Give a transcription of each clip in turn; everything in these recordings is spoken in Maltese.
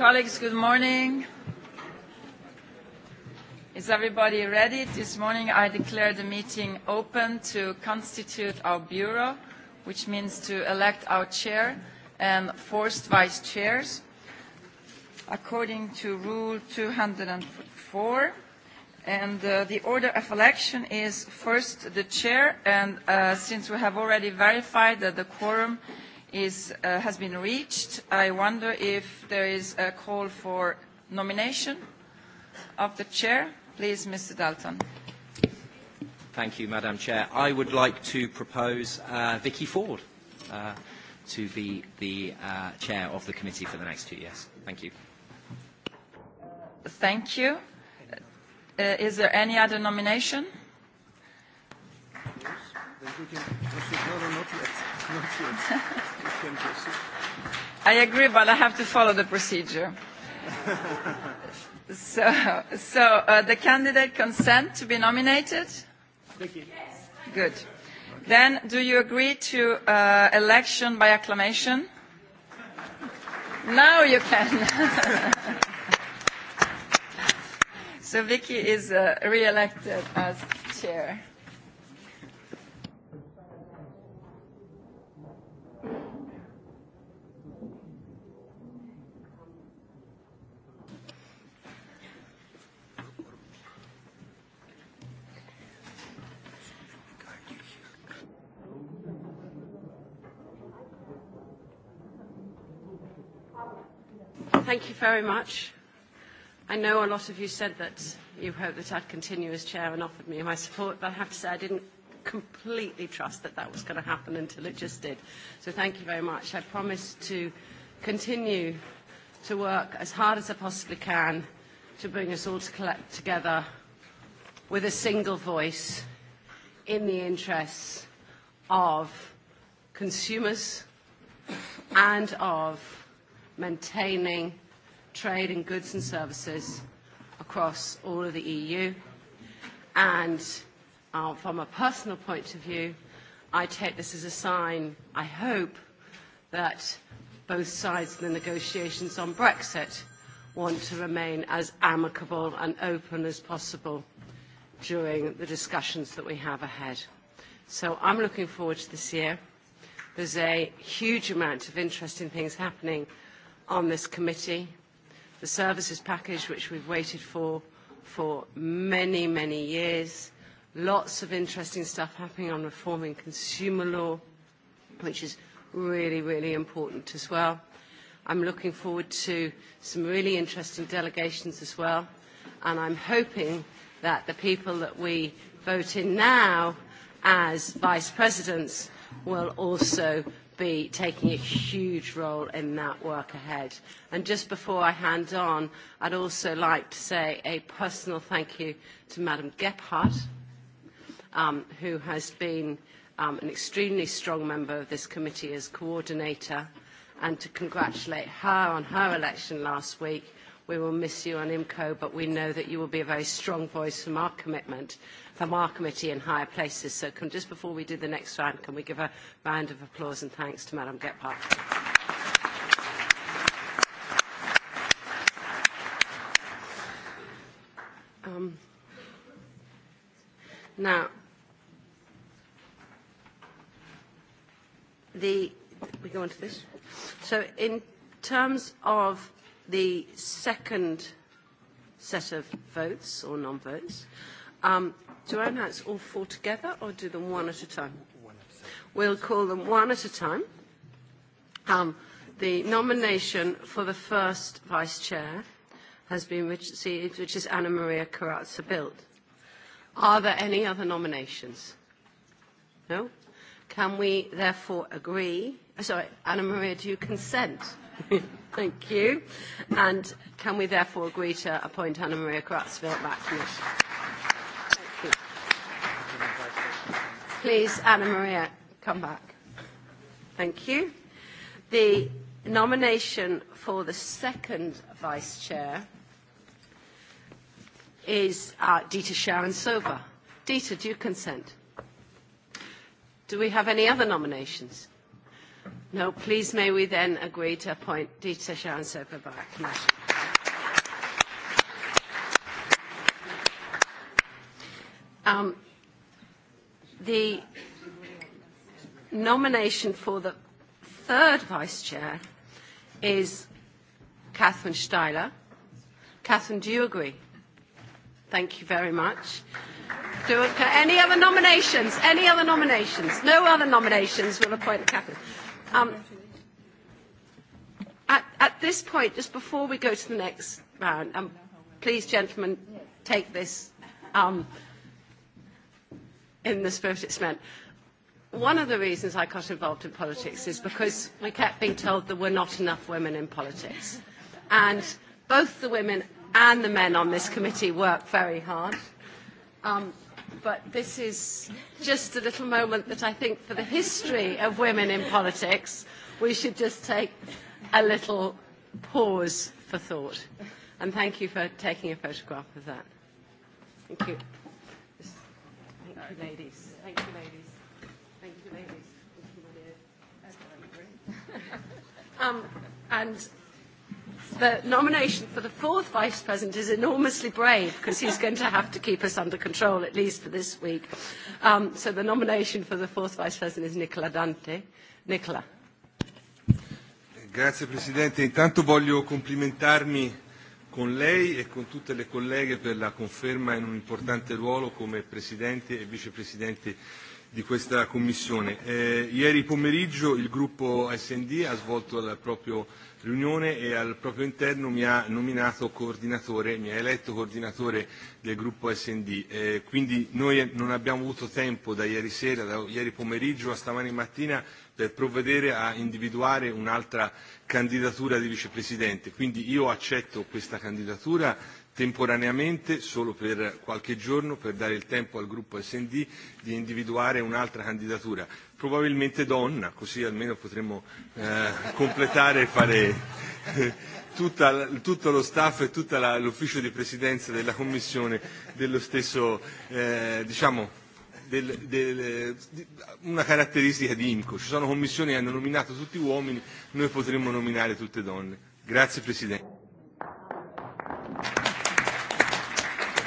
Colleagues, good morning. Is everybody ready? This morning I declare the meeting open to constitute our bureau, which means to elect our chair and forced vice chairs. According to Rule 204, and uh, the order of election is first the chair, and uh, since we have already verified that the quorum is, uh, has been reached. I wonder if there is a call for nomination of the chair. Please, Mr. Dalton. Thank you, Madam Chair. I would like to propose uh, Vicky Ford uh, to be the uh, chair of the committee for the next two years. Thank you. Thank you. Uh, is there any other nomination? I agree, but I have to follow the procedure. so, so uh, the candidate consent to be nominated? Yes. Good. Then, do you agree to uh, election by acclamation? Now you can. so Vicky is uh, re-elected as chair. thank you very much. I know a lot of you said that you hoped that I'd continue as chair and offered me my support, but I have to say I didn't completely trust that that was going to happen until it just did. So thank you very much. I promise to continue to work as hard as I possibly can to bring us all to collect together with a single voice in the interests of consumers and of maintaining trade in goods and services across all of the EU. And uh, from a personal point of view, I take this as a sign, I hope, that both sides in the negotiations on Brexit want to remain as amicable and open as possible during the discussions that we have ahead. So I'm looking forward to this year. There's a huge amount of interesting things happening on this committee, the services package which we've waited for for many, many years, lots of interesting stuff happening on reforming consumer law, which is really, really important as well. I'm looking forward to some really interesting delegations as well, and I'm hoping that the people that we vote in now as vice presidents will also be taking a huge role in that work ahead. And just before I hand on, I'd also like to say a personal thank you to Madam Gebhardt, um, who has been um, an extremely strong member of this committee as coordinator, and to congratulate her on her election last week. We will miss you on IMCO, but we know that you will be a very strong voice from our commitment from our committee in higher places. So can, just before we do the next round, can we give a round of applause and thanks to Madam Gephardt? Um, now, the, we go on to this. So in terms of the second set of votes or non-votes, um, Do I announce all four together or do them one at a time? We'll call them one at a time. Um, the nomination for the first vice chair has been received, which is Anna Maria Carazza Bild. Are there any other nominations? No? Can we therefore agree? Uh, sorry, Anna Maria, do you consent? Thank you. And can we therefore agree to appoint Anna Maria Kratzfeld back commission? please, Anna Maria, come back. Thank you. The nomination for the second vice chair is uh, Dieter Sharon Sova. Dita, do you consent? Do we have any other nominations? No, please may we then agree to appoint Dieter Sharon Sova by Um, the nomination for the third vice chair is Catherine Steiler. Catherine, do you agree? Thank you very much. Do, any other nominations? Any other nominations? No other nominations. We'll appoint Catherine. Um, at, at this point, just before we go to the next round, um, please, gentlemen, take this. Um, in the spirit it's meant. One of the reasons I got involved in politics is because we kept being told there were not enough women in politics. And both the women and the men on this committee work very hard. Um, but this is just a little moment that I think for the history of women in politics, we should just take a little pause for thought. And thank you for taking a photograph of that. Thank you you, ladies. Thank you, ladies. Thank you, ladies. um, and the nomination for the fourth vice president is enormously brave because he's going to have to keep us under control at least for this week. Um, so the nomination for the fourth vice president is Nicola Dante. Nicola. Grazie Presidente, intanto voglio complimentarmi con lei e con tutte le colleghe per la conferma in un importante ruolo come Presidente e Vicepresidente di questa Commissione. Eh, ieri pomeriggio il gruppo SD ha svolto la propria riunione e al proprio interno mi ha nominato coordinatore, mi ha eletto coordinatore del gruppo SD. Eh, quindi noi non abbiamo avuto tempo da ieri sera, da ieri pomeriggio a stamani mattina per provvedere a individuare un'altra candidatura di vicepresidente, quindi io accetto questa candidatura temporaneamente solo per qualche giorno per dare il tempo al gruppo SD di individuare un'altra candidatura, probabilmente donna, così almeno potremmo eh, completare e fare eh, tutta, tutto lo staff e tutto l'ufficio di presidenza della Commissione dello stesso, eh, diciamo, del, del, una caratteristica di IMCO. Ci sono commissioni che hanno nominato tutti gli uomini, noi potremmo nominare tutte donne. Grazie Presidente.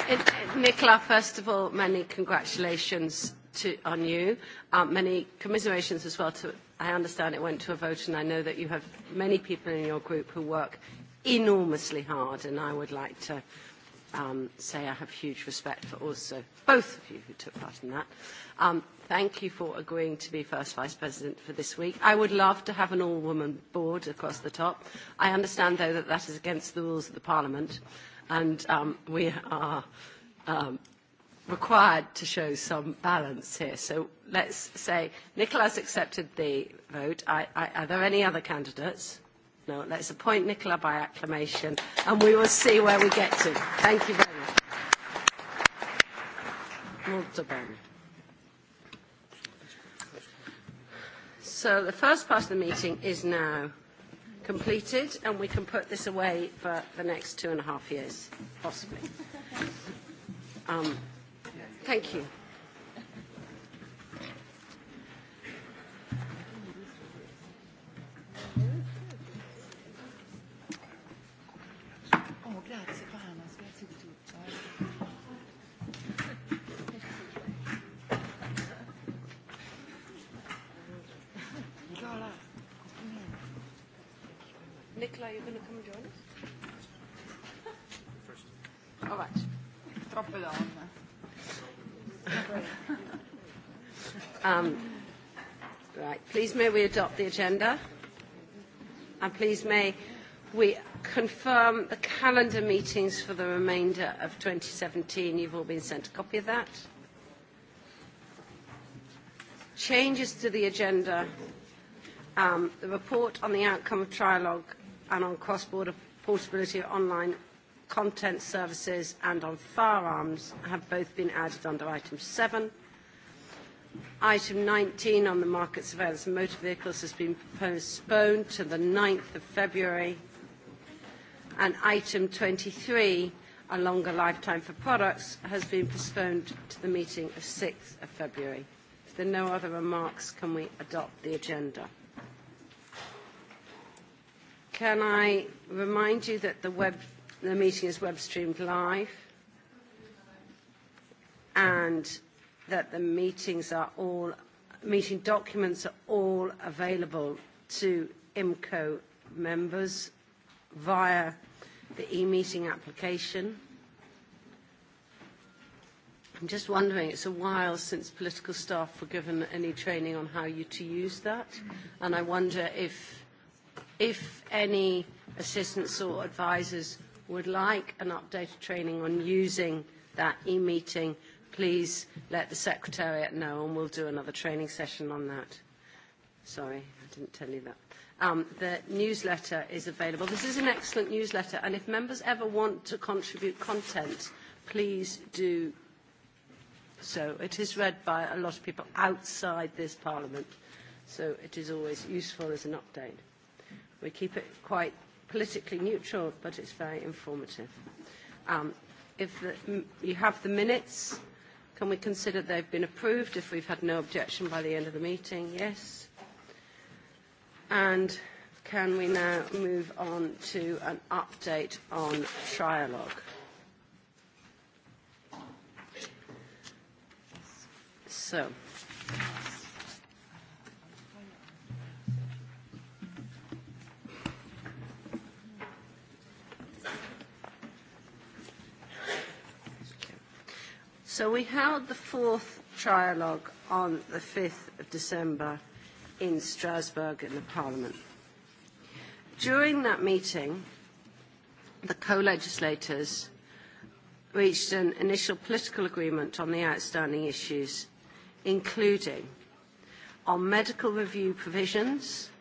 Eh, eh, Nicola, first of all, many congratulations to, on you. Uh, many commiserations as well. To, I understand it went to a vote, and I know that you have many people in your group who work enormously hard, and I would like to um, say I have huge respect for also both of you who took part in that. Um, thank you for agreeing to be first vice president for this week. I would love to have an all-woman board across the top. I understand, though, that that is against the rules of the parliament, and um, we are um, required to show some balance here. So let's say Nicola has accepted the vote. I, I, are there any other candidates? No, let's appoint Nicola by acclamation and we will see where we get to. Thank you very much. Molto bene. So the first part of the meeting is now completed and we can put this away for the next two and a half years, possibly. Um, thank you. Are you're going to come join us? All right. Troppe donne. um, right. Please may we adopt the agenda. And please may we confirm the calendar meetings for the remainder of 2017. You've all been sent a copy of that. Changes to the agenda um, the report on the outcome of trialogue and on cross-border portability of online content services and on firearms have both been added under item 7. Item 19 on the market surveillance of motor vehicles has been postponed to the 9th of February. And item 23, a longer lifetime for products, has been postponed to the meeting of 6th of February. If there are no other remarks, can we adopt the agenda? Can I remind you that the, web, the meeting is web streamed live and that the meetings are all, meeting documents are all available to IMCO members via the e-meeting application. I'm just wondering, it's a while since political staff were given any training on how you to use that, and I wonder if if any assistants or advisors would like an updated training on using that e-meeting, please let the Secretariat know and we'll do another training session on that. Sorry, I didn't tell you that. Um, the newsletter is available. This is an excellent newsletter, and if members ever want to contribute content, please do so. It is read by a lot of people outside this Parliament, so it is always useful as an update. We keep it quite politically neutral, but it's very informative. Um, if the, you have the minutes, can we consider they've been approved if we've had no objection by the end of the meeting? Yes. And can we now move on to an update on trialogue? So. So we held the fourth trialogue on the 5th of December in Strasbourg in the Parliament. During that meeting, the co-legislators reached an initial political agreement on the outstanding issues, including on medical review provisions,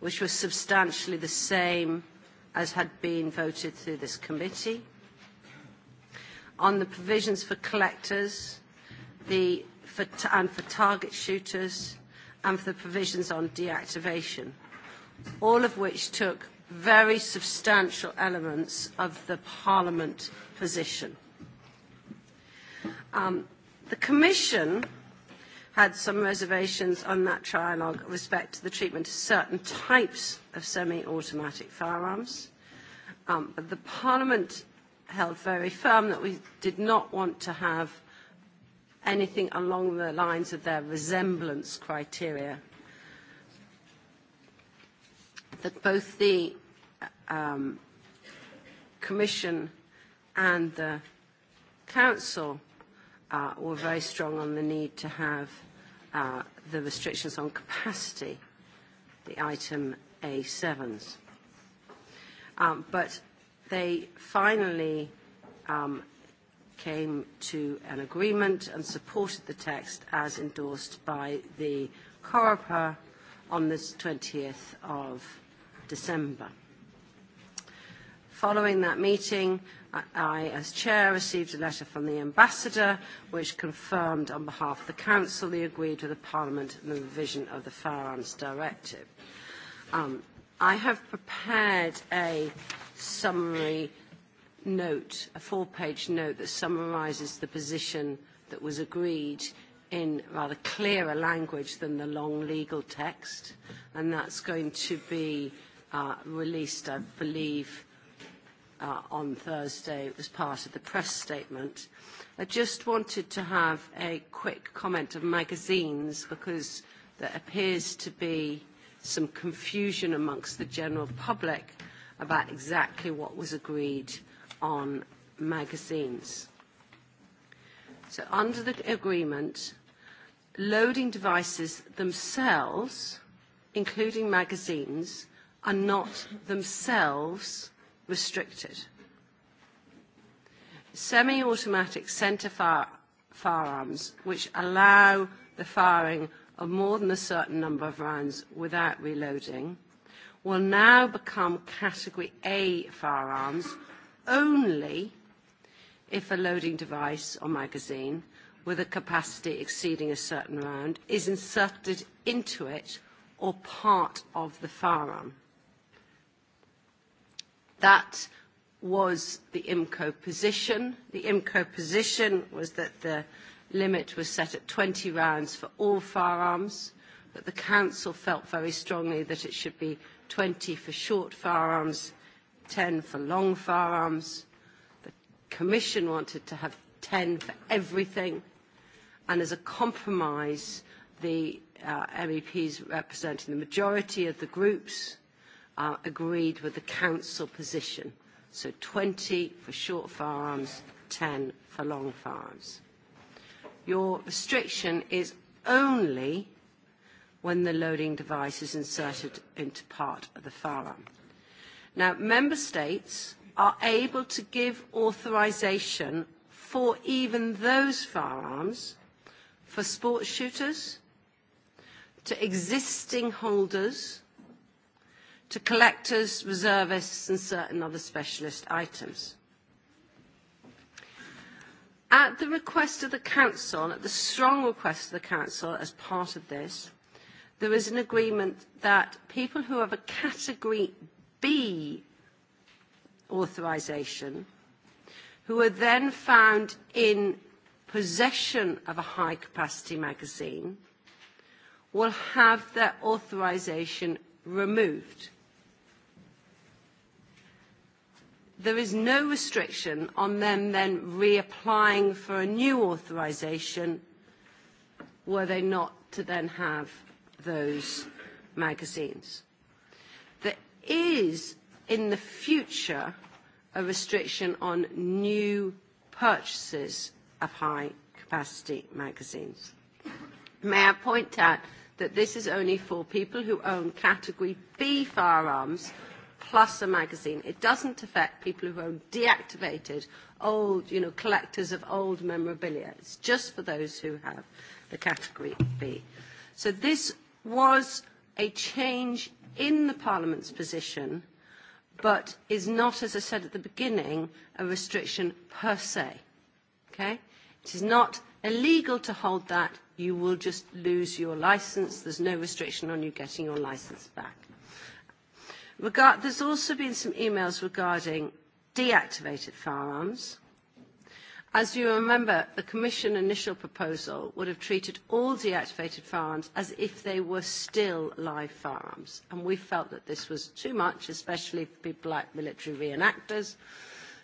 which were substantially the same as had been voted through this committee, on the provisions for collectors the, for, and for target shooters and for the provisions on deactivation, all of which took very substantial elements of the Parliament position. Um, the Commission had some reservations on that trialogue with respect to the treatment of certain types of semi-automatic firearms. Um, but the Parliament held very firm that we did not want to have anything along the lines of their resemblance criteria. That both the uh, um, Commission and the Council uh, were very strong on the need to have uh, the restrictions on capacity, the item A7s. Um, but they finally um, came to an agreement and supported the text as endorsed by the COROPA on the 20th of December. Following that meeting, I, as Chair, received a letter from the Ambassador which confirmed on behalf of the Council the agreed with the Parliament and the revision of the Firearms Directive. Um, I have prepared a summary note, a four-page note that summarises the position that was agreed in rather clearer language than the long legal text, and that's going to be uh, released, I believe, uh, on Thursday. It was part of the press statement. I just wanted to have a quick comment of magazines because there appears to be some confusion amongst the general public about exactly what was agreed on magazines. So under the agreement, loading devices themselves, including magazines, are not themselves restricted. Semi-automatic centre fire firearms, which allow the firing of more than a certain number of rounds without reloading, will now become Category A firearms only if a loading device or magazine with a capacity exceeding a certain round is inserted into it or part of the firearm. That was the IMCO position. The IMCO position was that the limit was set at 20 rounds for all firearms, but the Council felt very strongly that it should be 20 for short firearms, 10 for long firearms. The Commission wanted to have 10 for everything. And as a compromise, the uh, MEPs representing the majority of the groups uh, agreed with the Council position. So 20 for short firearms, 10 for long firearms. Your restriction is only when the loading device is inserted into part of the firearm. Now, Member States are able to give authorization for even those firearms for sports shooters, to existing holders, to collectors, reservists and certain other specialist items. At the request of the Council, at the strong request of the Council as part of this, there is an agreement that people who have a category B authorisation, who are then found in possession of a high capacity magazine, will have their authorisation removed. There is no restriction on them then reapplying for a new authorisation were they not to then have those magazines. There is in the future a restriction on new purchases of high capacity magazines. May I point out that this is only for people who own category B firearms plus a magazine. It doesn't affect people who own deactivated old, you know, collectors of old memorabilia. It's just for those who have the category B. So this was a change in the Parliament's position, but is not, as I said at the beginning, a restriction per se. Okay? It is not illegal to hold that. You will just lose your license. There's no restriction on you getting your license back. Regard, there's also been some emails regarding deactivated firearms. As you remember, the Commission initial proposal would have treated all deactivated firearms as if they were still live firearms, and we felt that this was too much, especially for people like military reenactors.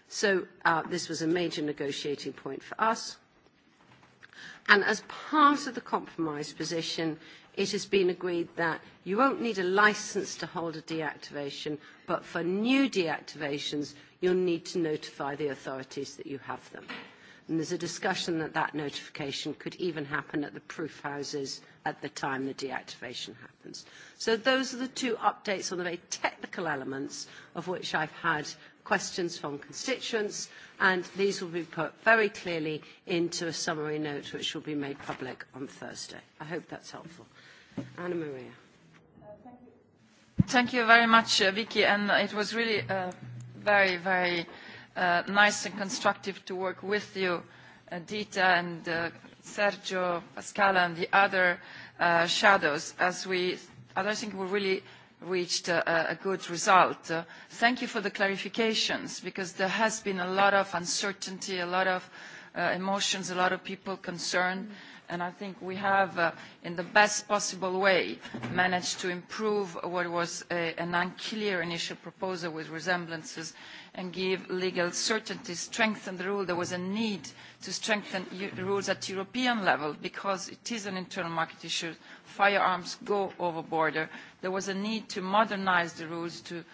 So uh, this was a major negotiating point for us. And as part of the compromise position, it has been agreed that you won't need a license to hold a deactivation, but for new deactivations, you'll need to notify the authorities that you have them. And there's a discussion that that notification could even happen at the proof houses at the time the deactivation happens. So those are the two updates on the very technical elements of which I've had questions from constituents, and these will be put very clearly into a summary note which will be made public on Thursday. I hope that's helpful. Anna Maria. thank, you. thank you very much, uh, Vicky, and it was really uh, very, very uh, nice and constructive to work with you, uh, Dita and uh, Sergio, Pascal and the other uh, shadows as we, I I think we really reached a, a good result. Uh, thank you for the clarifications because there has been a lot of uncertainty, a lot of uh, emotions, a lot of people concerned. Mm -hmm and I think we have, uh, in the best possible way, managed to improve what was an unclear initial proposal with resemblances and give legal certainty, strengthen the rule. There was a need to strengthen the rules at European level because it is an internal market issue. Firearms go over border. There was a need to modernize the rules, to,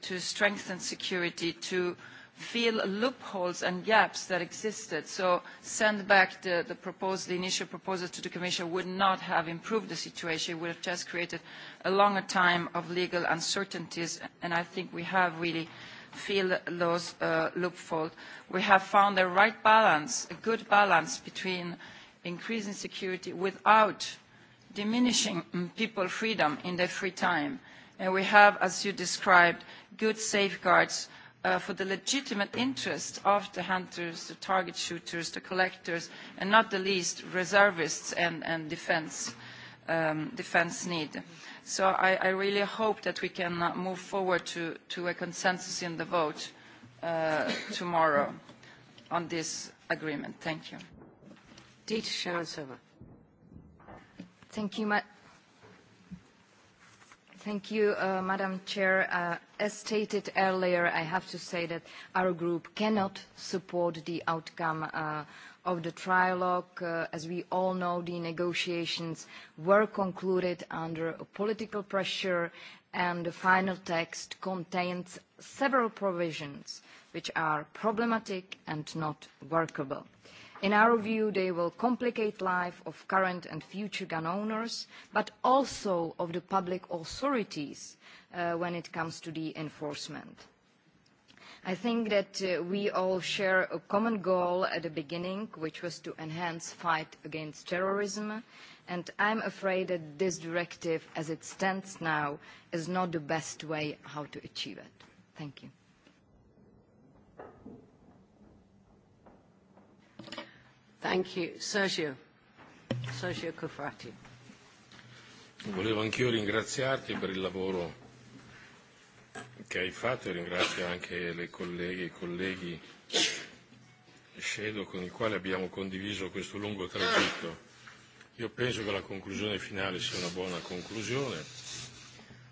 to strengthen security, to fill loopholes and gaps that existed. So send back the, the, proposal, the initial proposal to the Commission would not have improved the situation. It would have just created a longer time of legal uncertainties, and I think we have really filled those uh, loopholes. We have found the right balance, a good balance between increasing security without diminishing mm, people's freedom in their free time. And we have, as you described, good safeguards Uh, for the legitimate interest of the hunters, the target shooters, the collectors, and not the least reservists and, and defense, um, defense need. So I, I really hope that we can uh, move forward to, to a consensus in the vote uh, tomorrow on this agreement. Thank you. Thank you, ma Thank you, uh, Madam Chair. Uh, as stated earlier, I have to say that our group cannot support the outcome uh, of the trilogue. Uh, as we all know, the negotiations were concluded under political pressure and the final text contains several provisions which are problematic and not workable. In our view, they will complicate life of current and future gun owners, but also of the public authorities uh, when it comes to the enforcement. I think that uh, we all share a common goal at the beginning, which was to enhance fight against terrorism, and I'm afraid that this directive, as it stands now, is not the best way how to achieve it. Thank you. Thank you. Sergio. Sergio Volevo anch'io ringraziarti per il lavoro che hai fatto e ringrazio anche le colleghe e i colleghi Scedo con i quali abbiamo condiviso questo lungo tragitto. Io penso che la conclusione finale sia una buona conclusione.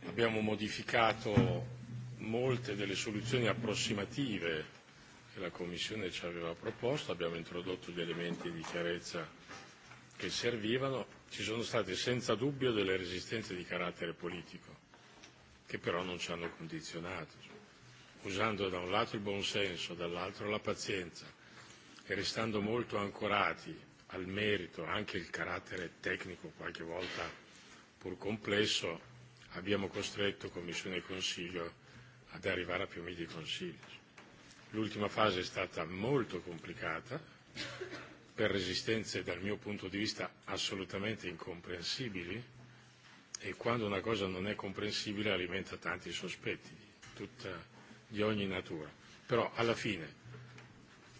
Abbiamo modificato molte delle soluzioni approssimative che la Commissione ci aveva proposto, abbiamo introdotto gli elementi di chiarezza che servivano, ci sono state senza dubbio delle resistenze di carattere politico, che però non ci hanno condizionato, usando da un lato il buonsenso, dall'altro la pazienza e restando molto ancorati al merito, anche il carattere tecnico qualche volta pur complesso, abbiamo costretto Commissione e Consiglio ad arrivare a più medi consigli. L'ultima fase è stata molto complicata, per resistenze dal mio punto di vista assolutamente incomprensibili e quando una cosa non è comprensibile alimenta tanti sospetti tutta, di ogni natura. Però alla fine,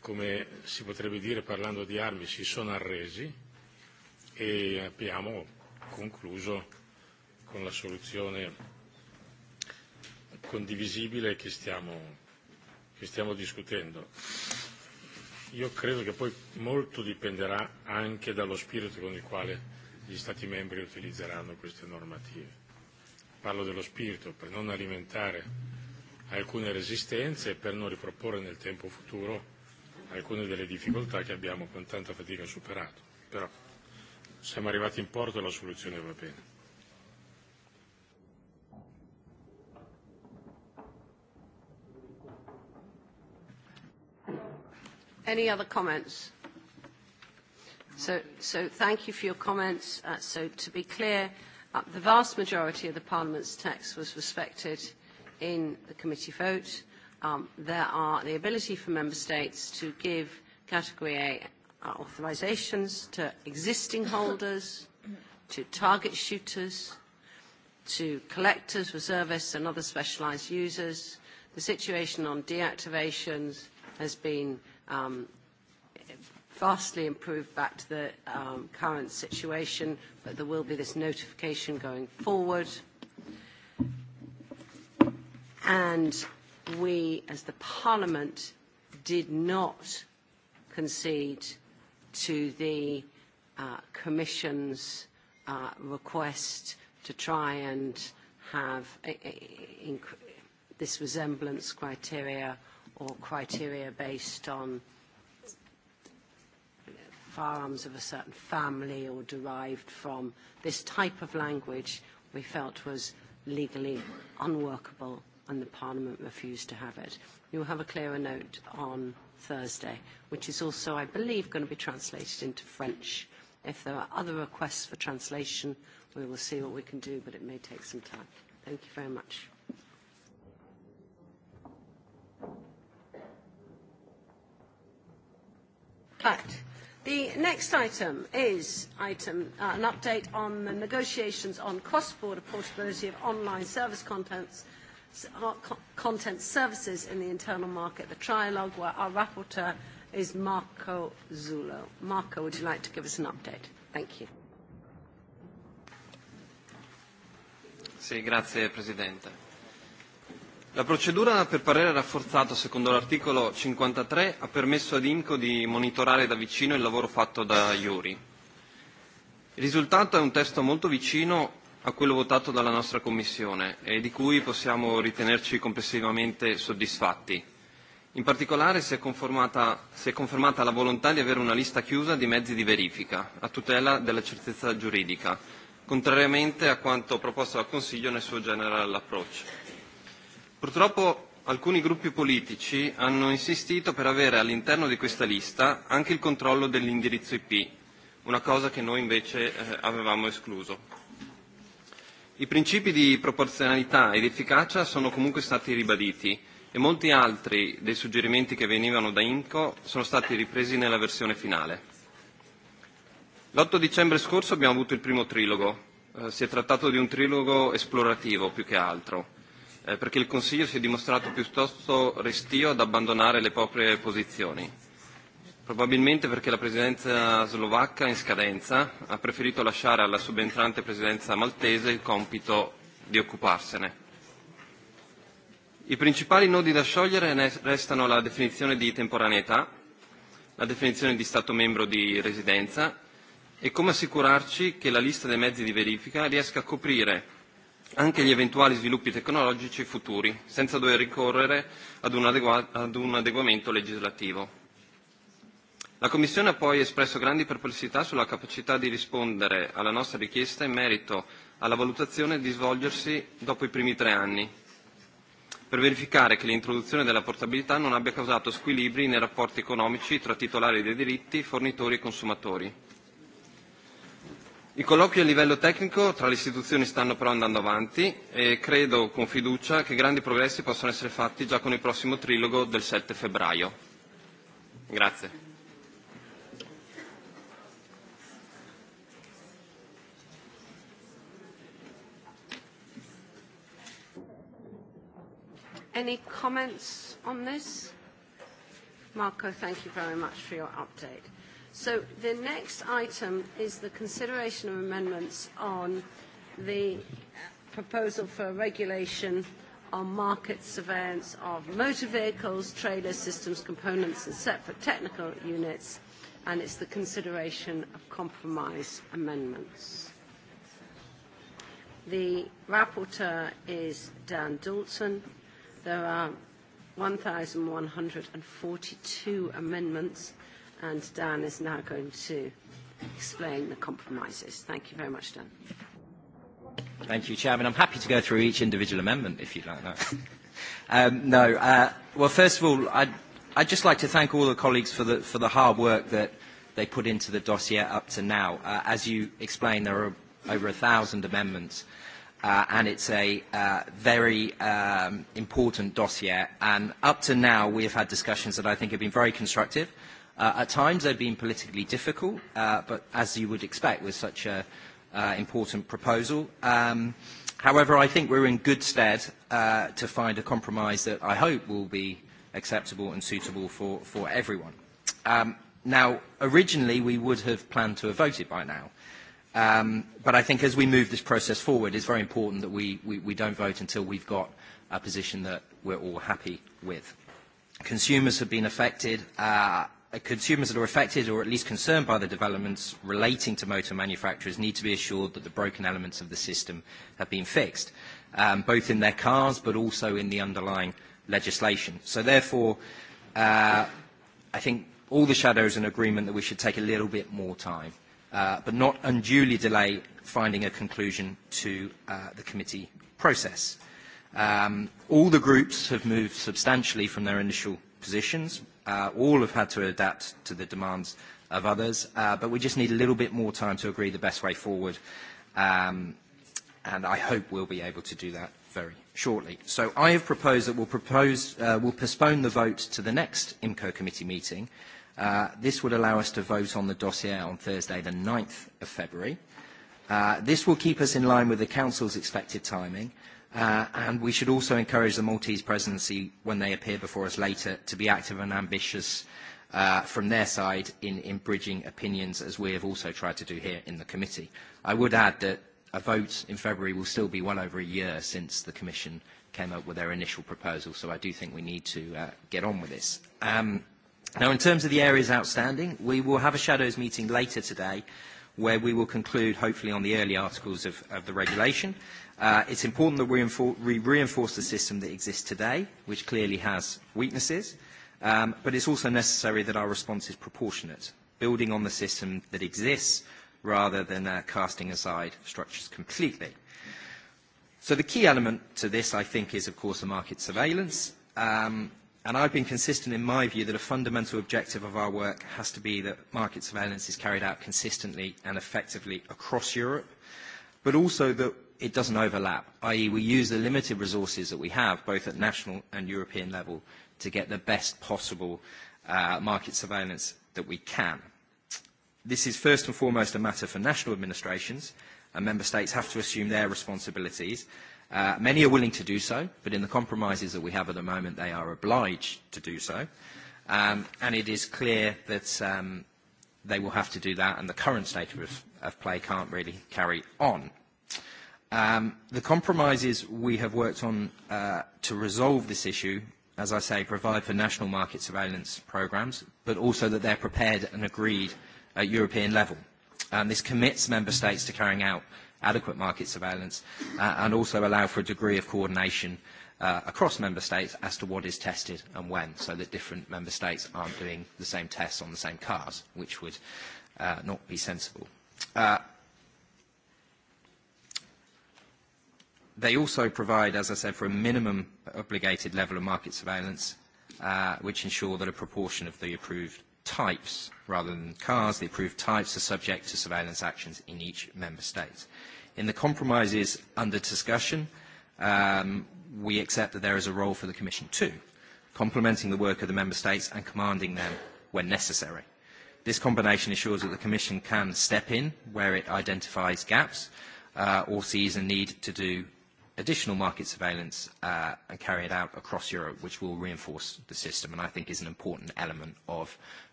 come si potrebbe dire parlando di armi, si sono arresi e abbiamo concluso con la soluzione condivisibile che stiamo che stiamo discutendo. Io credo che poi molto dipenderà anche dallo spirito con il quale gli Stati membri utilizzeranno queste normative. Parlo dello spirito per non alimentare alcune resistenze e per non riproporre nel tempo futuro alcune delle difficoltà che abbiamo con tanta fatica superato. Però siamo arrivati in porto e la soluzione va bene. Any other comments? So, so thank you for your comments. Uh, so to be clear, uh, the vast majority of the Parliament's text was respected in the committee vote. Um, there are the ability for Member States to give Category A uh, authorizations to existing holders, to target shooters, to collectors, reservists and other specialised users. The situation on deactivations has been um, vastly improved back to the um, current situation, but there will be this notification going forward. And we, as the Parliament, did not concede to the uh, Commission's uh, request to try and have a, a, a, this resemblance criteria or criteria based on firearms of a certain family or derived from this type of language we felt was legally unworkable and the Parliament refused to have it. You'll have a clearer note on Thursday, which is also, I believe, going to be translated into French. If there are other requests for translation, we will see what we can do, but it may take some time. Thank you very much. Right. The next item is item, uh, an update on the negotiations on cross-border portability of online service contents, uh, content services in the internal market, the trilogue where our rapporteur is Marco Zulo. Marco, would you like to give us an update? Thank you. Sì, grazie Presidente. La procedura per parere rafforzato secondo l'articolo 53 ha permesso ad INCO di monitorare da vicino il lavoro fatto da Iuri. Il risultato è un testo molto vicino a quello votato dalla nostra Commissione e di cui possiamo ritenerci complessivamente soddisfatti. In particolare si è, si è confermata la volontà di avere una lista chiusa di mezzi di verifica a tutela della certezza giuridica, contrariamente a quanto proposto dal Consiglio nel suo general approach. Purtroppo alcuni gruppi politici hanno insistito per avere all'interno di questa lista anche il controllo dell'indirizzo IP, una cosa che noi invece eh, avevamo escluso. I principi di proporzionalità ed efficacia sono comunque stati ribaditi e molti altri dei suggerimenti che venivano da INCO sono stati ripresi nella versione finale. L'8 dicembre scorso abbiamo avuto il primo trilogo, eh, si è trattato di un trilogo esplorativo più che altro eh, perché il Consiglio si è dimostrato piuttosto restio ad abbandonare le proprie posizioni. Probabilmente perché la presidenza slovacca in scadenza ha preferito lasciare alla subentrante presidenza maltese il compito di occuparsene. I principali nodi da sciogliere restano la definizione di temporaneità, la definizione di Stato membro di residenza e come assicurarci che la lista dei mezzi di verifica riesca a coprire anche gli eventuali sviluppi tecnologici futuri, senza dover ricorrere ad un, ad un adeguamento legislativo. La Commissione ha poi espresso grandi perplessità sulla capacità di rispondere alla nostra richiesta in merito alla valutazione di svolgersi dopo i primi tre anni, per verificare che l'introduzione della portabilità non abbia causato squilibri nei rapporti economici tra titolari dei diritti, fornitori e consumatori. I colloqui a livello tecnico tra le istituzioni stanno però andando avanti e credo con fiducia che grandi progressi possano essere fatti già con il prossimo trilogo del 7 febbraio. Grazie. Any comments on this? Marco, thank you very much for your update. So the next item is the consideration of amendments on the proposal for a regulation on market surveillance of motor vehicles, trailer systems, components and separate technical units, and it's the consideration of compromise amendments. The rapporteur is Dan Dalton. There are 1,142 amendments and Dan is now going to explain the compromises. Thank you very much, Dan. Thank you, Chairman. I'm happy to go through each individual amendment if you'd like that. um, no, uh, well, first of all, I'd, I'd just like to thank all the colleagues for the, for the hard work that they put into the dossier up to now. Uh, as you explained, there are over a thousand amendments, uh, and it's a uh, very um, important dossier. And up to now, we have had discussions that I think have been very constructive Uh, at times they've been politically difficult, uh, but as you would expect with such an uh, important proposal. Um, however, I think we're in good stead uh, to find a compromise that I hope will be acceptable and suitable for, for everyone. Um, now, originally we would have planned to have voted by now. Um, but I think as we move this process forward, it's very important that we, we, we don't vote until we've got a position that we're all happy with. Consumers have been affected. Uh, Uh, consumers that are affected or at least concerned by the developments relating to motor manufacturers need to be assured that the broken elements of the system have been fixed, um, both in their cars but also in the underlying legislation. So therefore, uh, I think all the shadows in agreement that we should take a little bit more time, uh, but not unduly delay finding a conclusion to uh, the committee process. Um, all the groups have moved substantially from their initial positions, Uh, all have had to adapt to the demands of others, uh, but we just need a little bit more time to agree the best way forward, um, and I hope we'll be able to do that very shortly. So I have proposed that we'll, propose, uh, we'll postpone the vote to the next IMCO committee meeting. Uh, this would allow us to vote on the dossier on Thursday, the 9th of February. Uh, this will keep us in line with the Council's expected timing, Uh, and we should also encourage the Maltese presidency, when they appear before us later, to be active and ambitious uh, from their side in, in bridging opinions, as we have also tried to do here in the committee. I would add that a vote in February will still be well over a year since the Commission came up with their initial proposal, so I do think we need to uh, get on with this. Um, now, in terms of the areas outstanding, we will have a shadows meeting later today where we will conclude, hopefully, on the early articles of, of the regulation Uh, it's important that we, we reinforce the system that exists today, which clearly has weaknesses, um, but it's also necessary that our response is proportionate, building on the system that exists rather than uh, casting aside structures completely. So the key element to this, I think, is, of course, the market surveillance. Um, and I've been consistent in my view that a fundamental objective of our work has to be that market surveillance is carried out consistently and effectively across Europe, but also that it doesn't overlap, i.e. we use the limited resources that we have, both at national and European level, to get the best possible uh, market surveillance that we can. This is first and foremost a matter for national administrations, and member states have to assume their responsibilities. Uh, many are willing to do so, but in the compromises that we have at the moment, they are obliged to do so. Um, and it is clear that um, they will have to do that, and the current state of, of play can't really carry on. Um, the compromises we have worked on uh, to resolve this issue, as I say, provide for national market surveillance programs, but also that they're prepared and agreed at European level. And this commits member states to carrying out adequate market surveillance uh, and also allow for a degree of coordination uh, across member states as to what is tested and when, so that different member states aren't doing the same tests on the same cars, which would uh, not be sensible. Uh, They also provide, as I said, for a minimum obligated level of market surveillance, uh, which ensure that a proportion of the approved types, rather than cars, the approved types are subject to surveillance actions in each member state. In the compromises under discussion, um, we accept that there is a role for the Commission too, complementing the work of the member states and commanding them when necessary. This combination ensures that the Commission can step in where it identifies gaps uh, or sees a need to do additional market surveillance uh, carried out across Europe, which will reinforce the system and I think is an important element of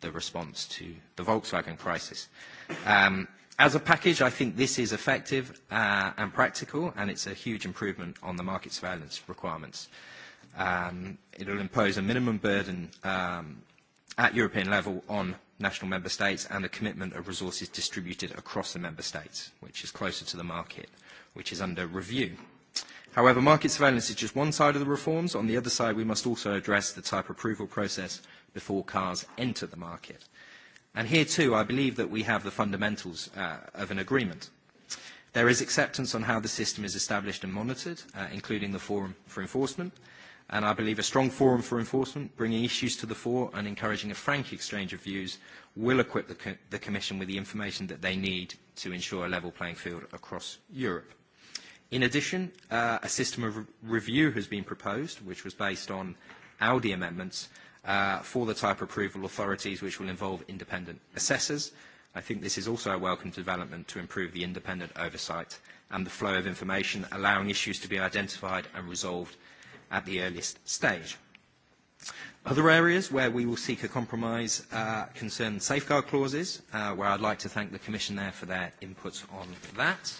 the response to the Volkswagen crisis. Um, as a package, I think this is effective uh, and practical, and it's a huge improvement on the market surveillance requirements. Um, it will impose a minimum burden um, at European level on national member states and the commitment of resources distributed across the member states, which is closer to the market, which is under review. However, market surveillance is just one side of the reforms. On the other side, we must also address the type approval process before cars enter the market. And here too, I believe that we have the fundamentals uh, of an agreement. There is acceptance on how the system is established and monitored, uh, including the forum for enforcement. And I believe a strong forum for enforcement, bringing issues to the fore and encouraging a frank exchange of views, will equip the, co the Commission with the information that they need to ensure a level playing field across Europe. In addition, uh, a system of re review has been proposed, which was based on Audi amendments uh, for the type approval authorities, which will involve independent assessors. I think this is also a welcome development to improve the independent oversight and the flow of information, allowing issues to be identified and resolved at the earliest stage. Other areas where we will seek a compromise uh, concern safeguard clauses, uh, where I'd like to thank the Commission there for their input on that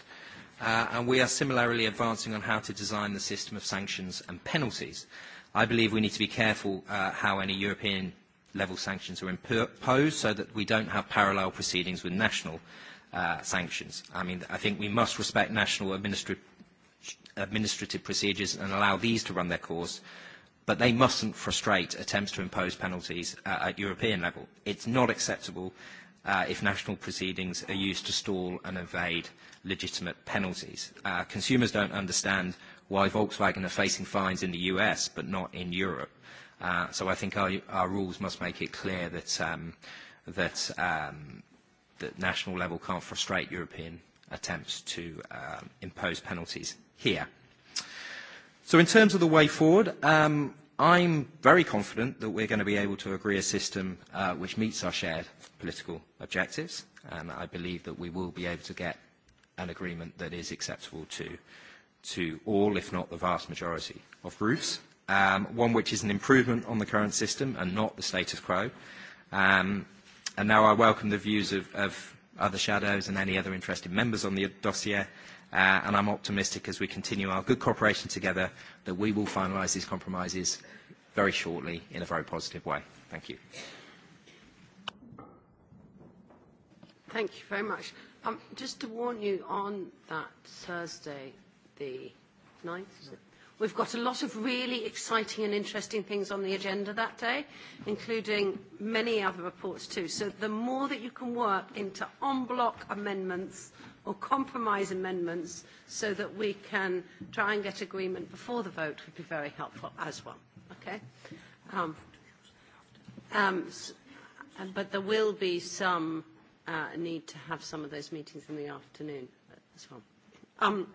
uh, and we are similarly advancing on how to design the system of sanctions and penalties. I believe we need to be careful uh, how any European level sanctions are imposed so that we don't have parallel proceedings with national uh, sanctions. I mean, I think we must respect national administra administrative procedures and allow these to run their course, but they mustn't frustrate attempts to impose penalties uh, at European level. It's not acceptable uh, if national proceedings are used to stall and evade legitimate penalties. Uh, consumers don't understand why Volkswagen are facing fines in the US but not in Europe. Uh, so I think our, our rules must make it clear that, um, that, um, that national level can't frustrate European attempts to um, impose penalties here. So in terms of the way forward, um, I'm very confident that we're going to be able to agree a system uh, which meets our shared political objectives, and I believe that we will be able to get an agreement that is acceptable to, to all, if not the vast majority, of groups, um, one which is an improvement on the current system and not the status quo. Um, and now I welcome the views of, of other shadows and any other interested members on the dossier Uh, and I'm optimistic as we continue our good cooperation together that we will finalise these compromises very shortly in a very positive way. Thank you. Thank you very much. Um, just to warn you, on that Thursday, the 9th, is it? We've got a lot of really exciting and interesting things on the agenda that day, including many other reports too. So the more that you can work into en bloc amendments or compromise amendments so that we can try and get agreement before the vote would be very helpful as well. Okay? Um, um, but there will be some uh, need to have some of those meetings in the afternoon as well. Um,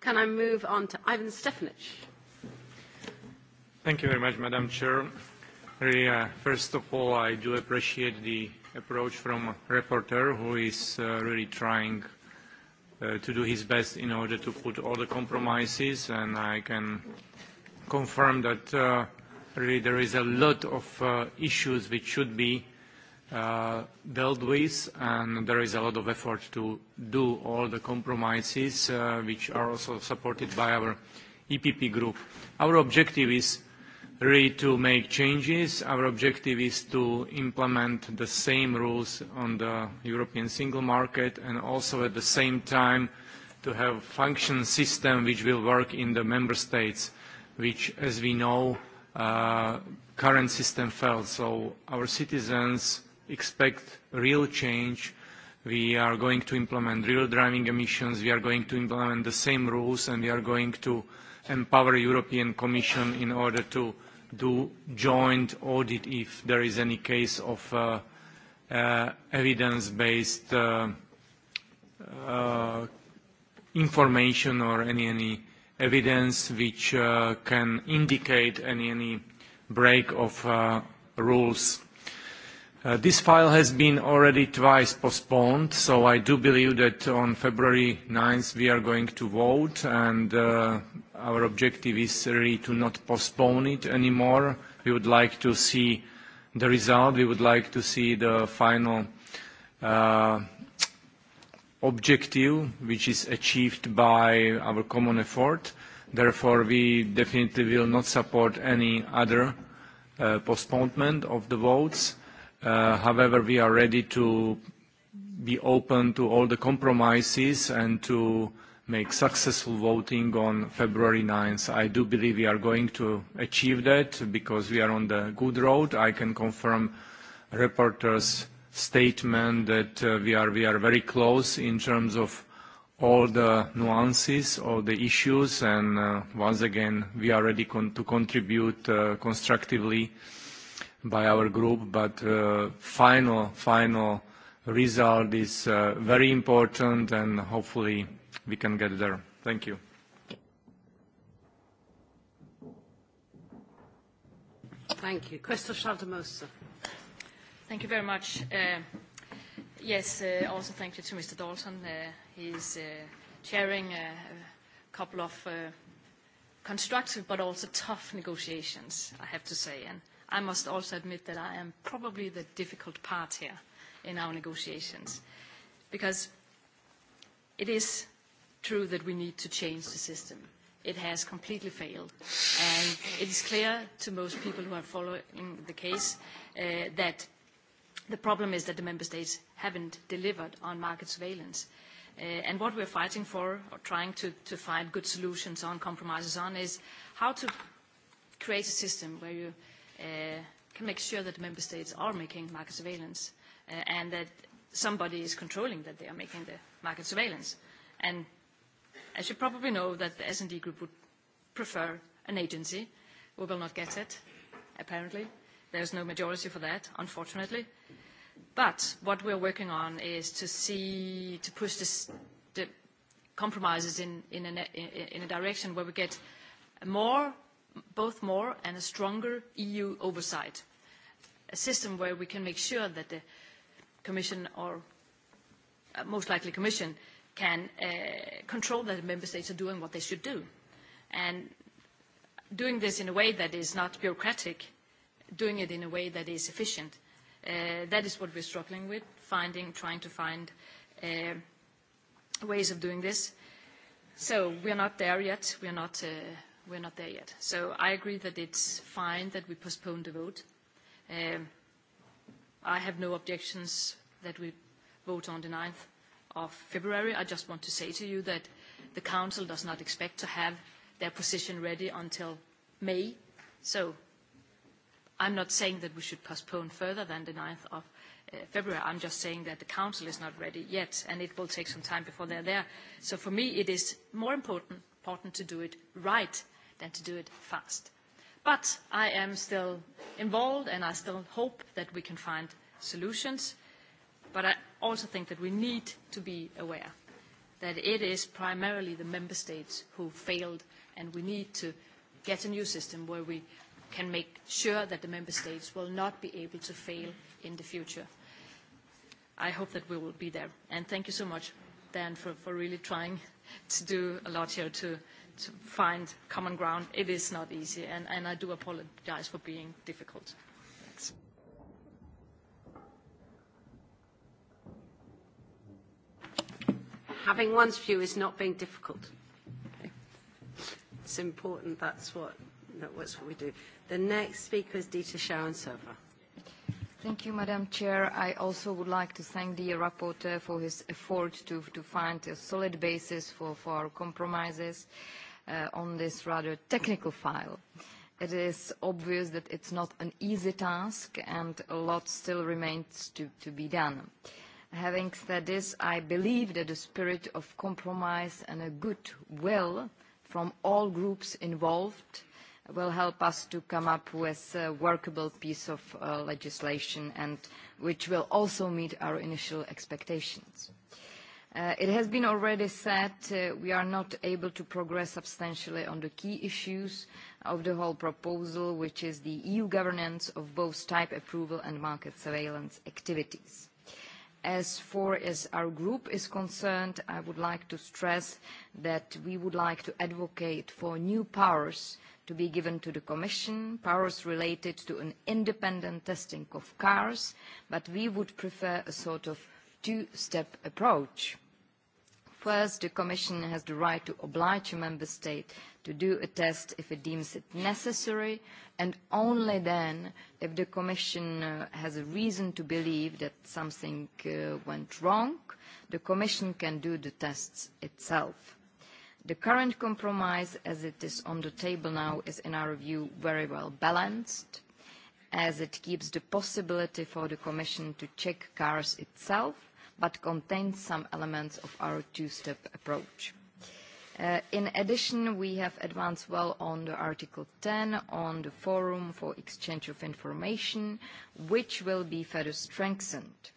can I move on to Ivan Stefanich? Thank you very much, Madam Chair. uh, first of all, I do appreciate the approach from reporter who is uh, really trying uh, to do his best in order to put all the compromises and I can confirm that uh, really there is a lot of uh, issues which should be uh, dealt with and there is a lot of effort to do all the compromises uh, which are also supported by our EPP group. Our objective is ready to make changes. Our objective is to implement the same rules on the European single market and also at the same time to have a function system which will work in the member states, which, as we know, uh, current system failed. So our citizens expect real change. We are going to implement real driving emissions. We are going to implement the same rules, and we are going to empower European Commission in order to do joint audit if there is any case of uh, uh, evidence-based uh, uh, information or any, any evidence which uh, can indicate any, any break of uh, rules. Uh, this file has been already twice postponed, so I do believe that on February 9th we are going to vote and uh, our objective is really to not postpone it anymore. We would like to see the result. We would like to see the final uh, objective, which is achieved by our common effort. Therefore, we definitely will not support any other uh, postponement of the votes. Uh, however, we are ready to be open to all the compromises and to make successful voting on February 9th. I do believe we are going to achieve that because we are on the good road. I can confirm reporters' statement that uh, we, are, we are very close in terms of all the nuances, all the issues, and uh, once again, we are ready con to contribute uh, constructively by our group, but uh, final, final result is uh, very important and hopefully we can get there. Thank you. Thank you. Christoph Schaldemose. Thank you very much. Uh, yes, uh, also thank you to Mr. Dalton. Uh, he's uh, chairing a, a couple of uh, constructive but also tough negotiations, I have to say. And I must also admit that I am probably the difficult part here in our negotiations because it is true that we need to change the system. It has completely failed. And it is clear to most people who are following the case uh, that the problem is that the member states haven't delivered on market surveillance. Uh, and what we're fighting for, or trying to, to find good solutions on, compromises on, is how to create a system where you uh, can make sure that the member states are making market surveillance uh, and that somebody is controlling that they are making the market surveillance. And As you probably know, that the S&D group would prefer an agency. We will not get it, apparently. There's no majority for that, unfortunately. But what we're working on is to see, to push this, the compromises in, in, a, in a direction where we get more, both more and a stronger EU oversight. A system where we can make sure that the Commission or uh, most likely Commission can uh, control that the member states are doing what they should do. And doing this in a way that is not bureaucratic, doing it in a way that is efficient, uh, that is what we're struggling with, finding, trying to find uh, ways of doing this. So we're not there yet. We're not, uh, we're not there yet. So I agree that it's fine that we postpone the vote. Um, I have no objections that we vote on the 9th of February. I just want to say to you that the Council does not expect to have their position ready until May. So I'm not saying that we should postpone further than the 9th of uh, February. I'm just saying that the Council is not ready yet, and it will take some time before they're there. So for me, it is more important, important to do it right than to do it fast. But I am still involved, and I still hope that we can find solutions. But I also think that we need to be aware that it is primarily the member states who failed and we need to get a new system where we can make sure that the member states will not be able to fail in the future. I hope that we will be there. And thank you so much, Dan, for, for really trying to do a lot here to, to find common ground. It is not easy, and, and I do apologize for being difficult. having one's view is not being difficult. Okay. It's important. That's what, that's what we do. The next speaker is Dita Sharon-Sova. Thank you, Madam Chair. I also would like to thank the rapporteur for his effort to, to find a solid basis for, for compromises uh, on this rather technical file. It is obvious that it's not an easy task and a lot still remains to, to be done. Uh, Having said this, I believe that a spirit of compromise and a good will from all groups involved will help us to come up with a workable piece of uh, legislation and which will also meet our initial expectations. Uh, it has been already said uh, we are not able to progress substantially on the key issues of the whole proposal, which is the EU governance of both type approval and market surveillance activities. As far as our group is concerned, I would like to stress that we would like to advocate for new powers to be given to the Commission, powers related to an independent testing of cars, but we would prefer a sort of two-step approach. First, the Commission has the right to oblige a member state to do a test if it deems it necessary and only then if the Commission uh, has a reason to believe that something uh, went wrong, the Commission can do the tests itself. The current compromise as it is on the table now is in our view very well balanced as it keeps the possibility for the Commission to check cars itself but contains some elements of our two-step approach. Uh, in addition, we have advanced well on the Article 10 on the Forum for Exchange of Information, which will be further strengthened.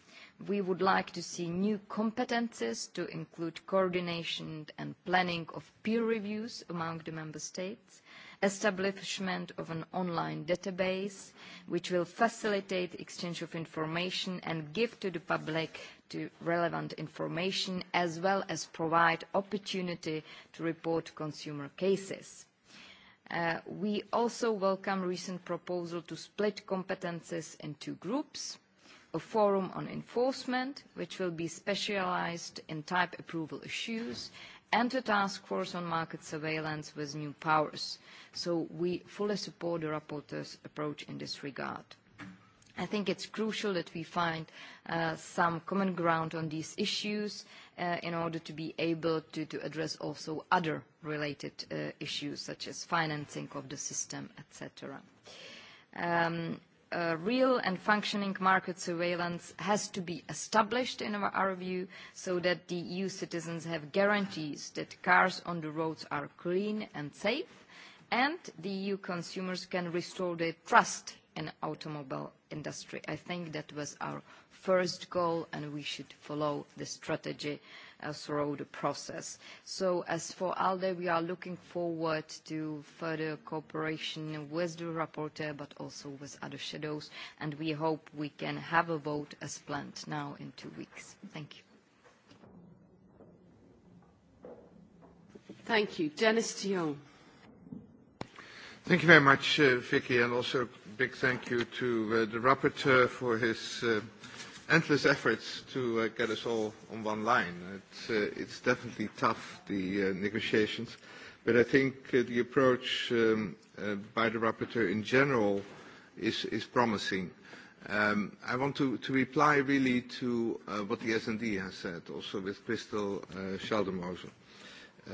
We would like to see new competences to include coordination and planning of peer reviews among the member states establishment of an online database which will facilitate exchange of information and give to the public to relevant information as well as provide opportunity to report consumer cases. Uh, we also welcome recent proposal to split competences into groups, a forum on enforcement, which will be specialized in type approval issues, and the Task Force on Market Surveillance with new powers. So we fully support the rapporteur's approach in this regard. I think it's crucial that we find uh, some common ground on these issues uh, in order to be able to, to address also other related uh, issues such as financing of the system, etc. Um, a real and functioning market surveillance has to be established in our view so that the EU citizens have guarantees that cars on the roads are clean and safe and the EU consumers can restore their trust in automobile industry. I think that was our first goal and we should follow the strategy Uh, through the process. So as for ALDE, we are looking forward to further cooperation with the rapporteur, but also with other shadows, and we hope we can have a vote as planned now in two weeks. Thank you. Thank you. Dennis de Jong. Thank you very much, uh, Vicky, and also a big thank you to uh, the rapporteur for his uh, endless efforts to uh, get us all on one line. It's, uh, it's definitely tough, the uh, negotiations, but I think uh, the approach um, uh, by the rapporteur in general is, is promising. Um, I want to, to reply really to uh, what the S&D has said, also with Crystal uh, Schaldemoser.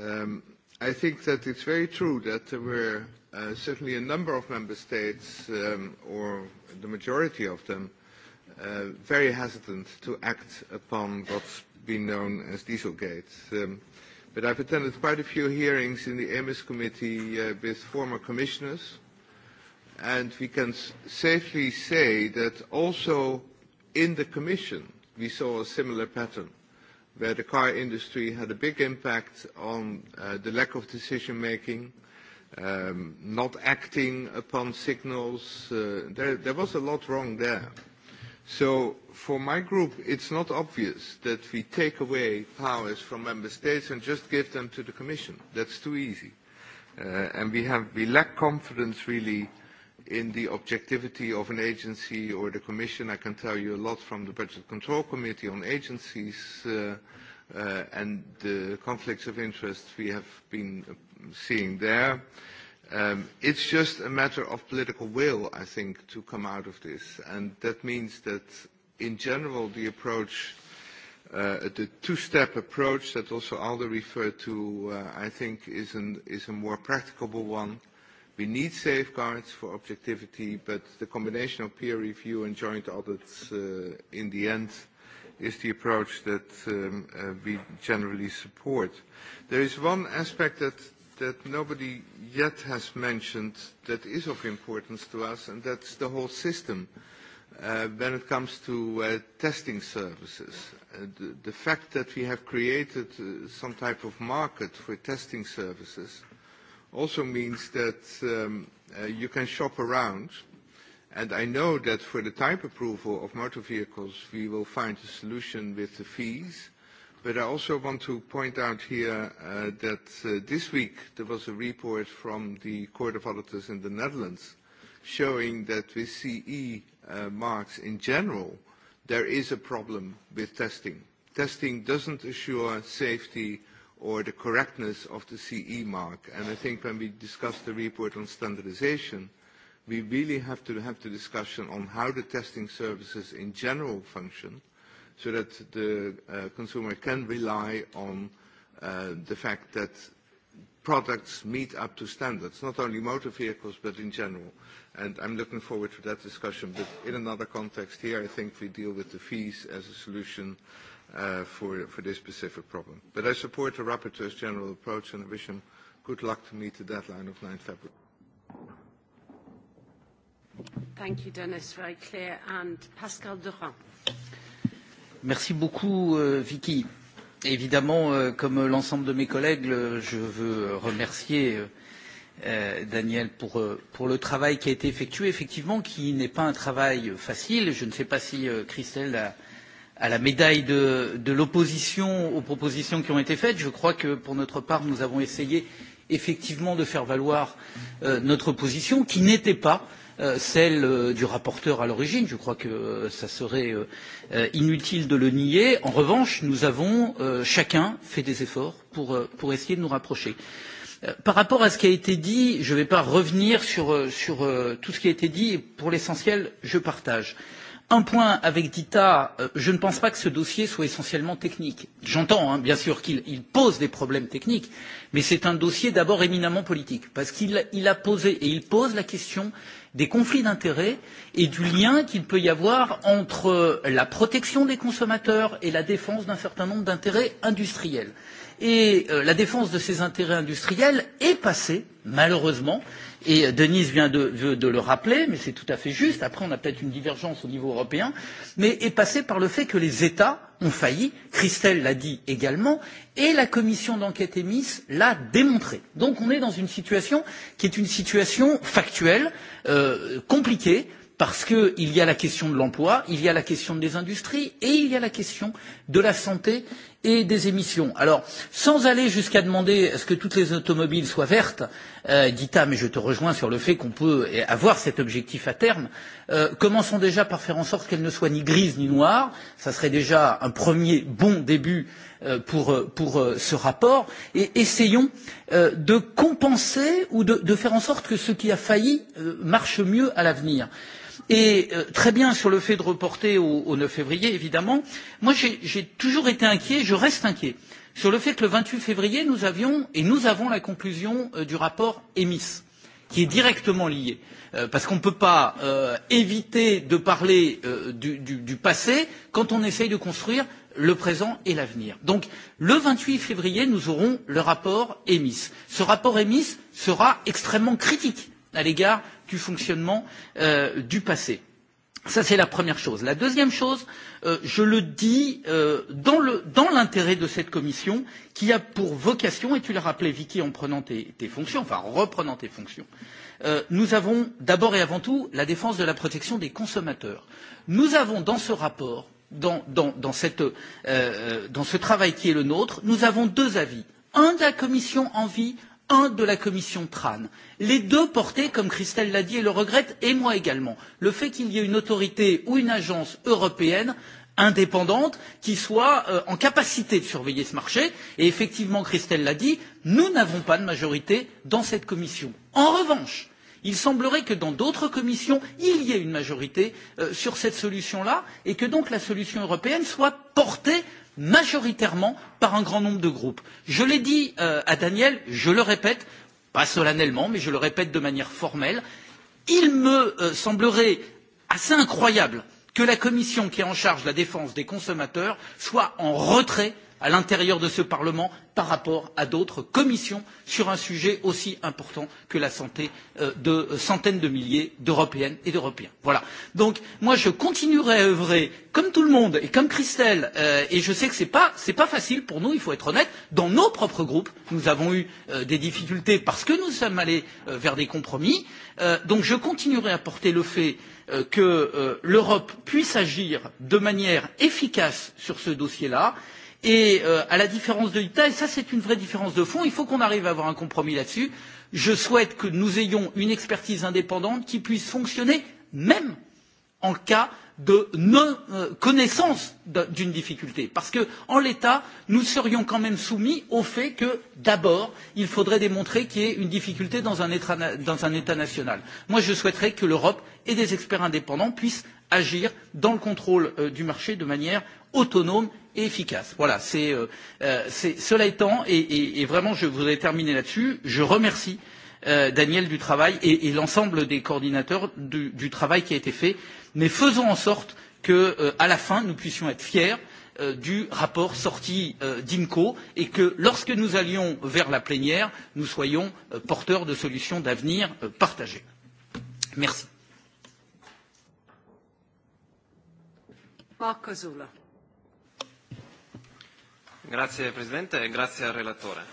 Um, I think that it's very true that there were uh, certainly a number of member states, um, or the majority of them, uh, uh, very hesitant to act upon what's been known as Dieselgate. Um, but I've attended quite a few hearings in the AMIS committee uh, with former commissioners, and we can s safely say that also in the commission we saw a similar pattern where the car industry had a big impact on uh, the lack of decision making, um, not acting upon signals. Uh, there, there was a lot wrong there. So for my group, it's not obvious that we take away powers from member states and just give them to the Commission. That's too easy. Uh, and we, have, we lack confidence really in the objectivity of an agency or the Commission. I can tell you a lot from the Budget Control Committee on agencies uh, uh, and the conflicts of interest we have been seeing there. Um, it's just a matter of political will, I think, to come out of this. And that means that, in general, the approach, uh, the two-step approach that also Alder referred to, uh, I think, is, an, is a more practicable one. We need safeguards for objectivity, but the combination of peer review and joint audits uh, in the end is the approach that um, uh, we generally support. There is one aspect that that nobody yet has mentioned that is of importance to us, and that's the whole system uh, when it comes to uh, testing services. Uh, the, the fact that we have created uh, some type of market for testing services also means that um, uh, you can shop around. And I know that for the type approval of motor vehicles, we will find a solution with the fees. But I also want to point out here uh, that uh, this week there was a report from the Court of Auditors in the Netherlands showing that with CE uh, marks in general, there is a problem with testing. Testing doesn't assure safety or the correctness of the CE mark. And I think when we discuss the report on standardization, we really have to have the discussion on how the testing services in general function – so that the uh, consumer can rely on uh, the fact that products meet up to standards, not only motor vehicles, but in general. And I'm looking forward to that discussion. But in another context here, I think we deal with the fees as a solution uh, for, for this specific problem. But I support the Rapporteur's general approach and I wish him good luck to meet the deadline of 9 February. Thank you, Dennis. Very clear. And Pascal Durand. Merci beaucoup, euh, Vicky. Évidemment, euh, comme l'ensemble de mes collègues, euh, je veux remercier euh, euh Daniel pour, euh, pour le travail qui a été effectué, effectivement, qui n'est pas un travail facile. Je ne sais pas si euh, Christelle a, a la médaille de, de l'opposition aux propositions qui ont été faites. Je crois que pour notre part, nous avons essayé effectivement de faire valoir euh, notre position qui n'était pas euh, celle euh, du rapporteur à l'origine. Je crois que euh, ça serait euh, euh, inutile de le nier. En revanche, nous avons euh, chacun fait des efforts pour, euh, pour essayer de nous rapprocher. Euh, par rapport à ce qui a été dit, je ne vais pas revenir sur, euh, sur euh, tout ce qui a été dit. Pour l'essentiel, je partage. Euh, Un point avec Dita, euh, je ne pense pas que ce dossier soit essentiellement technique. J'entends hein, bien sûr qu'il pose des problèmes techniques, mais c'est un dossier d'abord éminemment politique, parce qu'il il a posé et il pose la question des conflits d'intérêts et du lien qu'il peut y avoir entre euh, la protection des consommateurs et la défense d'un certain nombre d'intérêts industriels. Et euh, la défense de ces intérêts industriels est passée, malheureusement, euh, Et Denise vient de, de, de le rappeler, mais c'est tout à fait juste. Après, on a peut-être une divergence au niveau européen, mais est passé par le fait que les États ont failli, Christelle l'a dit également, et la commission d'enquête émise l'a démontré. Donc on est dans une situation qui est une situation factuelle, euh, compliquée, parce qu'il y a la question de l'emploi, il y a la question des industries et il y a la question de la santé et des émissions. Alors, sans aller jusqu'à demander à ce que toutes les automobiles soient vertes, euh, Dita, mais je te rejoins sur le fait qu'on peut avoir cet objectif à terme, euh, commençons déjà par faire en sorte qu'elles ne soient ni grises ni noires, ça serait déjà un premier bon début euh, pour, euh, pour euh, ce rapport, et essayons euh, de compenser ou de, de faire en sorte que ce qui a failli euh, marche mieux à l'avenir. Euh, Et euh, très bien sur le fait de reporter au, au 9 février, évidemment. Moi, j'ai toujours été inquiet, je reste inquiet, sur le fait que le 28 février, nous avions et nous avons la conclusion euh, du rapport EMIS, qui est directement lié. Euh, parce qu'on ne peut pas euh, éviter de parler euh, du, du, du passé quand on essaye de construire le présent et l'avenir. Donc, le 28 février, nous aurons le rapport EMIS. Ce rapport EMIS sera extrêmement critique à l'égard du fonctionnement euh, du passé. Ça, c'est la première chose. La deuxième chose, euh, je le dis euh, dans l'intérêt de cette commission qui a pour vocation, et tu l'as rappelé Vicky en prenant tes, tes fonctions, enfin en reprenant tes fonctions, euh, nous avons d'abord et avant tout la défense de la protection des consommateurs. Nous avons dans ce rapport, dans, dans, dans, cette, euh, euh dans ce travail qui est le nôtre, nous avons deux avis. Un de la commission vie un de la commission TRAN. Les deux portaient, comme Christelle l'a dit et le regrette, et moi également, le fait qu'il y ait une autorité ou une agence européenne indépendante qui soit euh, en capacité de surveiller ce marché. Et effectivement, Christelle l'a dit, nous n'avons pas de majorité dans cette commission. En revanche, il semblerait que dans d'autres commissions, il y ait une majorité euh, sur cette solution-là et que donc la solution européenne soit portée majoritairement par un grand nombre de groupes. Je l'ai dit euh, à Daniel, je le répète, pas solennellement, mais je le répète de manière formelle, il me euh, semblerait assez incroyable que la commission qui est en charge de la défense des consommateurs soit en retrait à l'intérieur de ce Parlement par rapport à d'autres commissions sur un sujet aussi important que la santé euh, de centaines de milliers d'Européennes et d'Européens. Voilà. Donc, moi, je continuerai à œuvrer comme tout le monde et comme Christelle, euh, et je sais que ce n'est pas, pas facile pour nous, il faut être honnête, dans nos propres groupes, nous avons eu euh, des difficultés parce que nous sommes allés vers des compromis, donc je continuerai à porter le fait que l'Europe puisse agir de manière efficace sur ce dossier-là, Et euh, à la différence de l'État, et ça c'est une vraie différence de fond, il faut qu'on arrive à avoir un compromis là-dessus. Je souhaite que nous ayons une expertise indépendante qui puisse fonctionner même en cas de non connaissance d'une difficulté. Parce que, en l'état, nous serions quand même soumis au fait que, d'abord, il faudrait démontrer qu'il y ait une difficulté dans un, état, dans un État national. Moi, je souhaiterais que l'Europe et des experts indépendants puissent agir dans le contrôle euh, du marché de manière autonome et efficace. Voilà, c'est, euh, euh cela étant, et, et, et vraiment je voudrais terminer là-dessus, je remercie euh, Daniel du travail et, et l'ensemble des coordinateurs du, du travail qui a été fait, mais faisons en sorte que, euh, à la fin, nous puissions être fiers euh, du rapport sorti euh, d'IMCO et que, lorsque nous allions vers la plénière, nous soyons euh, porteurs de solutions d'avenir euh, partagées. Merci. Marco Zula. Grazie Presidente e grazie al relatore.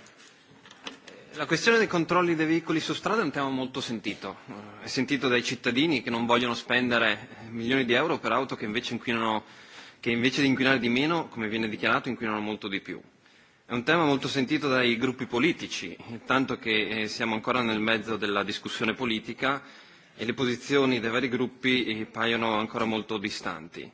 La questione dei controlli dei veicoli su strada è un tema molto sentito, eh, è sentito dai cittadini che non vogliono spendere milioni di euro per auto che invece, inquinano, che invece di inquinare di meno, come viene dichiarato, inquinano molto di più. È un tema molto sentito dai gruppi politici, tanto che eh, siamo ancora nel mezzo della discussione politica e le posizioni dei vari gruppi eh, paiono ancora molto distanti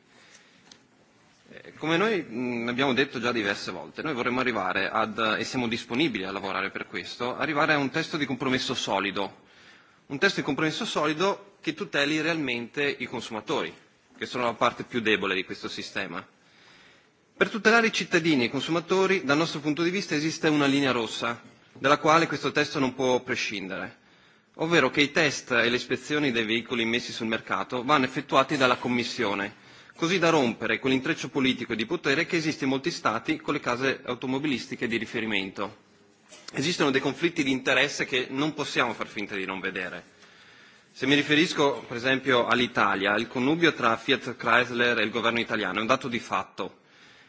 come noi mh, mm, abbiamo detto già diverse volte, noi vorremmo arrivare ad, eh, e siamo disponibili a lavorare per questo, arrivare a un testo di compromesso solido, un testo di compromesso solido che tuteli realmente i consumatori, che sono la parte più debole di questo sistema. Per tutelare i cittadini e i consumatori, dal nostro punto di vista, esiste una linea rossa, dalla quale questo testo non può prescindere, ovvero che i test e le ispezioni dei veicoli immessi sul mercato vanno effettuati dalla Commissione, così da rompere quell'intreccio politico e di potere che esiste in molti Stati con le case automobilistiche di riferimento. Esistono dei conflitti di interesse che non possiamo far finta di non vedere. Se mi riferisco per esempio all'Italia, il connubio tra Fiat Chrysler e il governo italiano è un dato di fatto.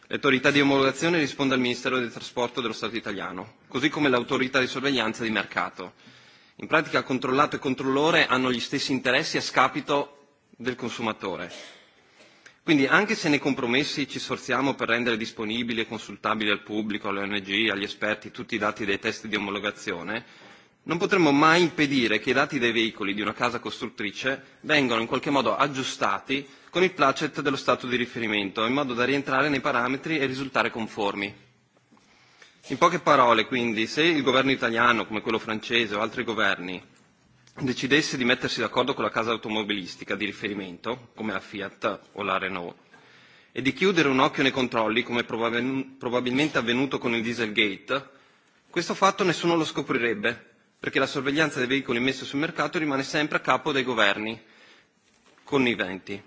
L'autorità di omologazione risponde al Ministero del Trasporto dello Stato italiano, così come l'autorità di sorveglianza di mercato. In pratica controllato e controllore hanno gli stessi interessi a scapito del consumatore. Quindi anche se nei compromessi ci sforziamo per rendere disponibili e consultabili al pubblico, alle ONG, agli esperti tutti i dati dei test di omologazione, non potremmo mai impedire che i dati dei veicoli di una casa costruttrice vengano in qualche modo aggiustati con il placet dello stato di riferimento, in modo da rientrare nei parametri e risultare conformi. In poche parole, quindi, se il governo italiano, come quello francese o altri governi, decidesse di mettersi d'accordo con la casa automobilistica di riferimento, come la Fiat o la Renault, e di chiudere un occhio nei controlli, come probab probabilmente avvenuto con il Dieselgate, questo fatto nessuno lo scoprirebbe, perché la sorveglianza dei veicoli messi sul mercato rimane sempre a capo dei governi conniventi.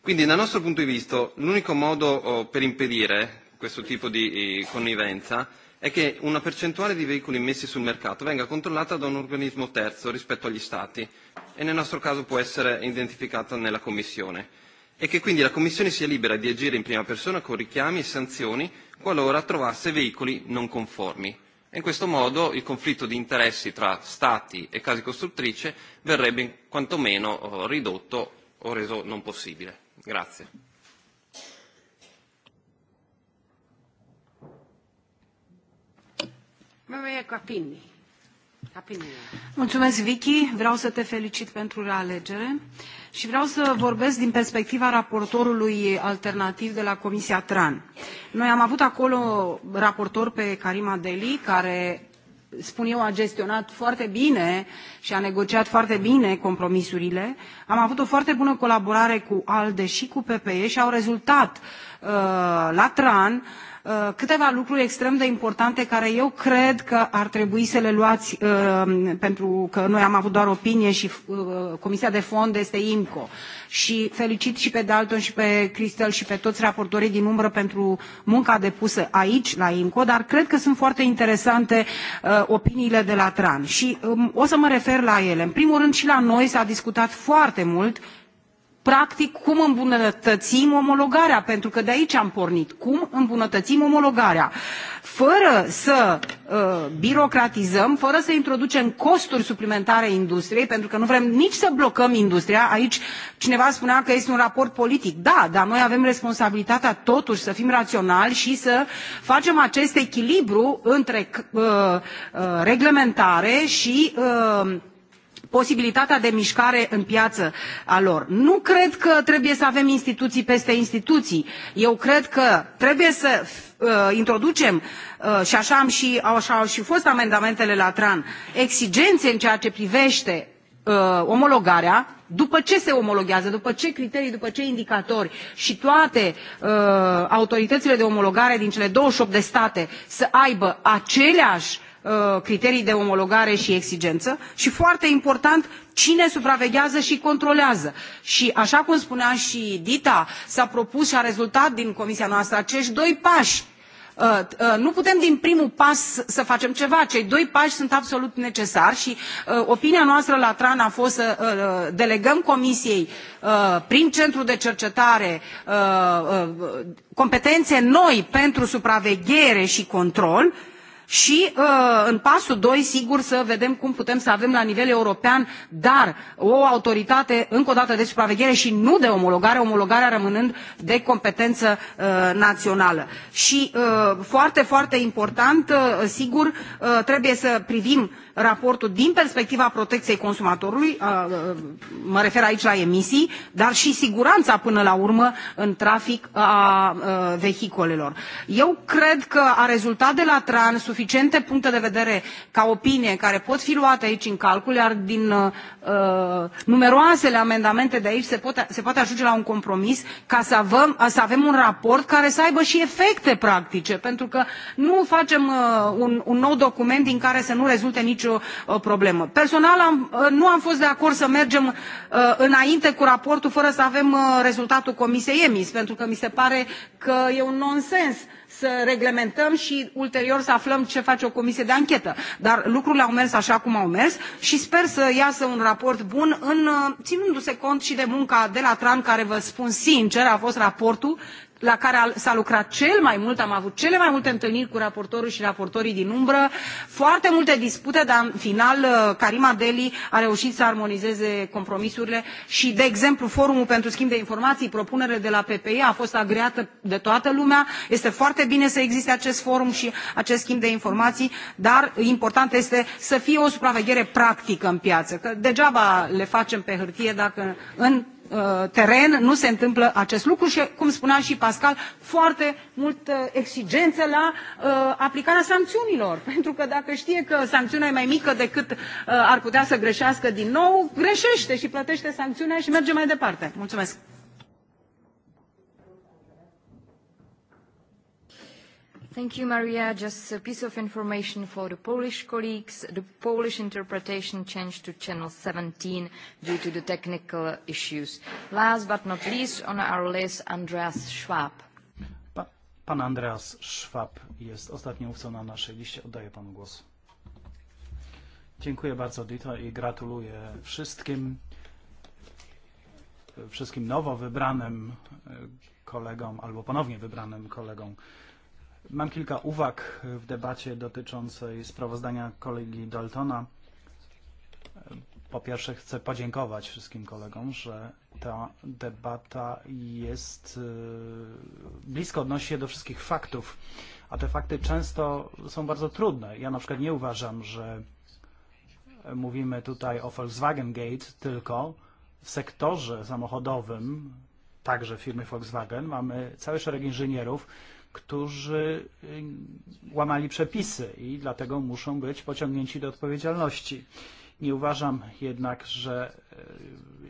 Quindi dal nostro punto di vista l'unico modo oh, per impedire questo tipo di eh, connivenza è che una percentuale di veicoli immessi sul mercato venga controllata da un organismo terzo rispetto agli Stati e nel nostro caso può essere identificata nella Commissione e che quindi la Commissione sia libera di agire in prima persona con richiami e sanzioni qualora trovasse veicoli non conformi. E in questo modo il conflitto di interessi tra Stati e case costruttrice verrebbe quantomeno eh, ridotto o reso non possibile. Grazie. E Mulțumesc, Vicky. Vreau să te felicit pentru realegere și vreau să vorbesc din perspectiva raportorului alternativ de la Comisia TRAN. Noi am avut acolo raportor pe Karima Deli, care spun eu, a gestionat foarte bine și a negociat foarte bine compromisurile. Am avut o foarte bună colaborare cu ALDE și cu PPE și au rezultat uh, la TRAN uh, Uh, câteva lucruri extrem de importante care eu cred că ar trebui să le luați, uh, pentru că noi am avut doar opinie și uh, Comisia de Fond este IMCO. Și felicit și pe Dalton și pe Cristel și pe toți raportorii din umbră pentru munca depusă aici, la IMCO, dar cred că sunt foarte interesante opiniile de la TRAN. Și um, o să mă refer la ele. În primul rând și la noi s-a discutat foarte mult practic, cum îmbunătățim omologarea, pentru că de aici am pornit, cum îmbunătățim omologarea, fără să uh, birocratizăm, fără să introducem costuri suplimentare industriei, pentru că nu vrem nici să blocăm industria. Aici cineva spunea că este un raport politic. Da, dar noi avem responsabilitatea totuși să fim raționali și să facem acest echilibru între uh, uh, reglementare și uh, posibilitatea de mișcare în piață a lor. Nu cred că trebuie să avem instituții peste instituții. Eu cred că trebuie să uh, introducem uh, și așa, am și, așa au și fost amendamentele la TRAN, exigențe în ceea ce privește uh, omologarea, după ce se omologhează, după ce criterii, după ce indicatori și toate uh, autoritățile de omologare din cele 28 de state să aibă aceleași Uh, criterii de omologare și exigență și foarte important cine supraveghează și controlează. Și așa cum spunea și Dita, s-a propus și a rezultat din comisia noastră acești doi pași uh, uh, nu putem din primul pas să facem ceva. Cei doi pași sunt absolut necesari și opinia noastră la TRAN a fost să delegăm Comisiei prin centru de cercetare competențe noi pentru supraveghere și control și uh, în pasul doi, sigur, să vedem cum putem să avem la nivel european, dar o autoritate, încă o dată, de supraveghere și nu de omologare, omologarea rămânând de competență uh, națională. Și uh, foarte, foarte important, sigur, trebuie să privim raportul din perspectiva protecției consumatorului, mă refer aici la emisii, dar și siguranța până la urmă în trafic a vehicolelor. Eu cred că a rezultat de la TRAN suficiente puncte de vedere ca opinie care pot fi luate aici în calcul, iar din numeroasele amendamente de aici se, pot, se poate ajunge la un compromis ca să avem, să avem un raport care să aibă și efecte practice, pentru că nu facem un, un nou document din care să nu rezulte nicio nicio uh, problemă. Personal am, uh, nu am fost de acord să mergem uh, înainte cu raportul fără să avem rezultatul Comisiei EMIS, pentru că mi se pare că e un nonsens uh, să reglementăm și ulterior să aflăm ce face o comisie de anchetă. Dar lucrurile au mers așa cum au mers și sper să iasă un raport bun, în, uh, ținându-se cont și de munca de la TRAN, care vă spun sincer, a fost raportul la care s-a lucrat cel mai mult, am avut cele mai multe întâlniri cu raportorul și raportorii din umbră, foarte multe dispute, dar în final uh, Karima Deli a reușit să armonizeze compromisurile și, de exemplu, forumul pentru schimb de informații, propunerea de la PPI e, a fost agreată de toată lumea, este foarte bine să existe acest forum și acest schimb de informații, dar important este să fie o supraveghere practică în piață, că degeaba le facem pe hârtie dacă în uh, teren nu se întâmplă acest lucru și, cum spunea și Pascal, foarte multă uh, exigență la uh, aplicarea sancțiunilor. Pentru că dacă știe că sancțiunea e mai mică decât uh, ar putea să greșească din nou, greșește și plătește sancțiunea și merge mai departe. Mulțumesc! Thank you, Maria. Just a piece of information for the Polish colleagues. The Polish interpretation changed to channel 17 due to the technical issues. Last but not least on our list, Andreas Schwab. Pa pan Andreas Schwab jest ostatnią osobą na naszej liście. Oddaję panu głos. Dziękuję bardzo, Dito, i gratuluję wszystkim, wszystkim nowo wybranym kolegom albo ponownie wybranym kolegom Mam kilka uwag w debacie dotyczącej sprawozdania kolegi Daltona. Po pierwsze chcę podziękować wszystkim kolegom, że ta debata jest blisko odnosi się do wszystkich faktów, a te fakty często są bardzo trudne. Ja na przykład nie uważam, że mówimy tutaj o Volkswagen Gate, tylko w sektorze samochodowym, także firmy Volkswagen, mamy cały szereg inżynierów, którzy łamali przepisy i dlatego muszą być pociągnięci do odpowiedzialności. Nie uważam jednak, że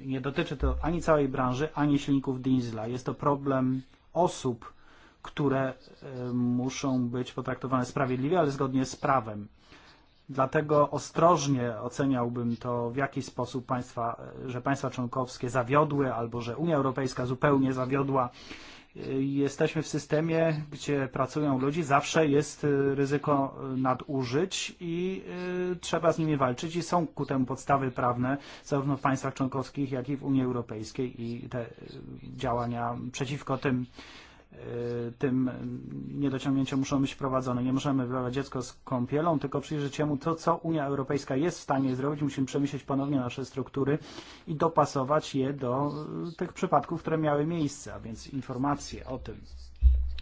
nie dotyczy to ani całej branży, ani silników diesla. Jest to problem osób, które muszą być potraktowane sprawiedliwie, ale zgodnie z prawem. Dlatego ostrożnie oceniałbym to, w jaki sposób państwa, że państwa członkowskie zawiodły albo że Unia Europejska zupełnie zawiodła jesteśmy w systemie, gdzie pracują ludzie, zawsze jest e, ryzyko nadużyć i e, trzeba z nimi walczyć i są ku temu podstawy prawne zarówno w państwach członkowskich, jak i w Unii Europejskiej i te e, działania przeciwko tym E, tym niedociągnięciem muszą być prowadzone. Nie możemy wybrać dziecko z kąpielą, tylko przyjrzeć się mu to, co Unia Europejska jest w stanie zrobić. Musimy przemyśleć ponownie nasze struktury i dopasować je do tych przypadków, które miały miejsce, a więc informacje o tym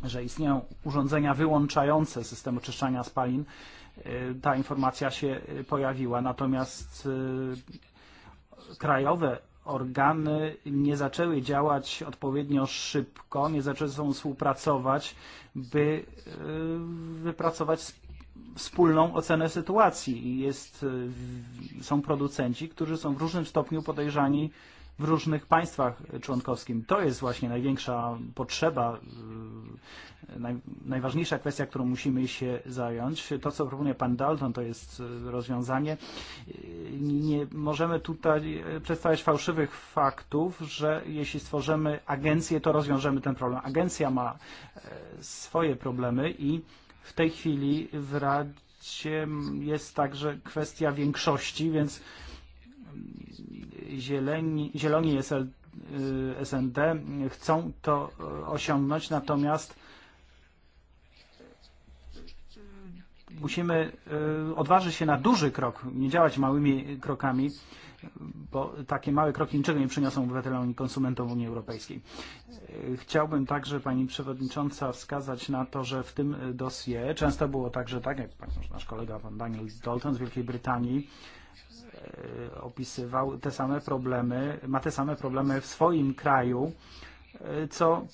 że istnieją urządzenia wyłączające system oczyszczania spalin. E, ta informacja się pojawiła, natomiast e, krajowe organy nie zaczęły działać odpowiednio szybko, nie zaczęły ze sobą współpracować, by wypracować wspólną ocenę sytuacji. Jest, są producenci, którzy są w różnym stopniu podejrzani w różnych państwach członkowskim. To jest właśnie największa potrzeba, naj, najważniejsza kwestia, którą musimy się zająć. To, co proponuje pan Dalton, to jest rozwiązanie. Nie możemy tutaj przedstawiać fałszywych faktów, że jeśli stworzymy agencję, to rozwiążemy ten problem. Agencja ma swoje problemy i w tej chwili w Radzie jest także kwestia większości, więc zieleni, zieloni SL, e, SND chcą to osiągnąć, natomiast e, musimy e, odważyć się na duży krok, nie działać małymi krokami, bo takie małe kroki niczego nie przyniosą obywatelom i konsumentom w Unii Europejskiej. Chciałbym także Pani Przewodnicząca wskazać na to, że w tym dosie często było także tak, jak nasz kolega Pan Daniel Dalton z Wielkiej Brytanii Eh, opisywał te same problemy, ma te same problemy w swoim kraju, e, co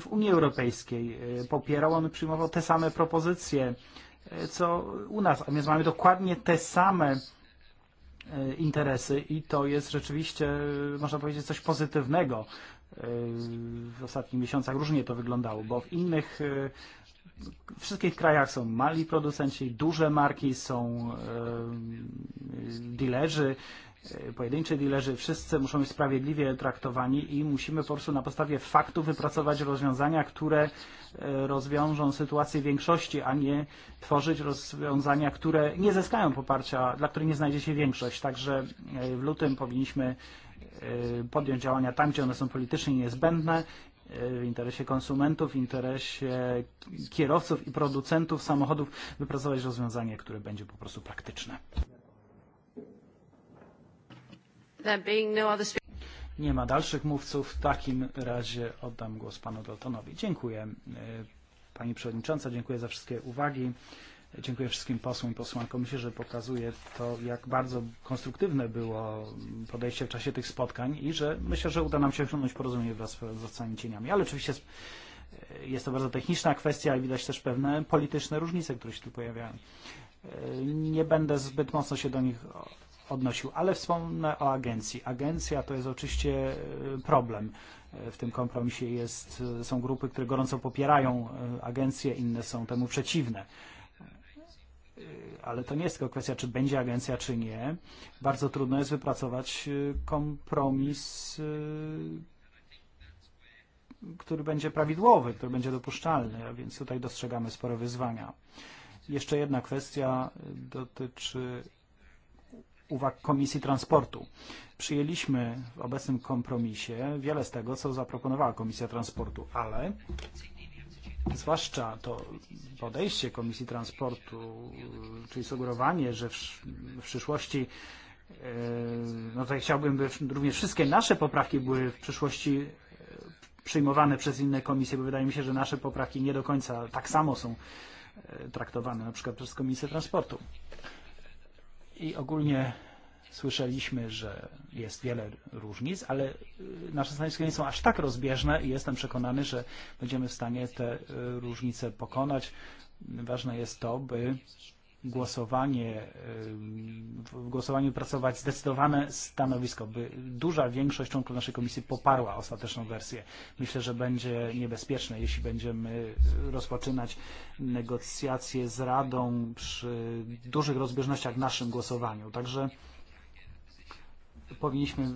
w Unii Europejskiej. E, Popierał on, przyjmował te same propozycje, e, co u nas. A więc mamy dokładnie te same interesy i to jest rzeczywiście, można powiedzieć, coś pozytywnego. W ostatnich miesiącach różnie to wyglądało, bo w innych wszystkich krajach są mali producenci, duże marki, są e, dilerzy, e, pojedynczy dilerzy, wszyscy muszą być sprawiedliwie traktowani i musimy po prostu na podstawie faktu wypracować rozwiązania, które e, rozwiążą sytuację większości, a nie tworzyć rozwiązania, które nie zyskają poparcia, dla których nie znajdzie się większość. Także w lutym powinniśmy podjąć działania tam, gdzie one są politycznie niezbędne w interesie konsumentów, w interesie kierowców i producentów samochodów wypracować rozwiązanie, które będzie po prostu praktyczne. Nie ma dalszych mówców. W takim razie oddam głos panu Daltonowi. Dziękuję pani przewodnicząca, dziękuję za wszystkie uwagi. Dziękuję wszystkim posłom i posłankom. Myślę, że pokazuje to, jak bardzo konstruktywne było podejście w czasie tych spotkań i że myślę, że uda nam się osiągnąć porozumienie wraz z ostatnimi cieniami. Ale oczywiście jest to bardzo techniczna kwestia i widać też pewne polityczne różnice, które się tu pojawiają. E, nie będę zbyt mocno się do nich odnosił, ale wspomnę o agencji. Agencja to jest oczywiście e, problem. E, w tym kompromisie jest, są grupy, które gorąco popierają agencję, inne są temu przeciwne. E, ale to nie jest tylko kwestia, czy będzie agencja, czy nie. Bardzo trudno jest wypracować e, kompromis, e, który będzie prawidłowy, który będzie dopuszczalny, a więc tutaj dostrzegamy spore wyzwania. Jeszcze jedna kwestia dotyczy uwag Komisji Transportu. Przyjęliśmy w obecnym kompromisie wiele z tego, co zaproponowała Komisja Transportu, ale zwłaszcza to podejście Komisji Transportu, czyli sugerowanie, że w, w przyszłości e, no to chciałbym, by również wszystkie nasze poprawki były w przyszłości e, przyjmowane przez inne komisje, bo wydaje mi się, że nasze poprawki nie do końca tak samo są e, traktowane, na przykład przez Komisję Transportu. I ogólnie Słyszeliśmy, że jest wiele różnic, ale nasze stanowiska nie są aż tak rozbieżne i jestem przekonany, że będziemy w stanie te różnice pokonać. Ważne jest to, by głosowanie, w głosowaniu pracować zdecydowane stanowisko, by duża większość członków naszej komisji poparła ostateczną wersję. Myślę, że będzie niebezpieczne, jeśli będziemy rozpoczynać negocjacje z Radą przy dużych rozbieżnościach w naszym głosowaniu. Także powinniśmy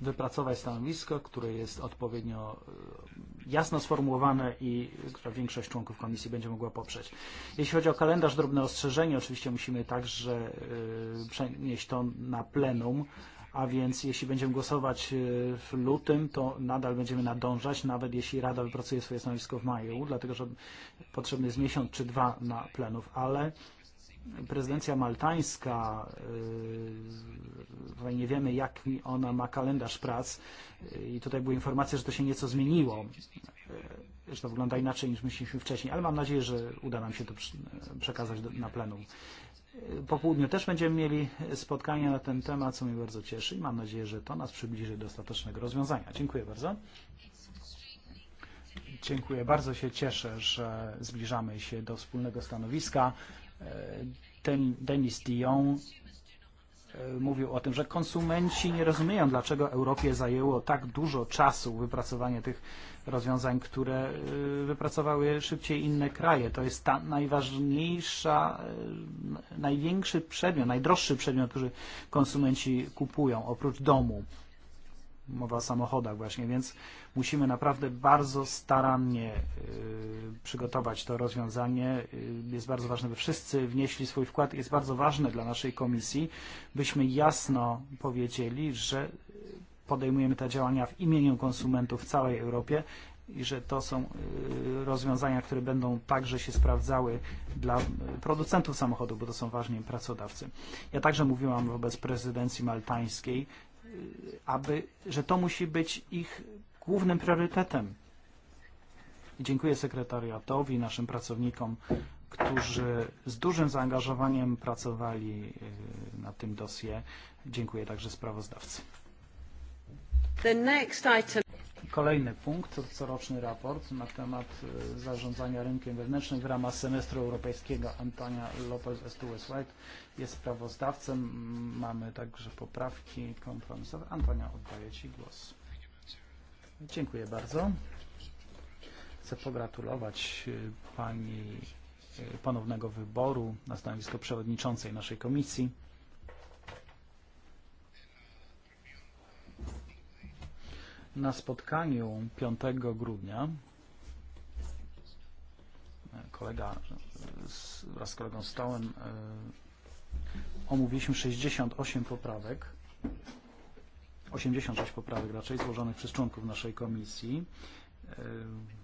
wypracować stanowisko, które jest odpowiednio e, jasno sformułowane i e, które większość członków komisji będzie mogła poprzeć. Jeśli chodzi o kalendarz, drobne ostrzeżenie, oczywiście musimy także e, przenieść to na plenum, a więc jeśli będziemy głosować w lutym, to nadal będziemy nadążać, nawet jeśli Rada wypracuje swoje stanowisko w maju, dlatego że potrzebny jest miesiąc czy dwa na plenów, ale prezydencja maltańska, e, nie wiemy jak ona ma kalendarz prac e, i tutaj były informacje, że to się nieco zmieniło, e, że to wygląda inaczej niż myśleliśmy wcześniej, ale mam nadzieję, że uda nam się to przekazać na plenum. Po południu też będziemy mieli spotkanie na ten temat, co mnie bardzo cieszy i mam nadzieję, że to nas przybliży do ostatecznego rozwiązania. Dziękuję bardzo. Dziękuję. Bardzo się cieszę, że zbliżamy się do wspólnego stanowiska. Denis Dion e, mówił o tym, że konsumenci nie rozumieją, dlaczego Europie zajęło tak dużo czasu wypracowanie tych rozwiązań, które e, wypracowały szybciej inne kraje. To jest ta najważniejsza, e, największy przedmiot, najdroższy przedmiot, który konsumenci kupują, oprócz domu mowa o samochodach właśnie, więc musimy naprawdę bardzo starannie e, przygotować to rozwiązanie. E, jest bardzo ważne, by wszyscy wnieśli swój wkład. Jest bardzo ważne dla naszej komisji, byśmy jasno powiedzieli, że podejmujemy te działania w imieniu konsumentów w całej Europie i że to są e, rozwiązania, które będą także się sprawdzały dla producentów samochodów, bo to są ważni pracodawcy. Ja także mówiłam wobec prezydencji maltańskiej, aby, że to musi być ich głównym priorytetem. I dziękuję sekretariatowi, naszym pracownikom, którzy z dużym zaangażowaniem pracowali e, na tym dosie. Dziękuję także sprawozdawcy. The next item. Kolejny punkt to coroczny raport na temat e, zarządzania rynkiem wewnętrznym w ramach semestru europejskiego Antonia Lopez Estues White jest sprawozdawcą. Mamy także poprawki kompromisowe. Antonia, oddaję Ci głos. Dziękuję bardzo. Chcę pogratulować Pani ponownego wyboru na stanowisko przewodniczącej naszej komisji. Na spotkaniu 5 grudnia kolega z, wraz z kolegą Stołem omówiliśmy 68 poprawek, 86 poprawek raczej złożonych przez członków naszej komisji e,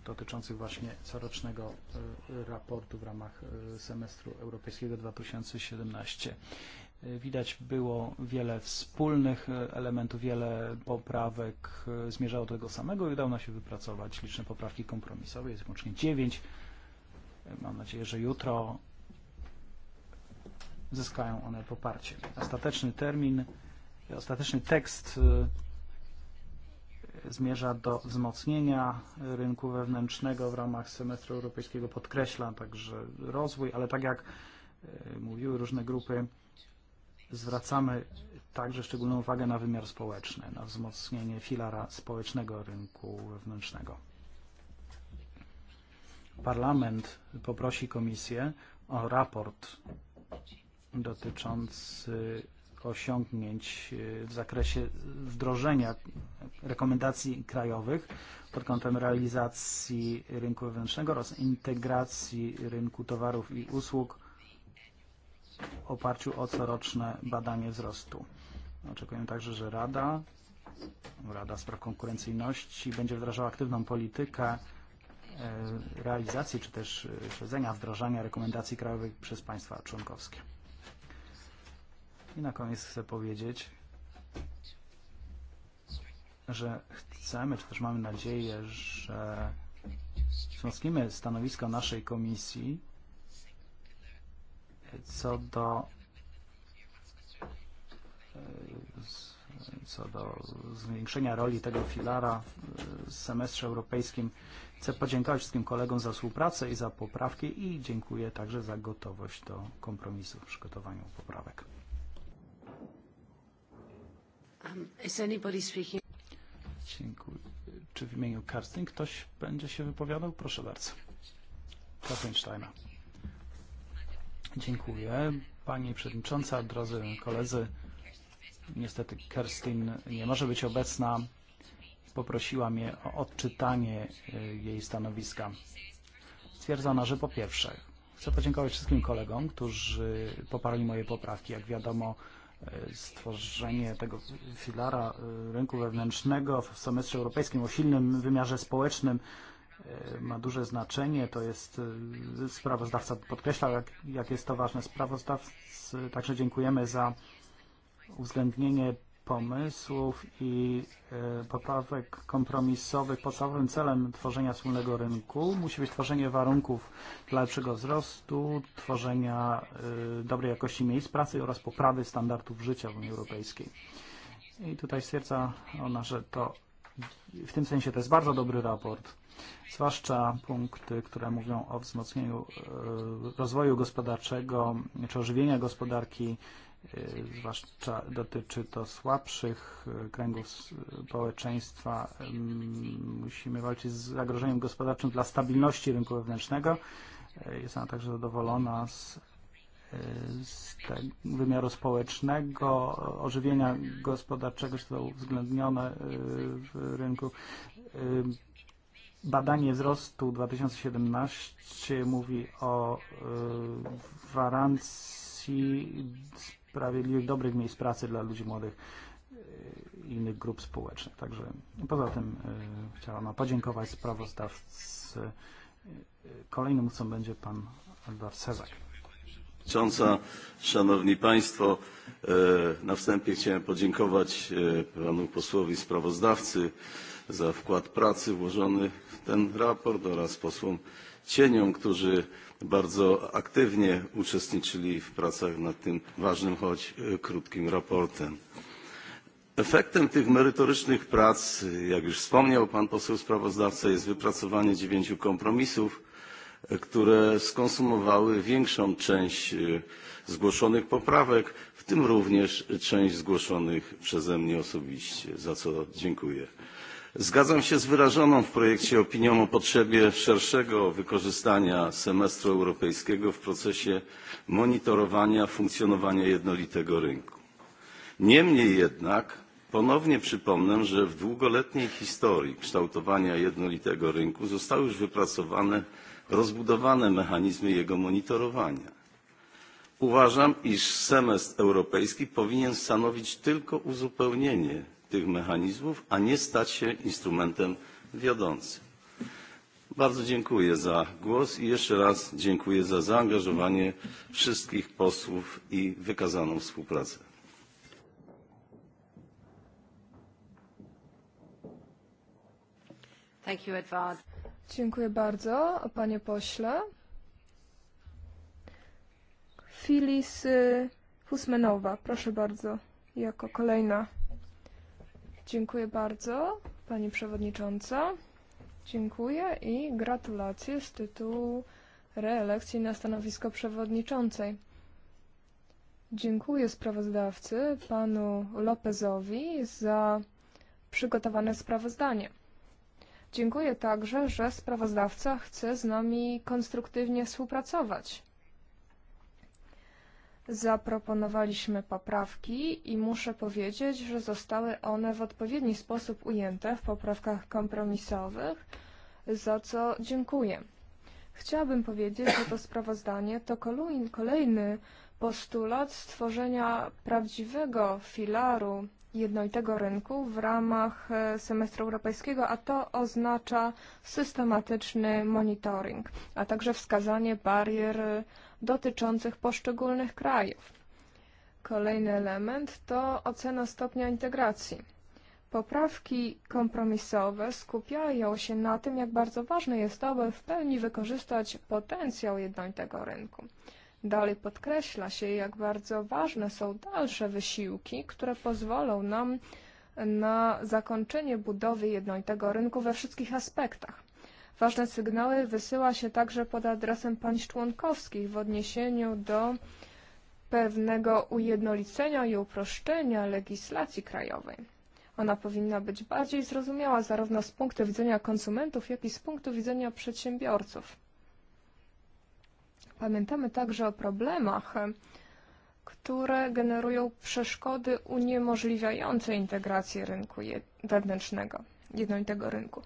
dotyczących właśnie corocznego e, raportu w ramach e, semestru europejskiego 2017. Widać było wiele wspólnych elementów, wiele poprawek zmierzało do tego samego i udało nam się wypracować liczne poprawki kompromisowe. Jest łącznie 9. Mam nadzieję, że jutro zyskają one poparcie. Ostateczny termin, ostateczny tekst zmierza do wzmocnienia rynku wewnętrznego w ramach semestru europejskiego, podkreśla także rozwój, ale tak jak mówiły różne grupy, zwracamy także szczególną uwagę na wymiar społeczny, na wzmocnienie filara społecznego rynku wewnętrznego. Parlament poprosi Komisję o raport dotyczący osiągnięć e, w zakresie wdrożenia rekomendacji krajowych pod kątem realizacji rynku wewnętrznego oraz integracji rynku towarów i usług w oparciu o coroczne badanie wzrostu. Oczekujemy także, że Rada, Rada Spraw Konkurencyjności będzie wdrażała aktywną politykę e, realizacji czy też e, śledzenia wdrażania rekomendacji krajowych przez państwa członkowskie. I na koniec chcę powiedzieć, że chcemy, czy też mamy nadzieję, że wzmocnimy stanowisko naszej komisji co do co do zwiększenia roli tego filara w semestrze europejskim. Chcę podziękować wszystkim kolegom za współpracę i za poprawki i dziękuję także za gotowość do kompromisu w przygotowaniu poprawek. Um, is anybody speaking? Dziękuję. Czy w imieniu Karsting ktoś będzie się wypowiadał? Proszę bardzo. Klappensteina. Dziękuję. Pani Przewodnicząca, drodzy koledzy, niestety Kerstin nie może być obecna. Poprosiła mnie o odczytanie e, jej stanowiska. Stwierdza ona, że po pierwsze, chcę podziękować wszystkim kolegom, którzy poparli moje poprawki. Jak wiadomo, stworzenie tego filara e, rynku wewnętrznego w semestrze europejskim o silnym wymiarze społecznym e, ma duże znaczenie. To jest e, sprawozdawca podkreśla, jak, jak jest to ważne. Sprawozdawcy także dziękujemy za uwzględnienie pomysłów i e, poprawek kompromisowych. Podstawowym celem tworzenia wspólnego rynku musi być tworzenie warunków dla lepszego wzrostu, tworzenia e, dobrej jakości miejsc pracy oraz poprawy standardów życia w Unii Europejskiej. I tutaj stwierdza ona, że to w tym sensie to jest bardzo dobry raport, zwłaszcza punkty, które mówią o wzmocnieniu e, rozwoju gospodarczego czy ożywienia gospodarki E, zwłaszcza dotyczy to słabszych e, kręgów społeczeństwa. Musimy walczyć z zagrożeniem gospodarczym dla stabilności rynku wewnętrznego. E, jest ona także zadowolona z, z wymiaru społecznego, ożywienia gospodarczego, czy to uwzględnione w rynku. Badanie wzrostu 2017 mówi o gwarancji sprawili już dobrych miejsc pracy dla ludzi młodych i innych grup społecznych. Także poza tym e, chciałam podziękować sprawozdawcy. E, kolejnym mówcą będzie pan Edward Sezak. Przewodnicząca, Szanowni Państwo, e, na wstępie chciałem podziękować panu posłowi sprawozdawcy za wkład pracy włożony w ten raport oraz posłom cieniom, którzy bardzo aktywnie uczestniczyli w pracach nad tym ważnym, choć e, krótkim raportem. Efektem tych merytorycznych prac, jak już wspomniał pan poseł sprawozdawca, jest wypracowanie dziewięciu kompromisów, e, które skonsumowały większą część e, zgłoszonych poprawek, w tym również część zgłoszonych przeze mnie osobiście, za co dziękuję. Zgadzam się z wyrażoną w projekcie opinią o potrzebie szerszego wykorzystania semestru europejskiego w procesie monitorowania funkcjonowania jednolitego rynku. Niemniej jednak ponownie przypomnę, że w długoletniej historii kształtowania jednolitego rynku zostały już wypracowane rozbudowane mechanizmy jego monitorowania. Uważam, iż semestr europejski powinien stanowić tylko uzupełnienie tych mechanizmów, a nie stać się instrumentem wiodącym. Bardzo dziękuję za głos i jeszcze raz dziękuję za zaangażowanie wszystkich posłów i wykazaną współpracę. Thank you, Edward. Dziękuję bardzo, panie pośle. Filis Husmenowa, proszę bardzo, jako kolejna Dziękuję bardzo, Pani Przewodnicząca. Dziękuję i gratulacje z tytułu reelekcji na stanowisko przewodniczącej. Dziękuję sprawozdawcy, panu Lopezowi, za przygotowane sprawozdanie. Dziękuję także, że sprawozdawca chce z nami konstruktywnie współpracować Zaproponowaliśmy poprawki i muszę powiedzieć, że zostały one w odpowiedni sposób ujęte w poprawkach kompromisowych, za co dziękuję. Chciałabym powiedzieć, że to sprawozdanie to kolejny postulat stworzenia prawdziwego filaru jednolitego rynku w ramach e, semestru europejskiego, a to oznacza systematyczny monitoring, a także wskazanie barier dotyczących poszczególnych krajów. Kolejny element to ocena stopnia integracji. Poprawki kompromisowe skupiają się na tym, jak bardzo ważne jest, to, by w pełni wykorzystać potencjał jednolitego rynku. Dalej podkreśla się, jak bardzo ważne są dalsze wysiłki, które pozwolą nam na zakończenie budowy jednolitego rynku we wszystkich aspektach. Ważne sygnały wysyła się także pod adresem państw członkowskich w odniesieniu do pewnego ujednolicenia i uproszczenia legislacji krajowej. Ona powinna być bardziej zrozumiała zarówno z punktu widzenia konsumentów, jak i z punktu widzenia przedsiębiorców. Pamiętamy także o problemach, które generują przeszkody uniemożliwiające integrację rynku wewnętrznego, jednolitego rynku.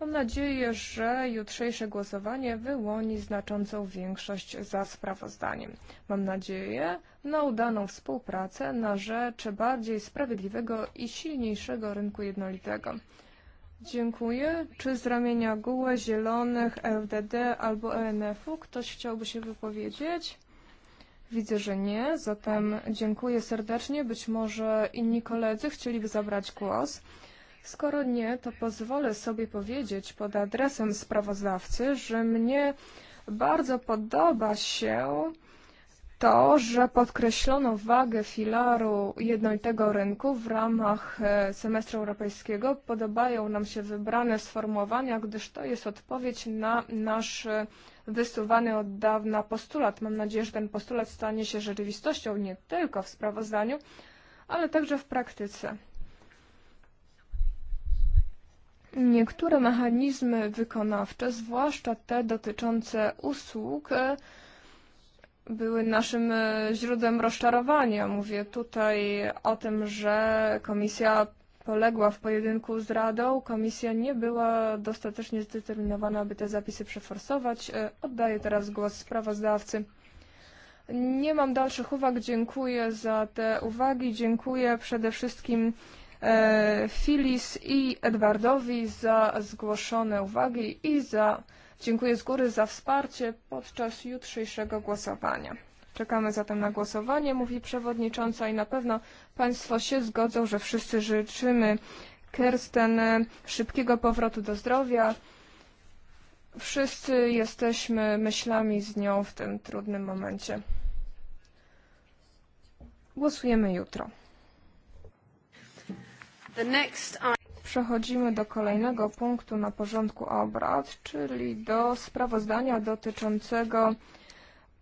Mam nadzieję, że jutrzejsze głosowanie wyłoni znaczącą większość za sprawozdaniem. Mam nadzieję na udaną współpracę na rzecz bardziej sprawiedliwego i silniejszego rynku jednolitego. Dziękuję. Czy z ramienia GUE, Zielonych, LDD albo ENF-u ktoś chciałby się wypowiedzieć? Widzę, że nie, zatem dziękuję serdecznie. Być może inni koledzy chcieliby zabrać głos. Skoro nie, to pozwolę sobie powiedzieć pod adresem sprawozdawcy, że mnie bardzo podoba się to, że podkreślono wagę filaru jednolitego rynku w ramach e, semestru europejskiego. Podobają nam się wybrane sformułowania, gdyż to jest odpowiedź na nasz e, wysuwany od dawna postulat. Mam nadzieję, że ten postulat stanie się rzeczywistością nie tylko w sprawozdaniu, ale także w praktyce niektóre mechanizmy wykonawcze, zwłaszcza te dotyczące usług, były naszym e, źródłem rozczarowania. Mówię tutaj o tym, że komisja poległa w pojedynku z Radą. Komisja nie była dostatecznie zdeterminowana, aby te zapisy przeforsować. E, oddaję teraz głos sprawozdawcy. Nie mam dalszych uwag. Dziękuję za te uwagi. Dziękuję przede wszystkim E, Filis i Edwardowi za zgłoszone uwagi i za dziękuję z góry za wsparcie podczas jutrzejszego głosowania. Czekamy zatem na głosowanie, mówi przewodnicząca i na pewno Państwo się zgodzą, że wszyscy życzymy Kersten szybkiego powrotu do zdrowia. Wszyscy jesteśmy myślami z nią w tym trudnym momencie. Głosujemy jutro. Przechodzimy do kolejnego punktu na porządku obrad, czyli do sprawozdania dotyczącego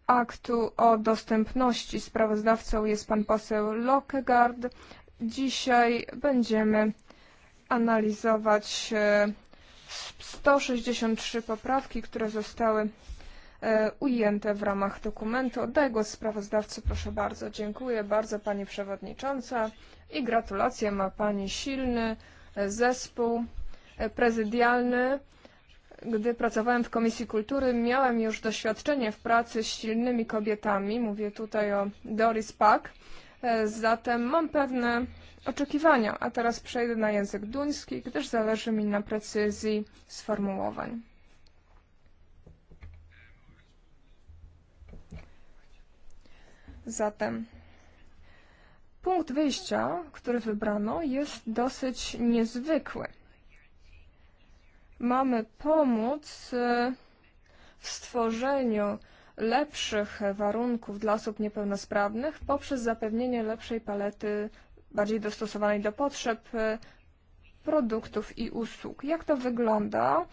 aktu o dostępności. Sprawozdawcą jest pan poseł Lokegard. Dzisiaj będziemy analizować 163 e, poprawki, które zostały E, ujęte w ramach dokumentu. Oddaję głos sprawozdawcy, proszę bardzo. Dziękuję bardzo Pani Przewodnicząca i gratulacje ma Pani silny e, zespół e, prezydialny. Gdy pracowałem w Komisji Kultury, miałem już doświadczenie w pracy z silnymi kobietami. Mówię tutaj o Doris Pack. Zatem mam pewne oczekiwania, a teraz przejdę na język duński, gdyż zależy mi na precyzji sformułowań. Zatem punkt wyjścia, który wybrano, jest dosyć niezwykły. Mamy pomóc w stworzeniu lepszych warunków dla osób niepełnosprawnych poprzez zapewnienie lepszej palety, bardziej dostosowanej do potrzeb produktów i usług. Jak to wygląda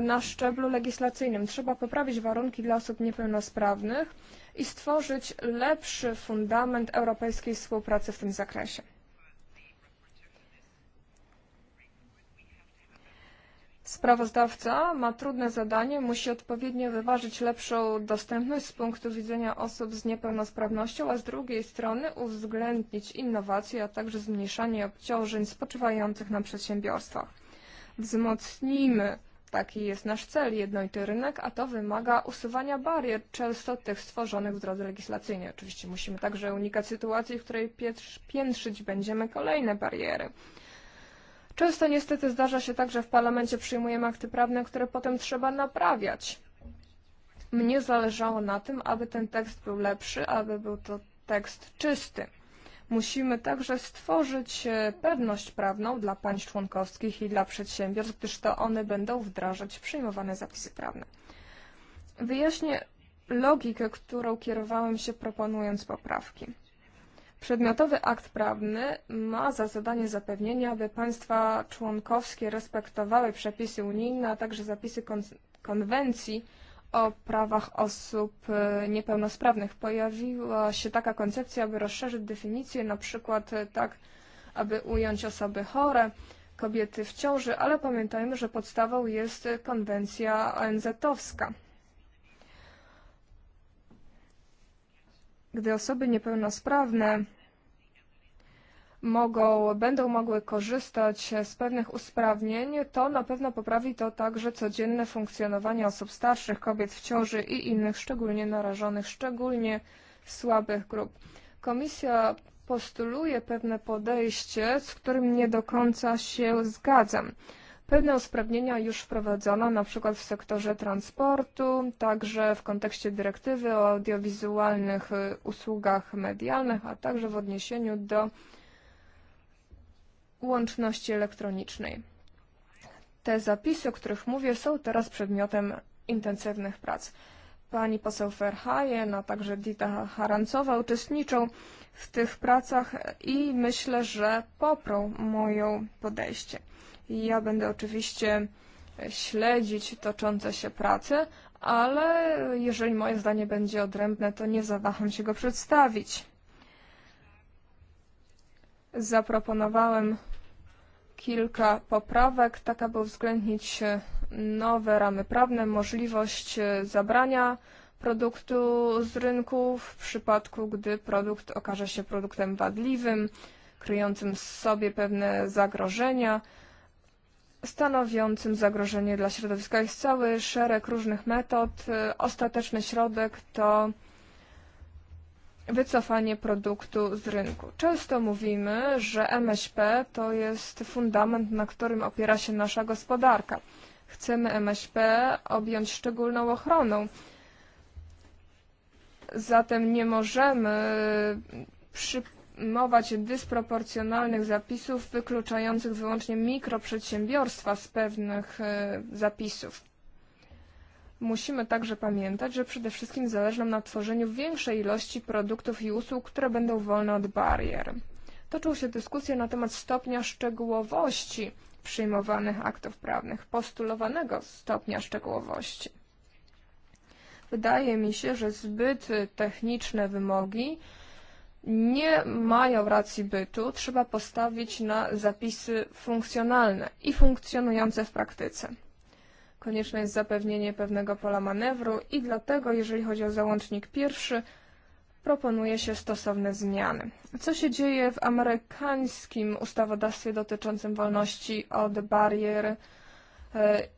na szczeblu legislacyjnym? Trzeba poprawić warunki dla osób niepełnosprawnych i stworzyć lepszy fundament europejskiej współpracy w tym zakresie. Sprawozdawca ma trudne zadanie, musi odpowiednio wyważyć lepszą dostępność z punktu widzenia osób z niepełnosprawnością, a z drugiej strony uwzględnić innowacje, a także zmniejszanie obciążeń spoczywających na przedsiębiorstwach. Wzmocnijmy Taki jest nasz cel, jednolity rynek, a to wymaga usuwania barier, często tych stworzonych w drodze legislacyjnej. Oczywiście musimy także unikać sytuacji, w której piętrzyć będziemy kolejne bariery. Często niestety zdarza się tak, że w parlamencie przyjmujemy akty prawne, które potem trzeba naprawiać. Mnie zależało na tym, aby ten tekst był lepszy, aby był to tekst czysty. Musimy także stworzyć e, pewność prawną dla państw członkowskich i dla przedsiębiorstw, gdyż to one będą wdrażać przyjmowane zapisy prawne. Wyjaśnię logikę, którą kierowałem się proponując poprawki. Przedmiotowy akt prawny ma za zadanie zapewnienie, aby państwa członkowskie respektowały przepisy unijne, a także zapisy kon konwencji o prawach osób e, niepełnosprawnych. Pojawiła się taka koncepcja, aby rozszerzyć definicję, na przykład e, tak, aby ująć osoby chore, kobiety w ciąży, ale pamiętajmy, że podstawą jest konwencja ONZ-owska. Gdy osoby niepełnosprawne mogą, będą mogły korzystać z pewnych usprawnień, to na pewno poprawi to także codzienne funkcjonowanie osób starszych, kobiet w ciąży i innych szczególnie narażonych, szczególnie słabych grup. Komisja postuluje pewne podejście, z którym nie do końca się zgadzam. Pewne usprawnienia już wprowadzono, na przykład w sektorze transportu, także w kontekście dyrektywy o audiowizualnych usługach medialnych, a także w odniesieniu do łączności elektronicznej. Te zapisy, o których mówię, są teraz przedmiotem intensywnych prac. Pani poseł Verhajen, a także Dita Harancowa uczestniczą w tych pracach i myślę, że poprą moją podejście. Ja będę oczywiście śledzić toczące się prace, ale jeżeli moje zdanie będzie odrębne, to nie zawaham się go przedstawić zaproponowałem kilka poprawek, tak aby uwzględnić e, nowe ramy prawne, możliwość e, zabrania produktu z rynku w przypadku, gdy produkt okaże się produktem wadliwym, kryjącym w sobie pewne zagrożenia, stanowiącym zagrożenie dla środowiska. Jest cały szereg różnych metod. E, ostateczny środek to wycofanie produktu z rynku. Często mówimy, że MŚP to jest fundament, na którym opiera się nasza gospodarka. Chcemy MŚP objąć szczególną ochroną. Zatem nie możemy przyjmować dysproporcjonalnych zapisów wykluczających wyłącznie mikroprzedsiębiorstwa z pewnych e, zapisów Musimy także pamiętać, że przede wszystkim zależy nam na tworzeniu większej ilości produktów i usług, które będą wolne od barier. Toczą się dyskusje na temat stopnia szczegółowości przyjmowanych aktów prawnych, postulowanego stopnia szczegółowości. Wydaje mi się, że zbyt techniczne wymogi nie mają racji bytu, trzeba postawić na zapisy funkcjonalne i funkcjonujące w praktyce konieczne jest zapewnienie pewnego pola manewru i dlatego, jeżeli chodzi o załącznik pierwszy, proponuje się stosowne zmiany. Co się dzieje w amerykańskim ustawodawstwie dotyczącym wolności od barier e,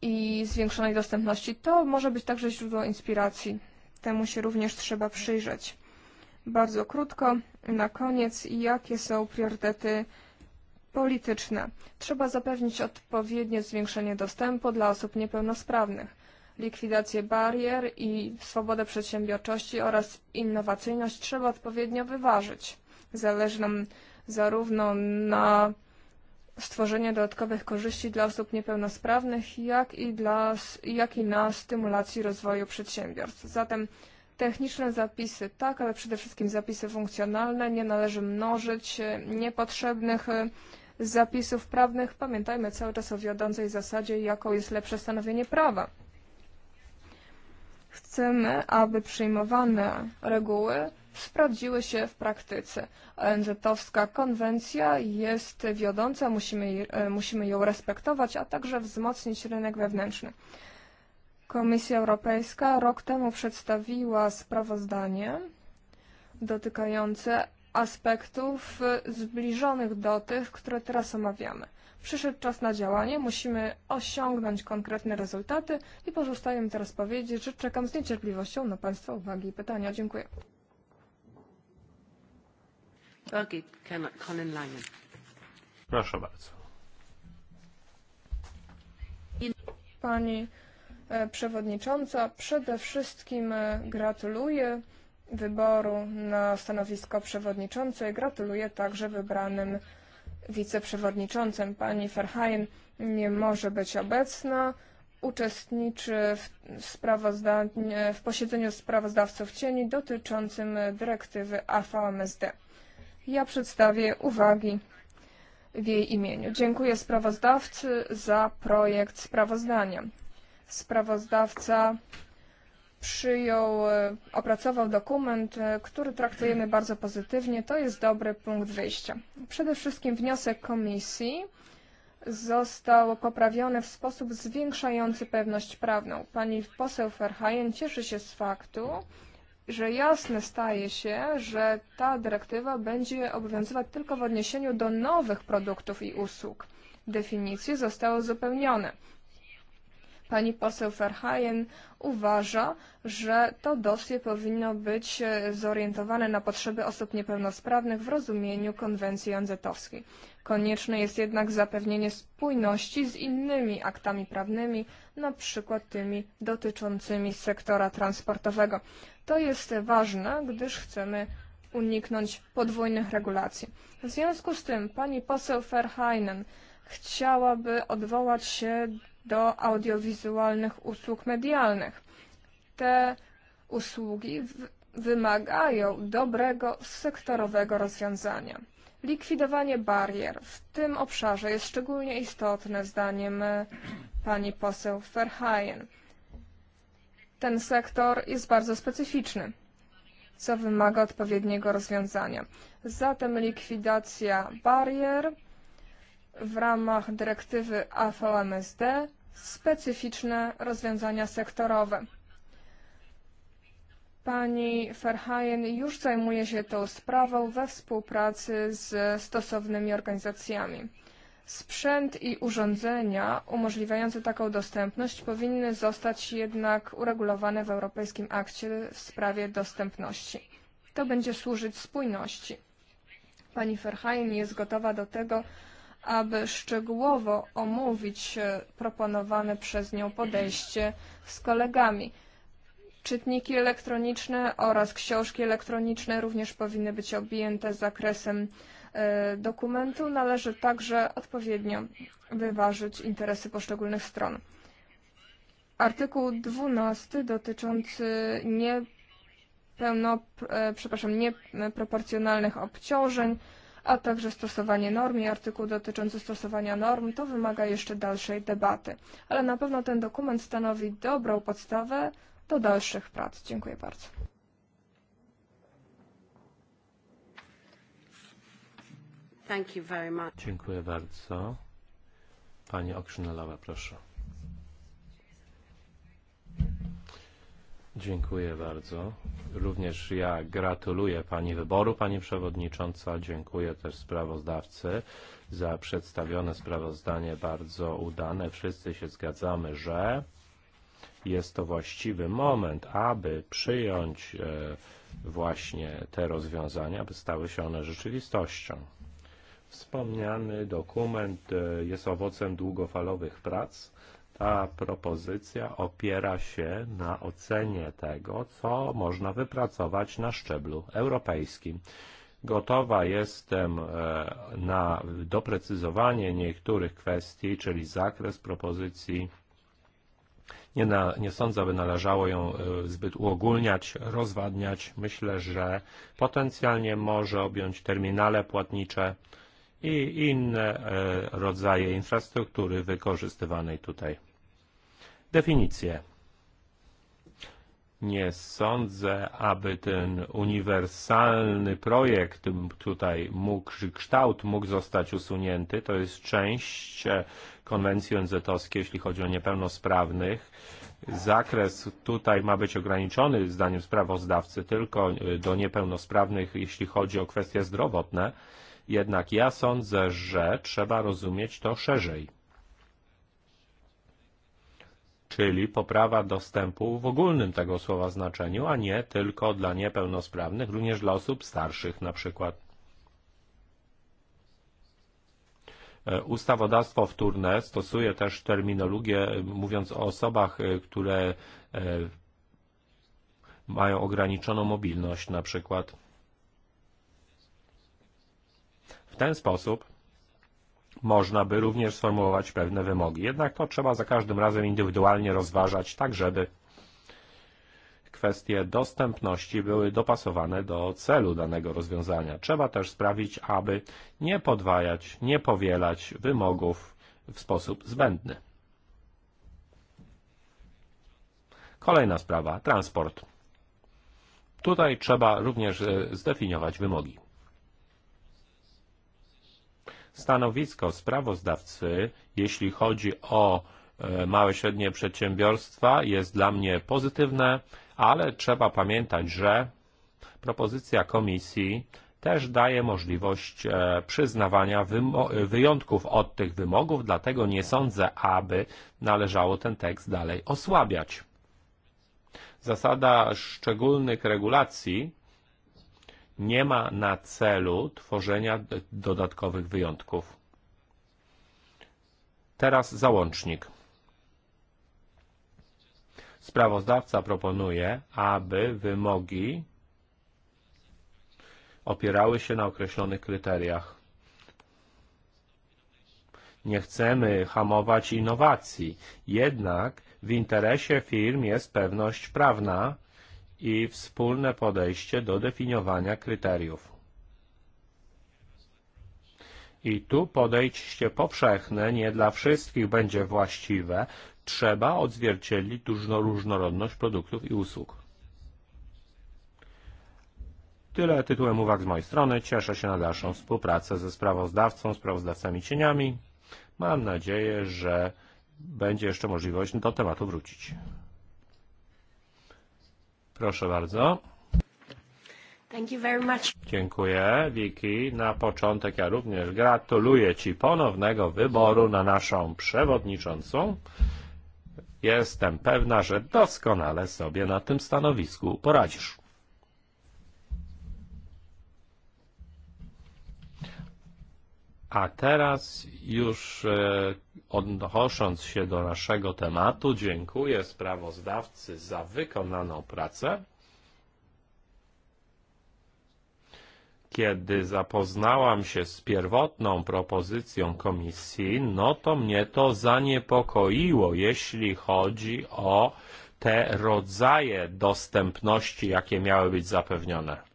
i zwiększonej dostępności? To może być także źródło inspiracji. Temu się również trzeba przyjrzeć. Bardzo krótko, na koniec, jakie są priorytety polityczne. Trzeba zapewnić odpowiednie zwiększenie dostępu dla osób niepełnosprawnych, likwidację barier i swobodę przedsiębiorczości oraz innowacyjność trzeba odpowiednio wyważyć, zależną zarówno na stworzenie dodatkowych korzyści dla osób niepełnosprawnych, jak i, dla, jak i na stymulacji rozwoju przedsiębiorstw. Zatem techniczne zapisy, tak, ale przede wszystkim zapisy funkcjonalne, nie należy mnożyć e, niepotrzebnych e, zapisów prawnych, pamiętajmy cały czas o wiodącej zasadzie, jaką jest lepsze stanowienie prawa. Chcemy, aby przyjmowane reguły sprawdziły się w praktyce. ONZ-owska konwencja jest wiodąca, musimy, e, musimy ją respektować, a także wzmocnić rynek wewnętrzny. Komisja Europejska rok temu przedstawiła sprawozdanie dotykające aspektów zbliżonych do tych, które teraz omawiamy. Przyszedł czas na działanie, musimy osiągnąć konkretne rezultaty i pozostaje mi teraz powiedzieć, że czekam z niecierpliwością na Państwa uwagi i pytania. Dziękuję. Proszę bardzo. Pani e, Przewodnicząca, przede wszystkim e, gratuluję wyboru na stanowisko przewodniczącej. Gratuluję także wybranym wiceprzewodniczącym. Pani Ferhain nie może być obecna. Uczestniczy w, sprawozda... w posiedzeniu sprawozdawców cieni dotyczącym dyrektywy AVMSD. Ja przedstawię uwagi w jej imieniu. Dziękuję sprawozdawcy za projekt sprawozdania. Sprawozdawca przyjął, e, opracował dokument, e, który traktujemy bardzo pozytywnie. To jest dobry punkt wyjścia. Przede wszystkim wniosek komisji został poprawiony w sposób zwiększający pewność prawną. Pani poseł Ferhajen cieszy się z faktu, że jasne staje się, że ta dyrektywa będzie obowiązywać tylko w odniesieniu do nowych produktów i usług. Definicje zostały uzupełnione. Pani poseł Verheyen uważa, że to dosie powinno być e, zorientowane na potrzeby osób niepełnosprawnych w rozumieniu konwencji ONZ-owskiej. Konieczne jest jednak zapewnienie spójności z innymi aktami prawnymi, na przykład tymi dotyczącymi sektora transportowego. To jest ważne, gdyż chcemy uniknąć podwójnych regulacji. W związku z tym pani poseł Ferhajnen chciałaby odwołać się do audiowizualnych usług medialnych. Te usługi wymagają dobrego sektorowego rozwiązania. Likwidowanie barier w tym obszarze jest szczególnie istotne zdaniem e, pani poseł Verheyen. Ten sektor jest bardzo specyficzny, co wymaga odpowiedniego rozwiązania. Zatem likwidacja barier w ramach dyrektywy AVMSD specyficzne rozwiązania sektorowe. Pani Ferhajen już zajmuje się tą sprawą we współpracy z stosownymi organizacjami. Sprzęt i urządzenia umożliwiające taką dostępność powinny zostać jednak uregulowane w Europejskim Akcie w sprawie dostępności. To będzie służyć spójności. Pani Ferhajen jest gotowa do tego, aby szczegółowo omówić e, proponowane przez nią podejście z kolegami. Czytniki elektroniczne oraz książki elektroniczne również powinny być objęte zakresem e, dokumentu. Należy także odpowiednio wyważyć interesy poszczególnych stron. Artykuł 12 dotyczący nie pełno, e, przepraszam, nieproporcjonalnych obciążeń a także stosowanie norm i artykuł dotyczący stosowania norm, to wymaga jeszcze dalszej debaty. Ale na pewno ten dokument stanowi dobrą podstawę do dalszych prac. Dziękuję bardzo. Thank you very much. Dziękuję bardzo. Pani Okrzynelała, proszę. Dziękuję bardzo. Również ja gratuluję Pani wyboru, Pani Przewodnicząca. Dziękuję też sprawozdawcy za przedstawione sprawozdanie bardzo udane. Wszyscy się zgadzamy, że jest to właściwy moment, aby przyjąć e, właśnie te rozwiązania, by stały się one rzeczywistością. Wspomniany dokument e, jest owocem długofalowych prac ta propozycja opiera się na ocenie tego, co można wypracować na szczeblu europejskim. Gotowa jestem e, na doprecyzowanie niektórych kwestii, czyli zakres propozycji. Nie, na, nie sądzę, by należało ją e, zbyt uogólniać, rozwadniać. Myślę, że potencjalnie może objąć terminale płatnicze i inne e, rodzaje infrastruktury wykorzystywanej tutaj definicję. Nie sądzę, aby ten uniwersalny projekt, tutaj mógł, kształt mógł zostać usunięty. To jest część konwencji ONZ-owskiej, jeśli chodzi o niepełnosprawnych. Zakres tutaj ma być ograniczony, zdaniem sprawozdawcy, tylko e, do niepełnosprawnych, jeśli chodzi o kwestie zdrowotne. Jednak ja sądzę, że trzeba rozumieć to szerzej czyli poprawa dostępu w ogólnym tego słowa znaczeniu, a nie tylko dla niepełnosprawnych, również dla osób starszych na przykład. E, ustawodawstwo wtórne stosuje też terminologię e, mówiąc o osobach, e, które mają ograniczoną mobilność na przykład. W ten sposób można by również sformułować pewne wymogi. Jednak to trzeba za każdym razem indywidualnie rozważać, tak żeby kwestie dostępności były dopasowane do celu danego rozwiązania. Trzeba też sprawić, aby nie podwajać, nie powielać wymogów w sposób zbędny. Kolejna sprawa transport. Tutaj trzeba również e, zdefiniować wymogi stanowisko sprawozdawcy, jeśli chodzi o e, małe i średnie przedsiębiorstwa, jest dla mnie pozytywne, ale trzeba pamiętać, że propozycja komisji też daje możliwość e, przyznawania wyjątków od tych wymogów, dlatego nie sądzę, aby należało ten tekst dalej osłabiać. Zasada szczególnych regulacji nie ma na celu tworzenia dodatkowych wyjątków. Teraz załącznik. Sprawozdawca proponuje, aby wymogi opierały się na określonych kryteriach. Nie chcemy hamować innowacji, jednak w interesie firm jest pewność prawna, i wspólne podejście do definiowania kryteriów. I tu podejście powszechne nie dla wszystkich będzie właściwe. Trzeba odzwierciedlić dużą różnorodność produktów i usług. Tyle tytułem uwag z mojej strony. Cieszę się na dalszą współpracę ze sprawozdawcą, sprawozdawcami cieniami. Mam nadzieję, że będzie jeszcze możliwość do tematu wrócić. Proszę bardzo. Thank you very much. Dziękuję, Wiki. Na początek ja również gratuluję Ci ponownego wyboru na naszą przewodniczącą. Jestem pewna, że doskonale sobie na tym stanowisku poradzisz. A teraz już e, odnosząc się do naszego tematu, dziękuję sprawozdawcy za wykonaną pracę. Kiedy zapoznałam się z pierwotną propozycją komisji, no to mnie to zaniepokoiło, jeśli chodzi o te rodzaje dostępności, jakie miały być zapewnione.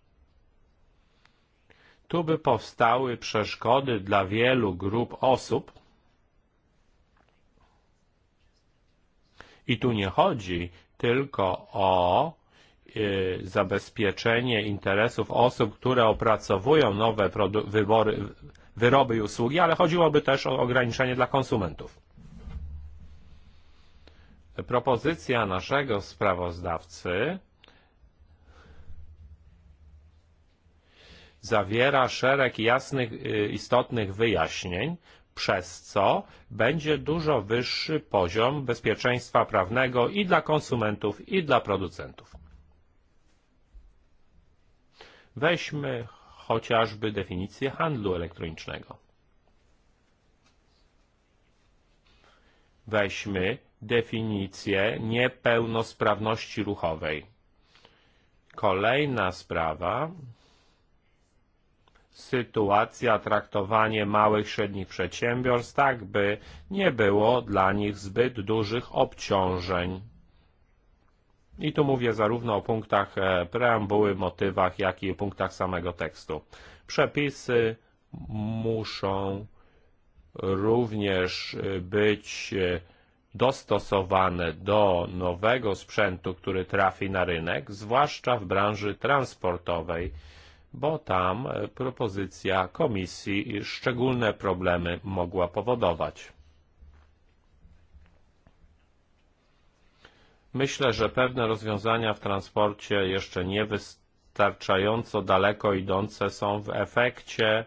Tu by powstały przeszkody dla wielu grup osób. I tu nie chodzi tylko o zabezpieczenie interesów osób, które opracowują nowe wybory, wyroby i usługi, ale chodziłoby też o ograniczenie dla konsumentów. Propozycja naszego sprawozdawcy zawiera szereg jasnych, istotnych wyjaśnień, przez co będzie dużo wyższy poziom bezpieczeństwa prawnego i dla konsumentów, i dla producentów. Weźmy chociażby definicję handlu elektronicznego. Weźmy definicję niepełnosprawności ruchowej. Kolejna sprawa sytuacja, traktowanie małych, średnich przedsiębiorstw, tak by nie było dla nich zbyt dużych obciążeń. I tu mówię zarówno o punktach e, preambuły, motywach, jak i o punktach samego tekstu. Przepisy muszą również e, być e, dostosowane do nowego sprzętu, który trafi na rynek, zwłaszcza w branży transportowej bo tam e, propozycja komisji e, szczególne problemy mogła powodować. Myślę, że pewne rozwiązania w transporcie jeszcze nie wystarczająco daleko idące są w efekcie.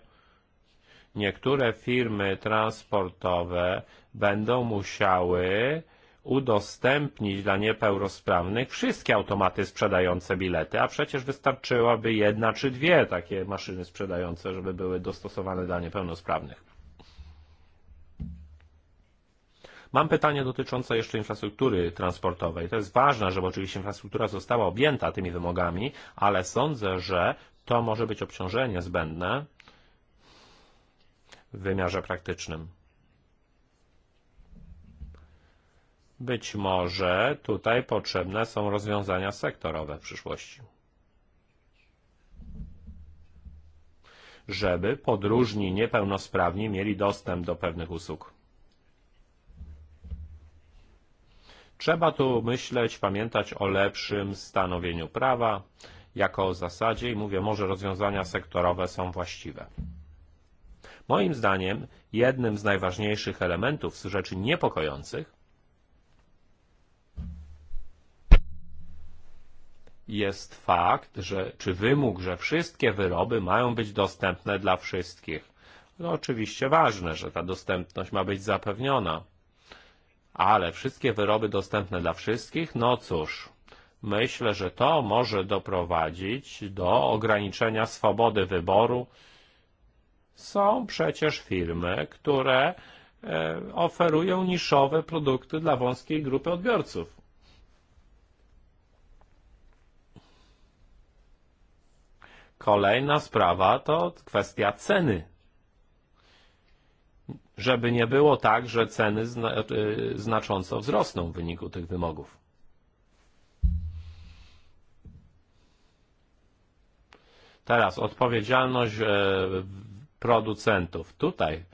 Niektóre firmy transportowe będą musiały udostępnić dla niepełnosprawnych wszystkie automaty sprzedające bilety, a przecież wystarczyłaby jedna czy dwie takie maszyny sprzedające, żeby były dostosowane dla niepełnosprawnych. Mam pytanie dotyczące jeszcze infrastruktury transportowej. To jest ważne, żeby oczywiście infrastruktura została objęta tymi wymogami, ale sądzę, że to może być obciążenie zbędne w wymiarze praktycznym. Być może tutaj potrzebne są rozwiązania sektorowe w przyszłości. Żeby podróżni niepełnosprawni mieli dostęp do pewnych usług. Trzeba tu myśleć, pamiętać o lepszym stanowieniu prawa jako o zasadzie i mówię, może rozwiązania sektorowe są właściwe. Moim zdaniem jednym z najważniejszych elementów z rzeczy niepokojących jest fakt, że czy wymóg, że wszystkie wyroby mają być dostępne dla wszystkich. No oczywiście ważne, że ta dostępność ma być zapewniona. Ale wszystkie wyroby dostępne dla wszystkich, no cóż, myślę, że to może doprowadzić do ograniczenia swobody wyboru. Są przecież firmy, które e, oferują niszowe produkty dla wąskiej grupy odbiorców. Kolejna sprawa to kwestia ceny. Żeby nie było tak, że ceny zna e, znacząco wzrosną w wyniku tych wymogów. Teraz odpowiedzialność e, producentów. Tutaj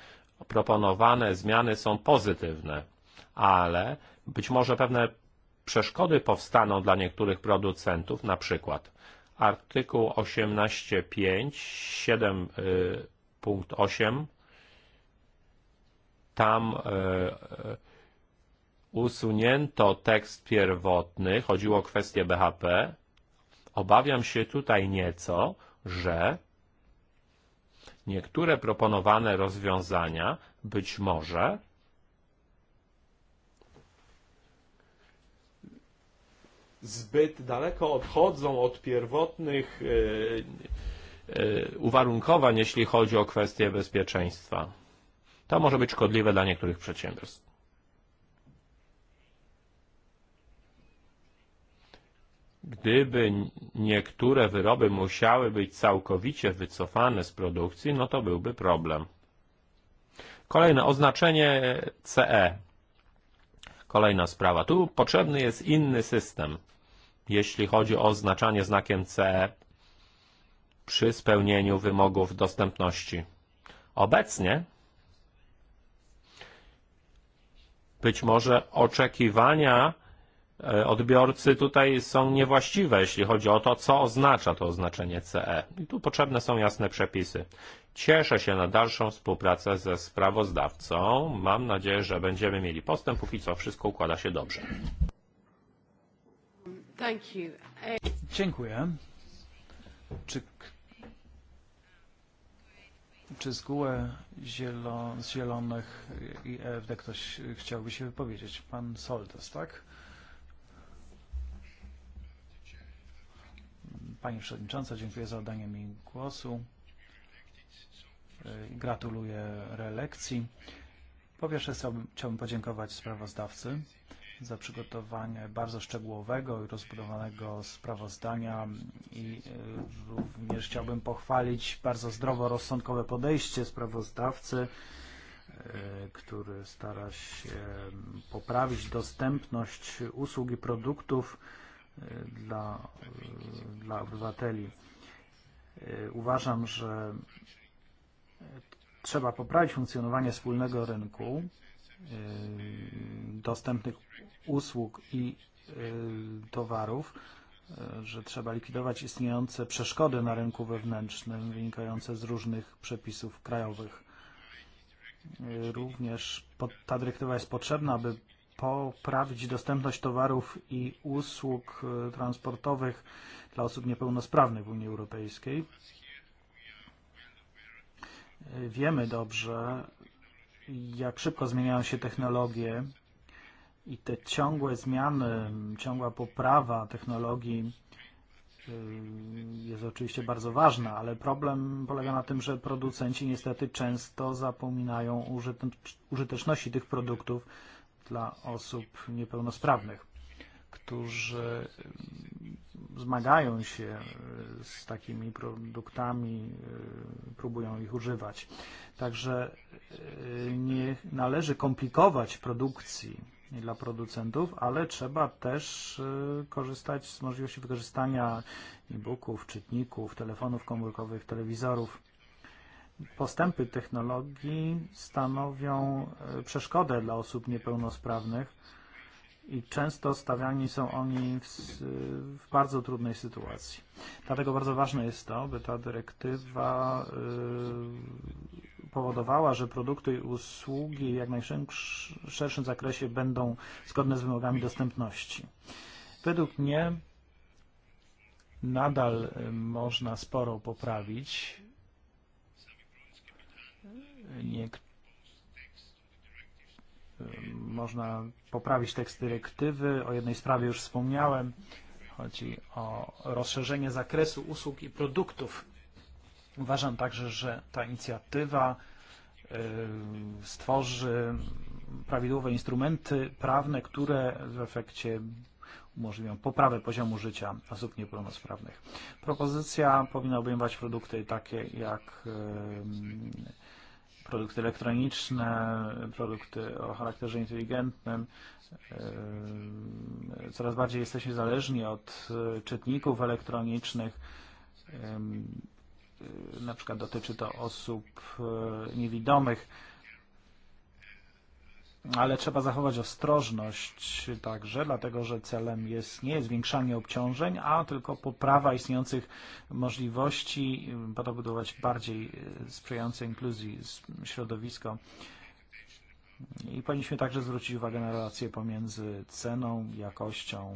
proponowane zmiany są pozytywne, ale być może pewne przeszkody powstaną dla niektórych producentów, na przykład Artykuł 18.5, 7.8, tam usunięto tekst pierwotny, chodziło o kwestię BHP. Obawiam się tutaj nieco, że niektóre proponowane rozwiązania być może zbyt daleko odchodzą od pierwotnych e, e, uwarunkowań, jeśli chodzi o kwestie bezpieczeństwa. To może być szkodliwe dla niektórych przedsiębiorstw. Gdyby niektóre wyroby musiały być całkowicie wycofane z produkcji, no to byłby problem. Kolejne oznaczenie CE. Kolejna sprawa. Tu potrzebny jest inny system jeśli chodzi o oznaczanie znakiem C przy spełnieniu wymogów dostępności. Obecnie być może oczekiwania e, odbiorcy tutaj są niewłaściwe, jeśli chodzi o to, co oznacza to oznaczenie CE. I tu potrzebne są jasne przepisy. Cieszę się na dalszą współpracę ze sprawozdawcą. Mam nadzieję, że będziemy mieli postęp. Póki co wszystko układa się dobrze. Thank you. Dziękuję. Czy, czy z góry zielon, z Zielonych i EFD ktoś chciałby się wypowiedzieć? Pan Soltes, tak? Pani Przewodnicząca, dziękuję za oddanie mi głosu. E, gratuluję reelekcji. Po pierwsze chciałbym podziękować sprawozdawcy za przygotowanie bardzo szczegółowego i rozbudowanego sprawozdania i e, również chciałbym pochwalić bardzo zdroworozsądkowe podejście sprawozdawcy, e, który stara się poprawić dostępność usług i produktów e, dla, dla obywateli. Uważam, że trzeba poprawić funkcjonowanie wspólnego rynku, E, dostępnych usług i e, towarów, e, że trzeba likwidować istniejące przeszkody na rynku wewnętrznym wynikające z różnych przepisów krajowych. Również ta dyrektywa jest potrzebna, aby poprawić dostępność towarów i usług transportowych dla osób niepełnosprawnych w Unii Europejskiej. Wiemy dobrze, jak szybko zmieniają się technologie i te ciągłe zmiany, ciągła poprawa technologii jest oczywiście bardzo ważna, ale problem polega na tym, że producenci niestety często zapominają użyteczności tych produktów dla osób niepełnosprawnych którzy zmagają się e, z takimi produktami, e, próbują ich używać. Także e, nie należy komplikować produkcji dla producentów, ale trzeba też korzystać z możliwości wykorzystania e-booków, czytników, telefonów komórkowych, telewizorów. Postępy technologii stanowią przeszkodę dla osób niepełnosprawnych i często stawiani są oni w, w bardzo trudnej sytuacji. Dlatego bardzo ważne jest to, by ta dyrektywa y, powodowała, że produkty i usługi w jak najszerszym zakresie będą zgodne z wymogami dostępności. Według mnie nadal można sporo poprawić. Niektóre można poprawić tekst dyrektywy. O jednej sprawie już wspomniałem. Chodzi o rozszerzenie zakresu usług i produktów. Uważam także, że ta inicjatywa stworzy prawidłowe instrumenty prawne, które w efekcie umożliwią poprawę poziomu życia osób niepełnosprawnych. Propozycja powinna obejmować produkty takie jak yy, produkty elektroniczne, produkty o charakterze inteligentnym. Coraz bardziej jesteśmy zależni od e, czytników elektronicznych. E, na przykład dotyczy to osób e, niewidomych ale trzeba zachować ostrożność także, dlatego że celem jest nie zwiększanie obciążeń, a tylko poprawa istniejących możliwości, po to budować bardziej e, sprzyjające inkluzji środowisko. I powinniśmy także zwrócić uwagę na relacje pomiędzy ceną, jakością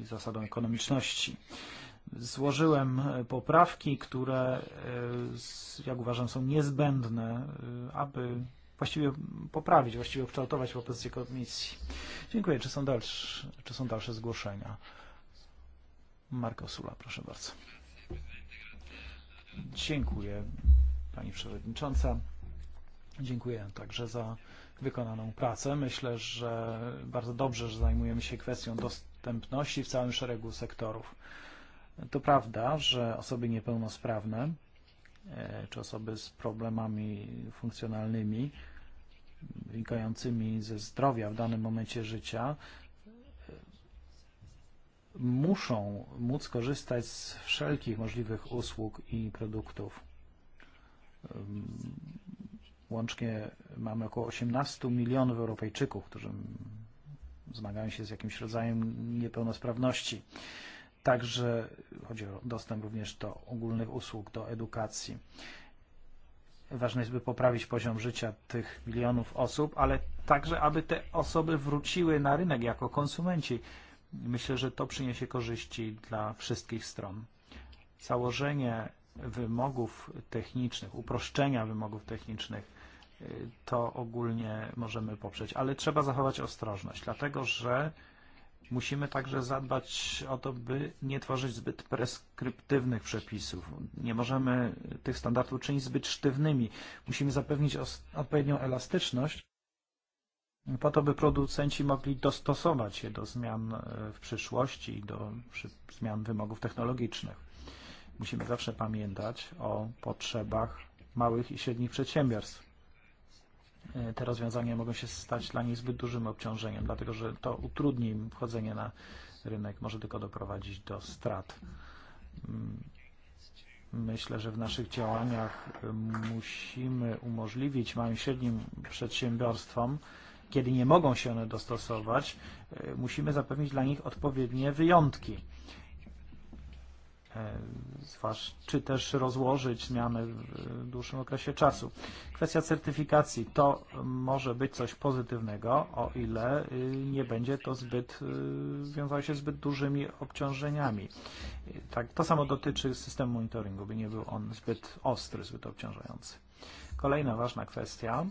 i zasadą ekonomiczności. Złożyłem e, poprawki, które, e, jak uważam, są niezbędne, aby właściwie poprawić, właściwie kształtować propozycję komisji. Dziękuję. Czy są dalsze, czy są dalsze zgłoszenia? Marko Sula, proszę bardzo. Dziękuję Pani Przewodnicząca. Dziękuję także za wykonaną pracę. Myślę, że bardzo dobrze, że zajmujemy się kwestią dostępności w całym szeregu sektorów. To prawda, że osoby niepełnosprawne czy osoby z problemami funkcjonalnymi wynikającymi ze zdrowia w danym momencie życia muszą móc korzystać z wszelkich możliwych usług i produktów. Łącznie mamy około 18 milionów Europejczyków, którzy zmagają się z jakimś rodzajem niepełnosprawności. Także chodzi o dostęp również do ogólnych usług, do edukacji. Ważne jest, by poprawić poziom życia tych milionów osób, ale także, aby te osoby wróciły na rynek jako konsumenci. Myślę, że to przyniesie korzyści dla wszystkich stron. Założenie wymogów technicznych, uproszczenia wymogów technicznych, to ogólnie możemy poprzeć, ale trzeba zachować ostrożność, dlatego że Musimy także zadbać o to, by nie tworzyć zbyt preskryptywnych przepisów. Nie możemy tych standardów czynić zbyt sztywnymi. Musimy zapewnić odpowiednią elastyczność po to, by producenci mogli dostosować się do zmian e, w przyszłości i do zmian wymogów technologicznych. Musimy zawsze pamiętać o potrzebach małych i średnich przedsiębiorstw. E, te rozwiązania mogą się stać dla nich zbyt dużym obciążeniem, dlatego że to utrudni im wchodzenie na rynek, może tylko doprowadzić do strat. Mm, myślę, że w naszych działaniach e, musimy umożliwić małym i średnim przedsiębiorstwom, kiedy nie mogą się one dostosować, e, musimy zapewnić dla nich odpowiednie wyjątki E, czy też rozłożyć zmiany w dłuższym okresie czasu. Kwestia certyfikacji to może być coś pozytywnego, o ile nie będzie to zbyt wiązało się zbyt dużymi obciążeniami. Tak, to samo dotyczy systemu monitoringu, by nie był on zbyt ostry, zbyt obciążający. Kolejna ważna kwestia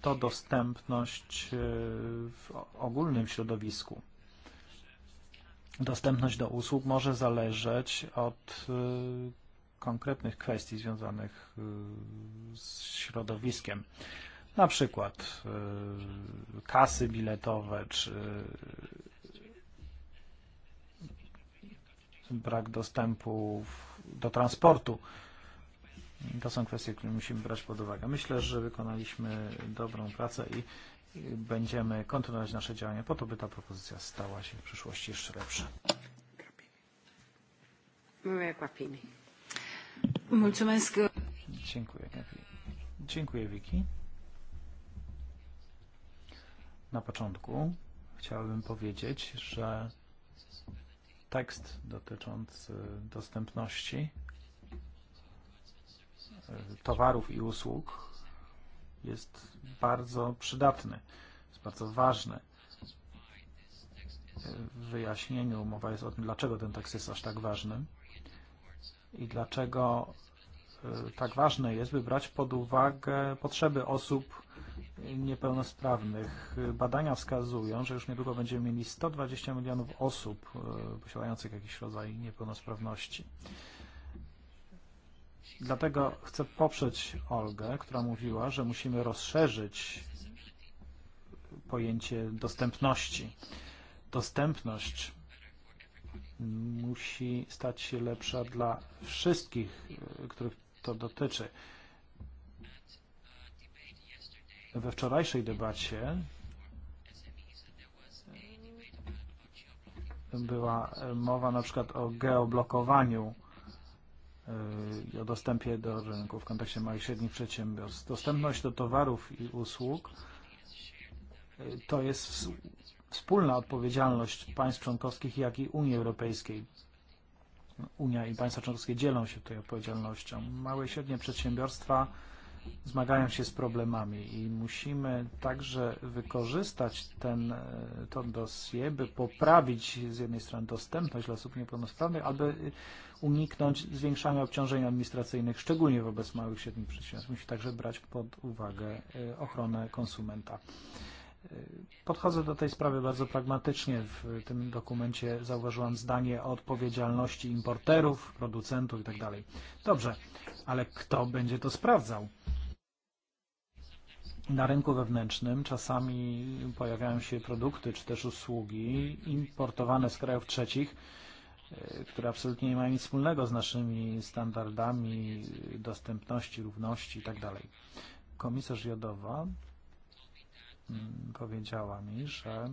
to dostępność w ogólnym środowisku Dostępność do usług może zależeć od konkretnych kwestii związanych z środowiskiem. Na przykład kasy biletowe czy brak dostępu do transportu. To są kwestie, które musimy brać pod uwagę. Myślę, że wykonaliśmy dobrą pracę i będziemy kontynuować nasze działania po to, by ta propozycja stała się w przyszłości jeszcze lepsza. Dziękuję, Dziękuję, Wiki. Na początku chciałbym powiedzieć, że tekst dotyczący dostępności towarów i usług jest bardzo przydatny, jest bardzo ważny. W wyjaśnieniu mowa jest o tym, dlaczego ten tekst jest aż tak ważny i dlaczego tak ważne jest, by brać pod uwagę potrzeby osób niepełnosprawnych. Badania wskazują, że już niedługo będziemy mieli 120 milionów osób posiadających jakiś rodzaj niepełnosprawności. Dlatego chcę poprzeć Olgę, która mówiła, że musimy rozszerzyć pojęcie dostępności. Dostępność musi stać się lepsza dla wszystkich, których to dotyczy. We wczorajszej debacie była mowa na przykład o geoblokowaniu E, o dostępie do rynku w kontekście małych i średnich przedsiębiorstw. Dostępność do towarów i usług e, to jest wspólna odpowiedzialność państw członkowskich, jak i Unii Europejskiej. Unia i państwa członkowskie dzielą się tutaj odpowiedzialnością. Małe i średnie przedsiębiorstwa zmagają się z problemami i musimy także wykorzystać ten, e, to dossier, by poprawić z jednej strony dostępność dla osób niepełnosprawnych, aby uniknąć zwiększania obciążeń administracyjnych, szczególnie wobec małych i średnich przedsiębiorstw. Musi także brać pod uwagę e, ochronę konsumenta. E, podchodzę do tej sprawy bardzo pragmatycznie. W tym dokumencie zauważyłam zdanie o odpowiedzialności importerów, producentów itd. Dobrze, ale kto będzie to sprawdzał? Na rynku wewnętrznym czasami pojawiają się produkty czy też usługi importowane z krajów trzecich, E, które absolutnie nie mają nic wspólnego z naszymi standardami dostępności, równości itd. Komisarz Jodowa mm, powiedziała mi, że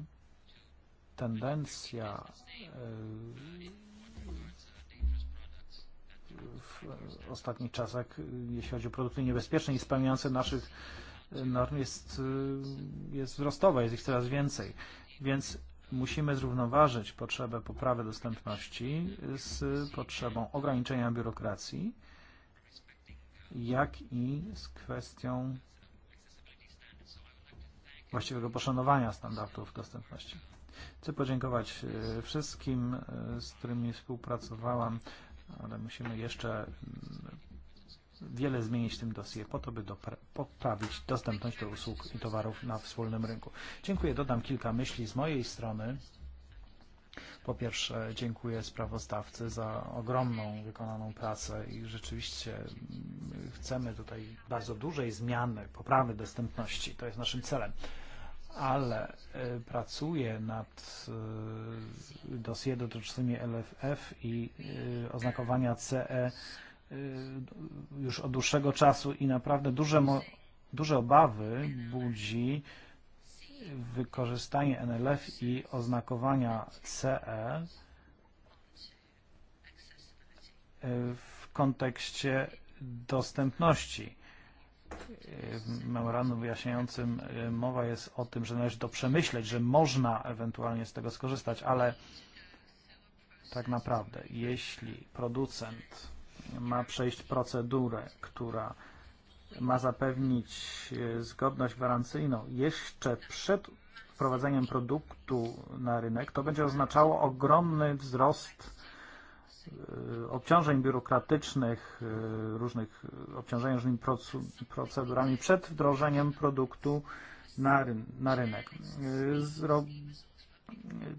tendencja e, w ostatnich czasach, jeśli chodzi o produkty niebezpieczne i spełniające naszych norm, jest, e, jest wzrostowa, jest ich coraz więcej. Więc musimy zrównoważyć potrzebę poprawy dostępności z potrzebą ograniczenia biurokracji, jak i z kwestią właściwego poszanowania standardów dostępności. Chcę podziękować e, wszystkim, e, z którymi współpracowałam, ale musimy jeszcze wiele zmienić tym dosie po to, by poprawić dostępność do usług i towarów na wspólnym rynku. Dziękuję, dodam kilka myśli z mojej strony. Po pierwsze, dziękuję sprawozdawcy za ogromną wykonaną pracę i rzeczywiście mm, chcemy tutaj bardzo dużej zmiany, poprawy dostępności. To jest naszym celem. Ale pracuję nad dosie dotyczącymi LFF i oznakowania CE już od dłuższego czasu i naprawdę duże, duże obawy budzi wykorzystanie NLF i oznakowania CE w kontekście dostępności. W memorandum wyjaśniającym mowa jest o tym, że należy to przemyśleć, że można ewentualnie z tego skorzystać, ale tak naprawdę jeśli producent ma przejść procedurę, która ma zapewnić e, zgodność gwarancyjną jeszcze przed wprowadzeniem produktu na rynek, to będzie oznaczało ogromny wzrost e, obciążeń biurokratycznych, e, różnych obciążeń różnymi procedurami przed wdrożeniem produktu na, rynek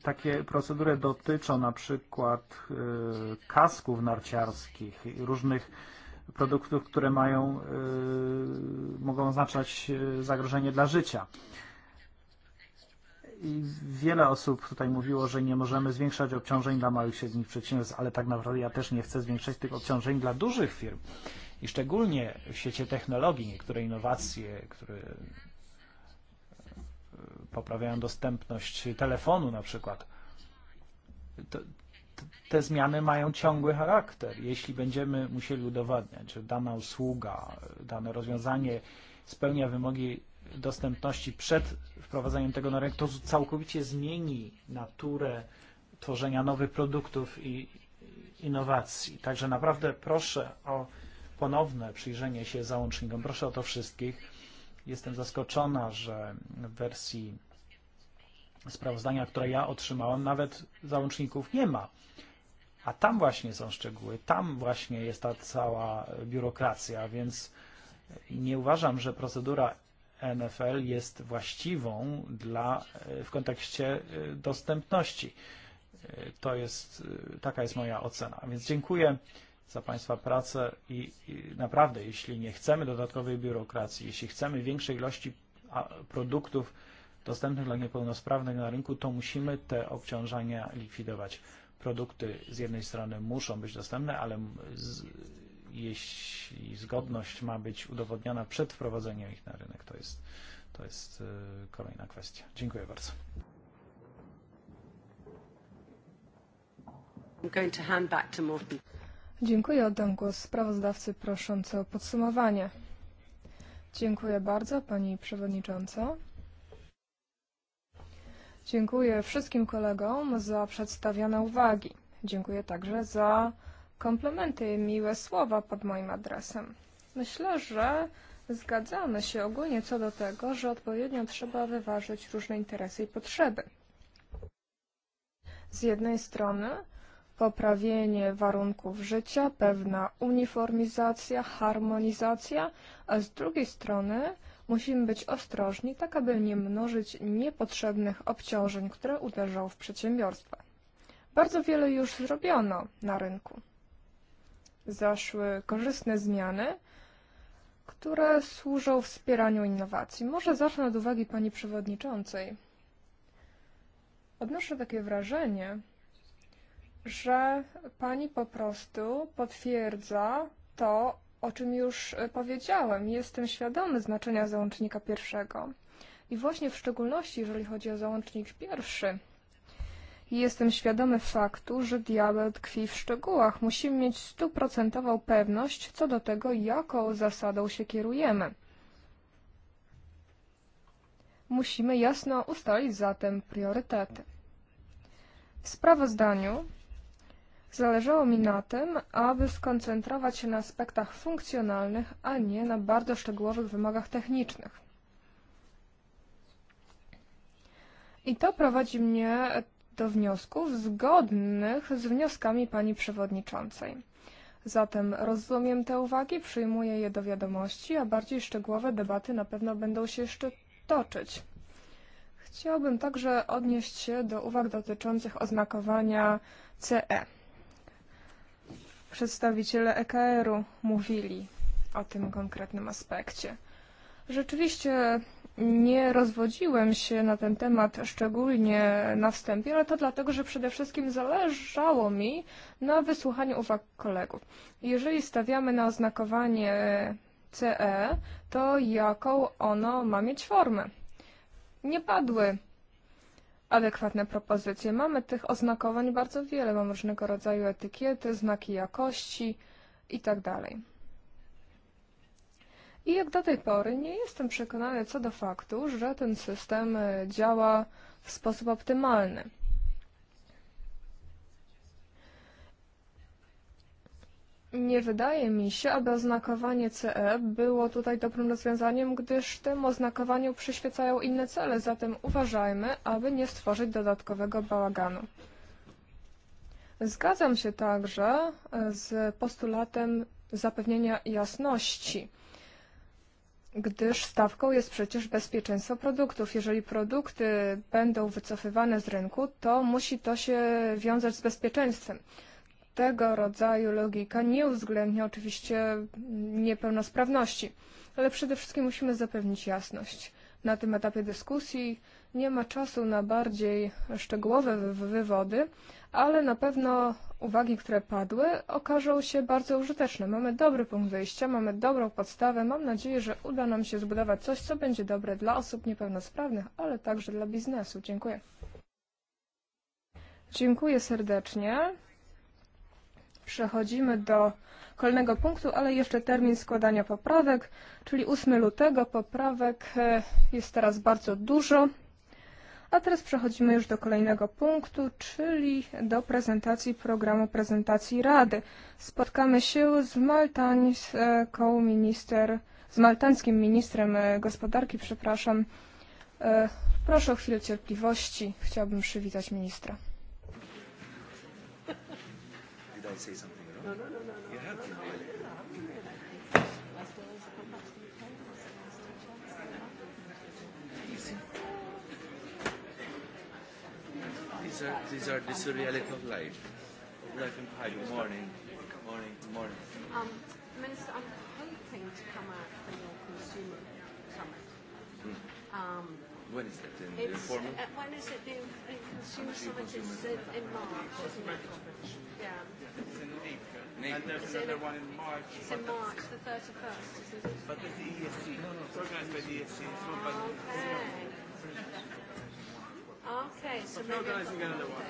takie procedury dotyczą na przykład e, kasków narciarskich i różnych produktów, które mają, e, mogą oznaczać e, zagrożenie dla życia. I wiele osób tutaj mówiło, że nie możemy zwiększać obciążeń dla małych i średnich przedsiębiorstw, ale tak naprawdę ja też nie chcę zwiększać tych obciążeń dla dużych firm. I szczególnie w świecie technologii niektóre innowacje, które poprawiają dostępność telefonu na przykład. To, te zmiany mają ciągły charakter. Jeśli będziemy musieli udowadniać, że dana usługa, dane rozwiązanie spełnia wymogi dostępności przed wprowadzeniem tego na rynek, to całkowicie zmieni naturę tworzenia nowych produktów i innowacji. Także naprawdę proszę o ponowne przyjrzenie się załącznikom, proszę o to wszystkich. Jestem zaskoczona, że w wersji sprawozdania, które ja otrzymałem, nawet załączników nie ma. A tam właśnie są szczegóły, tam właśnie jest ta cała biurokracja, więc nie uważam, że procedura NFL jest właściwą dla, w kontekście e, dostępności. E, to jest, e, taka jest moja ocena. Więc dziękuję za Państwa pracę i, i naprawdę, jeśli nie chcemy dodatkowej biurokracji, jeśli chcemy większej ilości produktów dostępnych dla niepełnosprawnych na rynku, to musimy te obciążenia likwidować. Produkty z jednej strony muszą być dostępne, ale z, jeśli zgodność ma być udowodniona przed wprowadzeniem ich na rynek, to jest, to jest kolejna kwestia. Dziękuję bardzo. I'm going to hand back to Morton. Dziękuję. Oddam głos sprawozdawcy proszący o podsumowanie. Dziękuję bardzo Pani Przewodnicząca. Dziękuję wszystkim kolegom za przedstawione uwagi. Dziękuję także za komplementy i miłe słowa pod moim adresem. Myślę, że zgadzamy się ogólnie co do tego, że odpowiednio trzeba wyważyć różne interesy i potrzeby. Z jednej strony poprawienie warunków życia, pewna uniformizacja, harmonizacja, a z drugiej strony musimy być ostrożni, tak aby nie mnożyć niepotrzebnych obciążeń, które uderzą w przedsiębiorstwa. Bardzo wiele już zrobiono na rynku. Zaszły korzystne zmiany, które służą wspieraniu innowacji. Może zacznę od uwagi Pani Przewodniczącej. Odnoszę takie wrażenie, że pani po prostu potwierdza to, o czym już e, powiedziałem. Jestem świadomy znaczenia załącznika pierwszego. I właśnie w szczególności, jeżeli chodzi o załącznik pierwszy, jestem świadomy faktu, że diabeł tkwi w szczegółach. Musimy mieć stuprocentową pewność co do tego, jaką zasadą się kierujemy. Musimy jasno ustalić zatem priorytety. W sprawozdaniu Zależało mi na tym, aby skoncentrować się na aspektach funkcjonalnych, a nie na bardzo szczegółowych wymogach technicznych. I to prowadzi mnie do wniosków zgodnych z wnioskami pani przewodniczącej. Zatem rozumiem te uwagi, przyjmuję je do wiadomości, a bardziej szczegółowe debaty na pewno będą się jeszcze toczyć. Chciałbym także odnieść się do uwag dotyczących oznakowania CE przedstawiciele EKR-u mówili o tym konkretnym aspekcie. Rzeczywiście nie rozwodziłem się na ten temat szczególnie na wstępie, ale to dlatego, że przede wszystkim zależało mi na wysłuchaniu uwag kolegów. Jeżeli stawiamy na oznakowanie CE, to jaką ono ma mieć formę? Nie padły adekwatne propozycje. Mamy tych oznakowań bardzo wiele, mamy różnego rodzaju etykiety, znaki jakości itd. I jak do tej pory nie jestem przekonany co do faktu, że ten system e, działa w sposób optymalny. Nie wydaje mi się, aby oznakowanie CE było tutaj dobrym rozwiązaniem, gdyż temu oznakowaniu przyświecają inne cele, zatem uważajmy, aby nie stworzyć dodatkowego bałaganu. Zgadzam się także e, z postulatem zapewnienia jasności, gdyż stawką jest przecież bezpieczeństwo produktów. Jeżeli produkty będą wycofywane z rynku, to musi to się wiązać z bezpieczeństwem tego rodzaju logika nie uwzględnia oczywiście niepełnosprawności, ale przede wszystkim musimy zapewnić jasność. Na tym etapie dyskusji nie ma czasu na bardziej szczegółowe wywody, ale na pewno uwagi, które padły, okażą się bardzo użyteczne. Mamy dobry punkt wyjścia, mamy dobrą podstawę. Mam nadzieję, że uda nam się zbudować coś, co będzie dobre dla osób niepełnosprawnych, ale także dla biznesu. Dziękuję. Dziękuję serdecznie przechodzimy do kolejnego punktu, ale jeszcze termin składania poprawek, czyli 8 lutego. Poprawek e, jest teraz bardzo dużo. A teraz przechodzimy już do kolejnego punktu, czyli do prezentacji programu prezentacji Rady. Spotkamy się z maltańską e, minister, z maltańskim ministrem e, gospodarki, przepraszam. Proszę o chwilę cierpliwości. Chciałbym przywitać ministra. to say something, at no? No, no, no, no. You have no, to. No, really. no, These are, these are, the surreality of life. Of Life in Pai, good morning. Good morning, good morning. Um, Minister, I'm hoping to come out for your consumer summit. Mm. Um, When is that? In it's, informal? Uh, when is it? In, in consumer summit is in March, isn't it? Yeah. It's in April. And there's it's another in, one in March. It's in March, the 31st, isn't it? But there's the ESC. No, no, it's organized by the ESC. It's not by the Okay. Okay, so maybe organizing another one.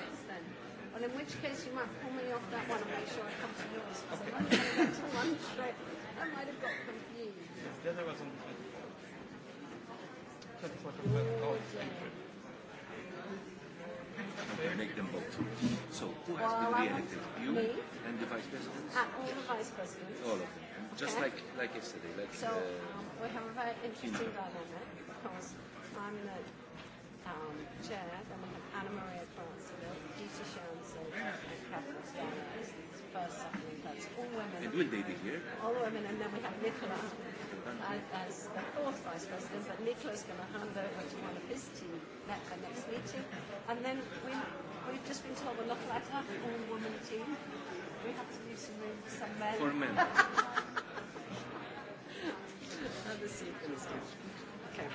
Well, in which case you might pull me off that one and make sure I come to yours. okay. I'm going to one trip. I might have got confused. Yeah, the other was one make them both. So who has been re-elected? You me? and the vice president? Ah, all the vice presidents. All of them. Okay. Just like like yesterday. Like, so uh, um, we have a very interesting you dynamic because I'm the um, chair, then we have Anna Maria Francis, Dieter Schoensen, and Catherine Stanis first that's all women. And will they be here? All women, and then we have Nicola as the fourth vice president, but Nicola's going to hand over to one of his team at the next meeting. And then we, we've just been told we're not allowed to have an all-woman team. We have to leave some room for some men. For men. and secret. Okay.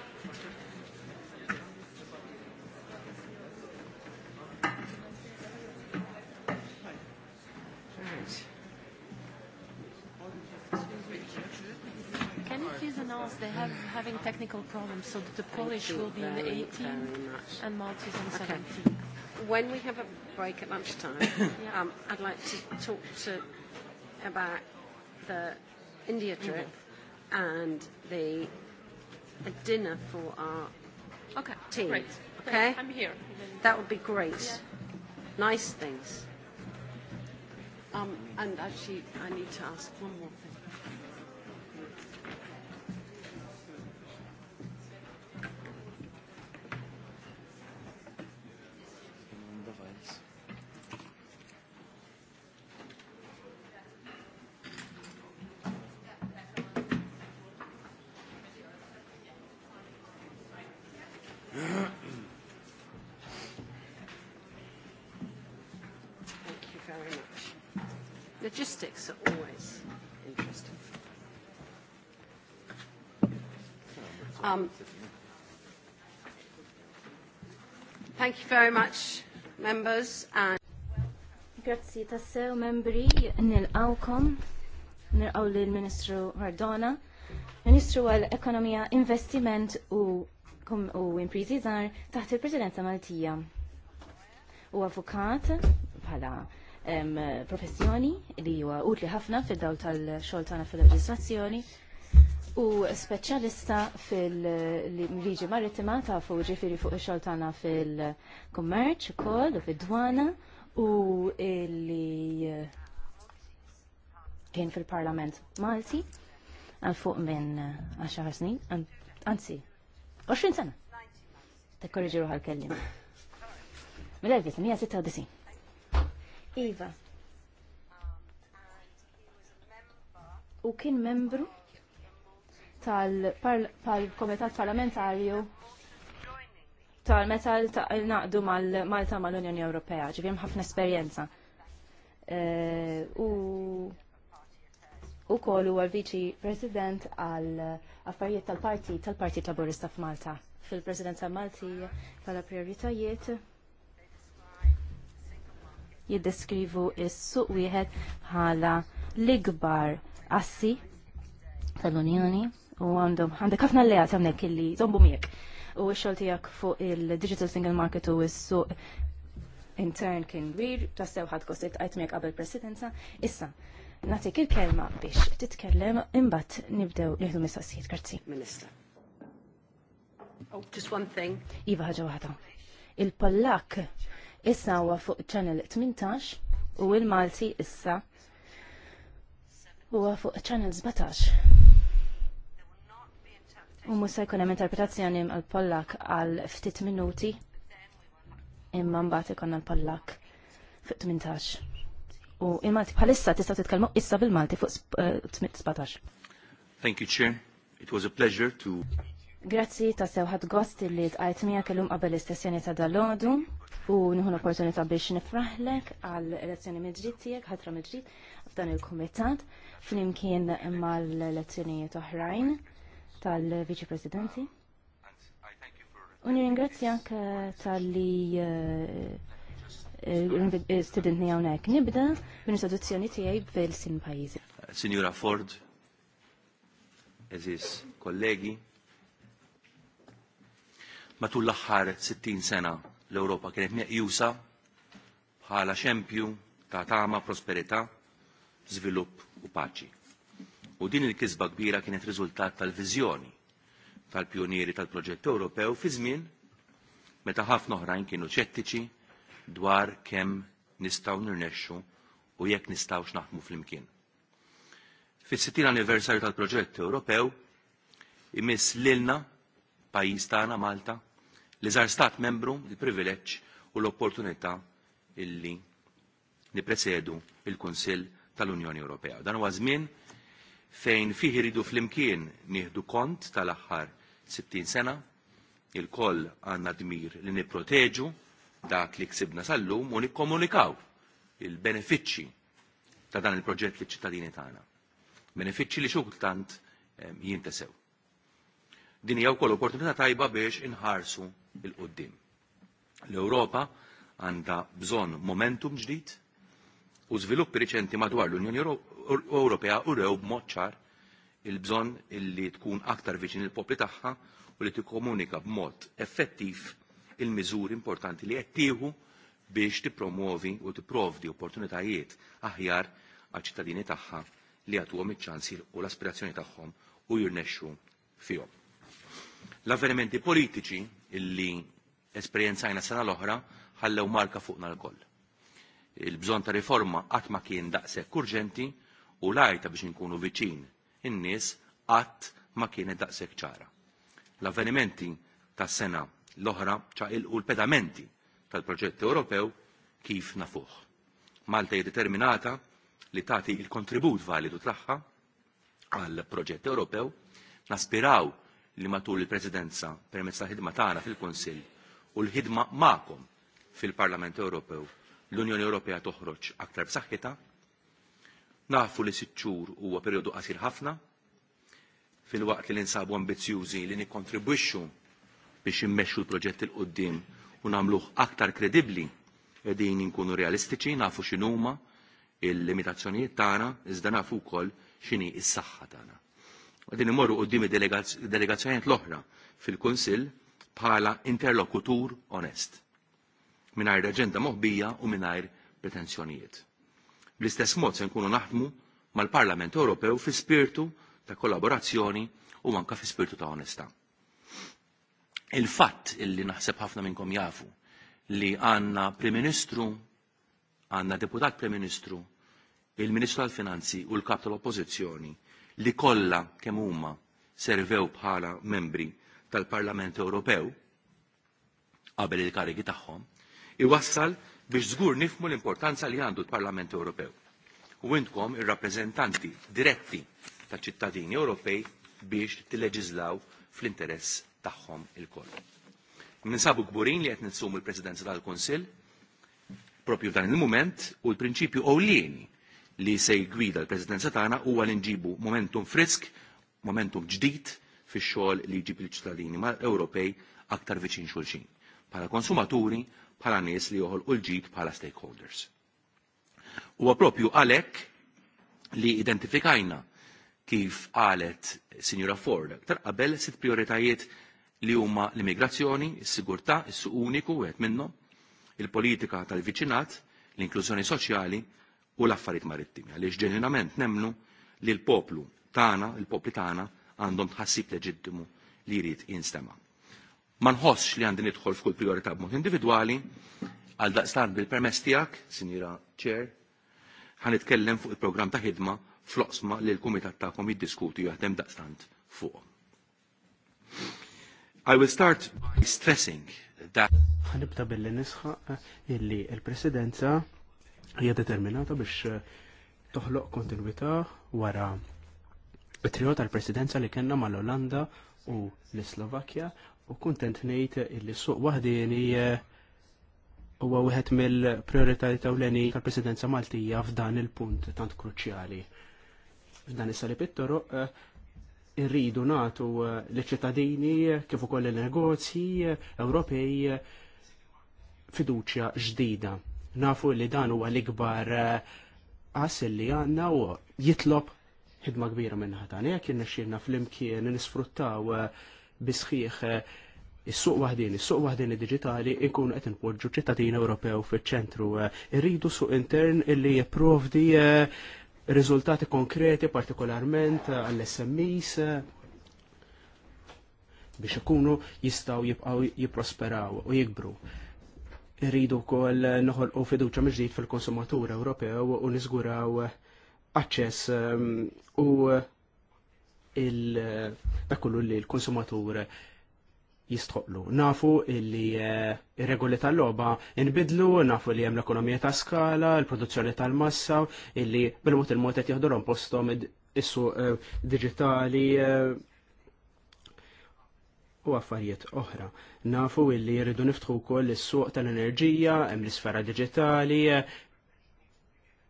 they have having technical problems, so the Polish will be in the 18th and Maltese in the okay. 17th. When we have a break at lunchtime, yeah. um, I'd like to talk to about the India mm-hmm. trip mm-hmm. and the a dinner for our okay. team. Great. Okay, I'm here. That would be great. Yeah. Nice things. Um, and actually, I need to ask one more thing. Um, thank you very much, members. And Grazzi tassew membri nil-awkom, nil-għaw l-Ministru Vardona, Ministru għal-Ekonomija, Investiment u, u Imprizi Zar taħt il-Presidenza Maltija. U avukat bħala professjoni li huwa utli ħafna fid-dawl tal-xogħol tagħna fil-leġislazzjoni. fil leġislazzjoni u specialista fil-liġi maritima ta' fuq ġifiri fuq xoltana xogħol tagħna fil-kummerċ ukoll u fid-dwana u illi eh, kien fil-Parlament Malti għal fuq minn 10 eh, snin, anzi, 20 sena. Ta' korriġi ruħal kellim. Mill-1996. Iva. U kien membru tal-Komitat Parlamentarju tal-meta naqdu mal-Malta mal-Unjoni Ewropea, ġivjem ħafna esperjenza. E, u u kollu għal-Viċi President għal affarijiet tal-parti, tal-parti laburista f'Malta. Fil-Presidenza Malti pala prioritajiet jiddeskrivu is-suq wieħed bħala l-ikbar assi tal-Unjoni u għandhom għandek ħafna l-leja għamnek illi zombu miegħek. U x-xogħol fuq il-Digital Single Market u s su intern kien wir, tassew ħadd kostet għajt miek qabel presidenza. Issa, nagħtik il-kelma biex titkellem imbagħad nibdew nieħdu sassijiet grazzi. Minister. Oh, just one thing. Iva ħaġa waħda. Il-Pollak issa huwa fuq Channel 18 u il-Malti issa huwa fuq Channel 17. U musa jkun hemm interpretazzjoni għal-Pollak għal ftit minuti imma mbagħad ikun għal-Pollak fuq 18. U il-Malti bħalissa tistgħu titkellmu issa bil-Malti fuq 17. Eh, Thank you, Chair. It was a pleasure to Grazzi ta' sewħat gost li tqajt mija kellum qabel istessjoni ta' dalodu u nħu l-opportunità biex nifraħlek għal elezzjoni mid-ġdid tiegħek, ħatra mill ġdid f'dan il-kumitat flimkien mal-elezzjonijiet oħrajn tal-Viċi Presidenti. U nirringrazzja anke tal-li eh, eh, eh, studentni hawnhekk. Nibda mill-istituzzjoni tiegħi fil-sin pajjiżi. Signora Ford, eżis kollegi, matul l-aħħar 60 sena l-Ewropa kienet meqjusa bħala xempju ta' tama prosperità, żvilupp u paċi U din il-kisba kbira kienet riżultat tal-viżjoni tal-pjonieri tal-proġett Ewropew fi żmien meta ħafna oħrajn kienu ċettiċi dwar kemm nistgħu nirnexxu u jekk nistgħux naħdmu flimkien. Fis-sittin anniversarju tal-proġett Ewropew imiss lilna pajjiż tagħna Malta li żar stat membru il-privileġġ u l-opportunità illi nipresedu il-Kunsill tal-Unjoni Ewropea. Dan huwa żmien fejn fih iridu flimkien nieħdu kont tal-aħħar 60 sena, il-koll għanna dmir li niproteġu dak li ksibna sal-lum u nikkomunikaw il-benefiċċi ta' dan il-proġett li ċittadini tagħna. Benefiċċi li xultant jintesew. Din hija wkoll opportunità tajba biex inħarsu il-qoddim. L-Ewropa għandha bżonn momentum ġdid u żviluppi riċenti madwar l-Unjoni Ewropea u rew b'mod ċar il-bżonn illi tkun aktar viċin il-popli tagħha u li tikkomunika b'mod effettiv il-miżuri importanti li qed tieħu biex tippromuovi u tipprovdi opportunitajiet aħjar għaċ-ċittadini tagħha li għatuhom iċ-ċansi u l-aspirazzjoni tagħhom u jirnexxu fihom. L-avvenimenti politiċi illi esperjenzajna sena l-oħra ħallew marka fuqna l-koll il-bżon ta' riforma qatt ma kien daqshekk urġenti u lajta biex inkunu viċin in-nies qatt ma kienet daqshekk ċara. L-avvenimenti tas sena l-oħra u l-pedamenti tal-proġett Ewropew kif nafuh. Malta hija determinata li tagħti il-kontribut validu tagħha għal proġett Ewropew, naspiraw li matul il-Presidenza permezz ta' ħidma tagħna fil-Kunsill u l-ħidma ma'kom fil-Parlament Ewropew l-Unjoni Ewropea toħroġ aktar b'saħħitha, nafu li sitt xhur huwa perjodu qasir ħafna, fil-waqt li ninsabu ambizjużi li nikkontribwixxu biex immexxu l-proġett il qudiem u nagħmluh aktar kredibbli qegħdin inkunu realistiċi, nafu x'inhuma il-limitazzjonijiet tagħna iżda nafu wkoll x'inhi s-saħħa tagħna. Qegħdin imorru qudiem id-delegazzjonijiet l-oħra fil-Kunsill bħala interlokutur onest mingħajr aġenda moħbija u mingħajr pretenzjonijiet. Bl-istess mod se nkunu naħdmu mal-Parlament Ewropew fi spirtu ta' kollaborazzjoni u anke fi spirtu ta' onestà. Il-fatt illi naħseb ħafna minnkom jafu li għanna Prim Ministru, għanna Deputat Prim Ministru, il-Ministru tal-Finanzi u l-Kap tal-Oppożizzjoni li kollha kemm huma servew bħala membri tal-Parlament Ewropew qabel il-karigi tagħhom iwassal biex żgur nifmu l-importanza li għandu l-Parlament Ewropew. U intkom ir-rappreżentanti diretti ta' ċittadini Ewropej biex tilleġizlaw fl-interess tagħhom il-koll. Ninsabu kburin li qed nissumu l-Presidenza tal-Kunsill propju dan il-moment u l-prinċipju ewlieni li se jgwida l-Presidenza tagħna huwa li nġibu momentum frisk, momentum ġdid fix-xogħol li jġib il-ċittadini ewropej aktar viċin xulxin. Bħala konsumaturi, bħala nies li joħolqu l-ġid bħala stakeholders. Huwa propju għalhekk li identifikajna kif qalet Sinjura Ford aktar qabel sitt prioritajiet li huma l-immigrazzjoni, is-sigurtà, is-suq uniku wieħed minnhom, il-politika tal-viċinat, l-inklużjoni soċjali u l-affarijiet marittimi. Għaliex ġenerament nemnu li l-poplu tagħna, il-popli tagħna għandhom tħassib leġittimu li jrid jinstema'. Ma nħossx li għandi nidħol f'kull priorità b'mod individwali, għal daqstan bil-permess tiegħek, Sinjura Chair, ħanitkellem fuq il-programm ta' ħidma floqsma li l-Kumitat tagħkom jiddiskuti jaħdem daqstant fuq. I will start by stressing that ħanibda billi nisħaq illi l-presidenza hija determinata biex eh, toħloq kontinuità wara it-trio tal-presidenza li kellna mal-Olanda u l slovakja u kuntent ngħid illi suq waħdini eh, huwa wieħed mill-prioritajiet ewleni tal-Presidenza Maltija f'dan il-punt tant kruċjali. F'dan is-salib it toru eh, irridu natu eh, li ċittadini kif ukoll il-negozji Ewropej fiduċja ġdida. Nafu li dan huwa l-ikbar għas li għanna u jitlob ħidma kbira minn ħatan. Jek xirna fl-imkien nisfruttaw bisħiħ eh, is-suq wahdin, is-suq il digitali nkunu qed inpoġġu ċittadin Ewropew fiċ-ċentru. Eh, irridu suq intern illi jipprovdi eh, riżultati konkreti partikolarment għall-SMEs biex ikunu jistaw jibqaw jiprosperaw u jikbru. Irridu wkoll u fiduċja mġdijt fil-konsumatur Ewropew u niżguraw aċċess u il-dakullu li l-konsumatur jistħoqlu. Nafu li eh, regoli tal-loba inbidlu, nafu li jem l-ekonomija ta' skala, l-produzzjoni tal-massa, illi bil-mut il-mut qed jieħdu postom issu eh, digitali eh, u affarijiet oħra. Nafu illi jridu niftħu wkoll is-suq tal-enerġija, hemm l-isfera digitali,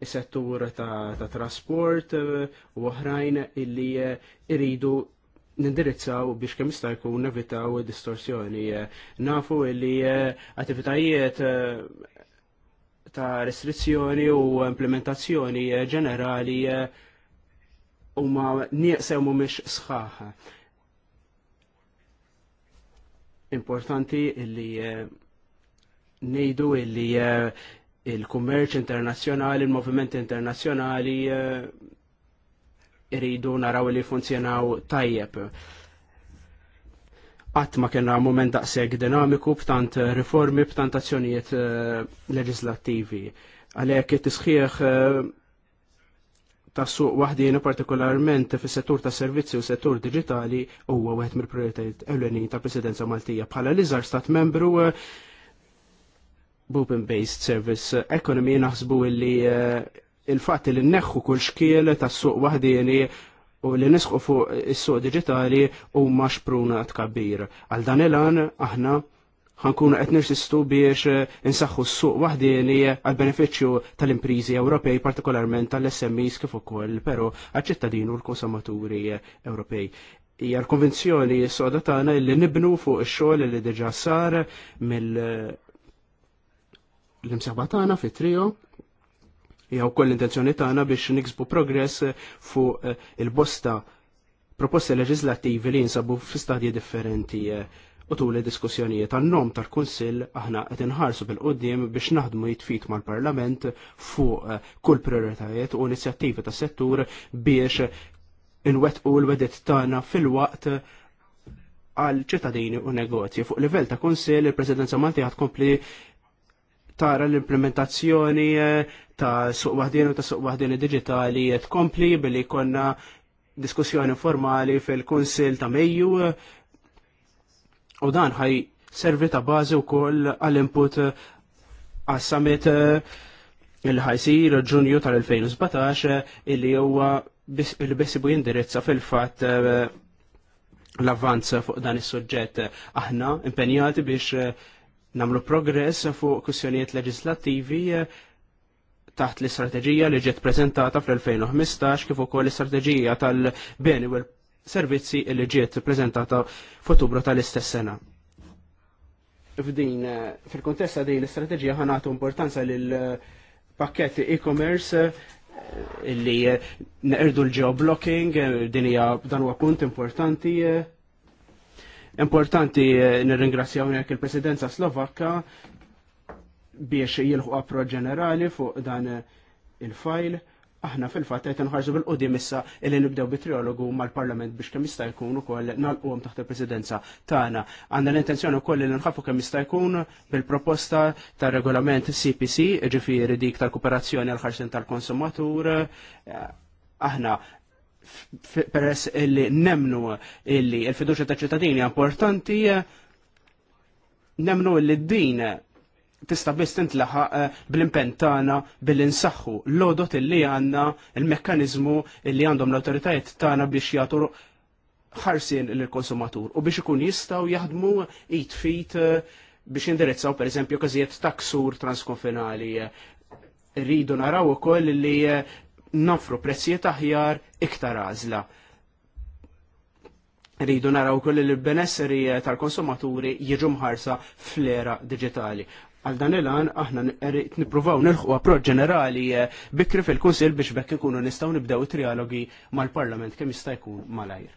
is-settur ta' trasport eh, u oħrajn illi eh, iridu nindirizzaw biex kemm jista' jkun nevitaw distorsjoni. Eh, nafu li attivitajiet ta' restrizzjoni u implementazzjoni ġenerali huma nieqsew mhumiex sħaħ. Importanti illi ngħidu illi il-kummerċ internazzjonali, il-moviment internazzjonali eh, iridu naraw li funzjonaw tajjeb. Qatt ma kena moment daqseg dinamiku b'tant riformi, b'tant azzjonijiet eh, leġislattivi. Għalhekk it-tisħiħ eh, ta' suq waħdina partikolarment fis settur tas servizzi u settur digitali huwa wieħed mill għu għu tal għu Maltija bħala għu għu stat membru Bourbon-based service eh, economy naħsbu illi eh, il-fat li neħħu kull xkiel ta' suq wahdini u li nisħu fuq is-suq digitali u xpruna tkabbir. Għal dan il-an aħna ħankunu qed nirsistu biex eh, insaħħu s-suq wahdini għal beneficju tal-imprizi Ewropej, partikolarment tal-SMEs kif ukoll, però għal-ċittadini u l-konsumaturi Ewropej hija l-konvenzjoni s-soda tagħna li nibnu fuq ix-xogħol li diġà sar mill l imsaħba tagħna fit trio jew koll intenzjoni tagħna biex niksbu progress fuq eh, il-bosta proposti leġislattivi li jinsabu fi stadji differenti eh, u tul diskussjonijiet għan-nom tal-Kunsill aħna qed inħarsu bil-qudiem biex naħdmu jitfit mal-Parlament fuq eh, kull prioritajiet u inizjattivi ta' settur biex u l-wedet tagħna fil-waqt għal ċittadini u negozji. Fuq livell ta' Kunsill, il-Presidenza Malti għad kompli tara l-implementazzjoni eh, ta' suq u ta' suq waħdin digitali tkompli billi konna diskussjoni formali fil-Kunsil ta' Mejju eh, u dan ħaj servi ta' bażi wkoll għall-input eh, għas-summit il-ħajsir ġunju tal-2017 illi huwa il-bessibu jindirizza fil-fatt l-avvanz fuq dan is-suġġett aħna impenjati biex namlu progress fuq kussjonijiet leġislattivi eh, taħt l-istrateġija li ġiet prezentata fl-2015 kif ukoll l-istrateġija tal-beni u l-servizzi li ġiet prezentata f'Ottubru tal-istess sena. F'din eh, fil-kontesta din l-istrateġija ħanatu importanza lil eh, pakketti e-commerce li nerdu l-geoblocking, din hija dan huwa punt importanti Importanti eh, nirringrazzjaw nek il-Presidenza Slovakka biex jilħu appro ġenerali fuq dan eh, il-fajl. Aħna fil-fatt qed nħarġu bil-qudiem issa illi nibdew bitriologu mal-Parlament biex kemm jista' jkun ukoll nalquhom taħt il-Presidenza tagħna. Għandna l-intenzjoni wkoll li nħafu kemm jista' jkun bil-proposta tar-regolament CPC, ġifieri dik tal-kuperazzjoni għal ħarsin tal-konsumatur, eh, aħna peress illi nemnu illi il-fiduċa ta' ċittadini importanti nemnu illi d-din tista' biss tintlaħaq eh, bl-impenn tagħna bil-insaħħu l-odot illi għandna il-mekkaniżmu illi għandhom l-awtoritajiet tagħna biex jagħtu ħarsien lill-konsumatur u biex ikun jistgħu jaħdmu it fit eh, biex indirizzaw pereżempju każijiet taksur transkonfinali rridu naraw ukoll li eh, Nafru prezzijiet aħjar iktar għażla. Rridu naraw kull li benesseri eh, tal-konsumaturi jiġu mħarsa fl-era digitali. Għal dan il-għan aħna er- nipruvaw nilħu approċ ġenerali eh, bikri fil-Kunsil biex bekk ikunu nistaw nibdew trialogi mal-Parlament kemm jista' jkun malajr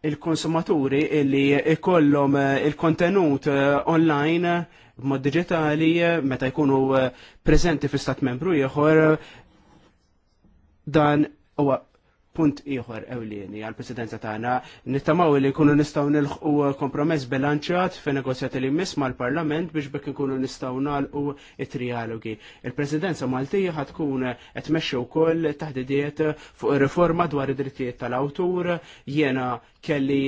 il-konsumaturi illi ikollhom eh, il-kontenut eh, online b'mod digitali eh, meta jkunu prezenti fi stat membru ieħor dan huwa punt ieħor ewlieni għall-Presidenza tagħna nittamaw li nkunu nistgħu nilħqu kompromess bilanċjat fin negozjati li jmiss mal-Parlament biex bekk nkunu nistgħu nagħlqu it-trialogi. Il-Presidenza Maltija tkun qed mexxi wkoll taħdidiet fuq riforma dwar id-drittijiet tal-awtur jiena kelli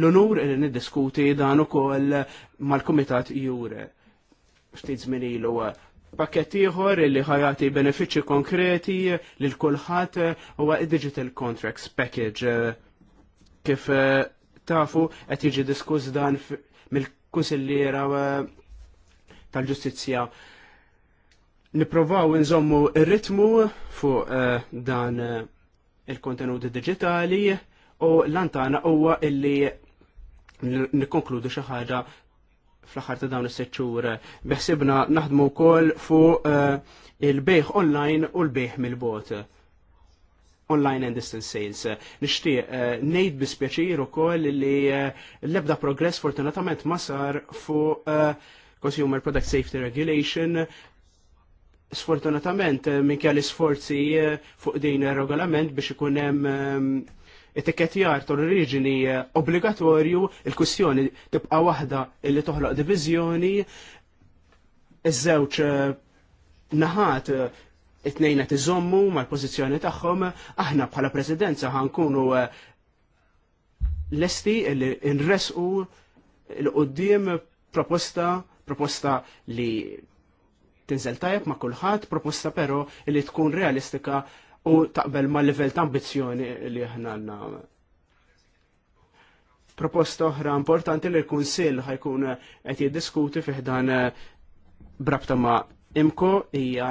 l-onur li niddiskuti dan ukoll mal-Kumitat Jure ftit żmien ilu pakket ieħor li ħajati benefiċċji konkreti lil kulħadd huwa digital contracts package kif tafu qed jiġi diskuss dan mill kusillira tal-ġustizzja. Nipprovaw nżommu ir-ritmu fuq dan il-kontenuti digitali u l-antana huwa illi nikkonkludu xi ħaġa fl-aħħar ta' dawn is-seċċur eh, beħsibna naħdmu wkoll fuq eh, il-bejħ online u l-bejħ mill-bot online and distance sales. Nishtiq, eh, nejt bispjaċir u koll li l-ebda progress fortunatament ma sar fu Consumer Product Safety Regulation. Sfortunatament, minn kell sforzi fuq din il-regolament biex ikun hemm ehm, it-tikketjar tal-oriġini eh, obbligatorju, il-kussjoni tibqa waħda illi toħloq diviżjoni, iż-żewġ eh, naħat eh, it-nejna iżommu mal-pozizjoni tagħhom, aħna bħala presidenza ħankunu lesti illi nresqu l-qoddim proposta, proposta li tinżel tajab ma' kulħadd, proposta però li tkun realistika u taqbel ma' livell ta' ambizjoni li aħna għanna. Proposta oħra importanti li l-Kunsill ħajkun qed jiddiskuti fiħdan eh, brabta ma' imko hija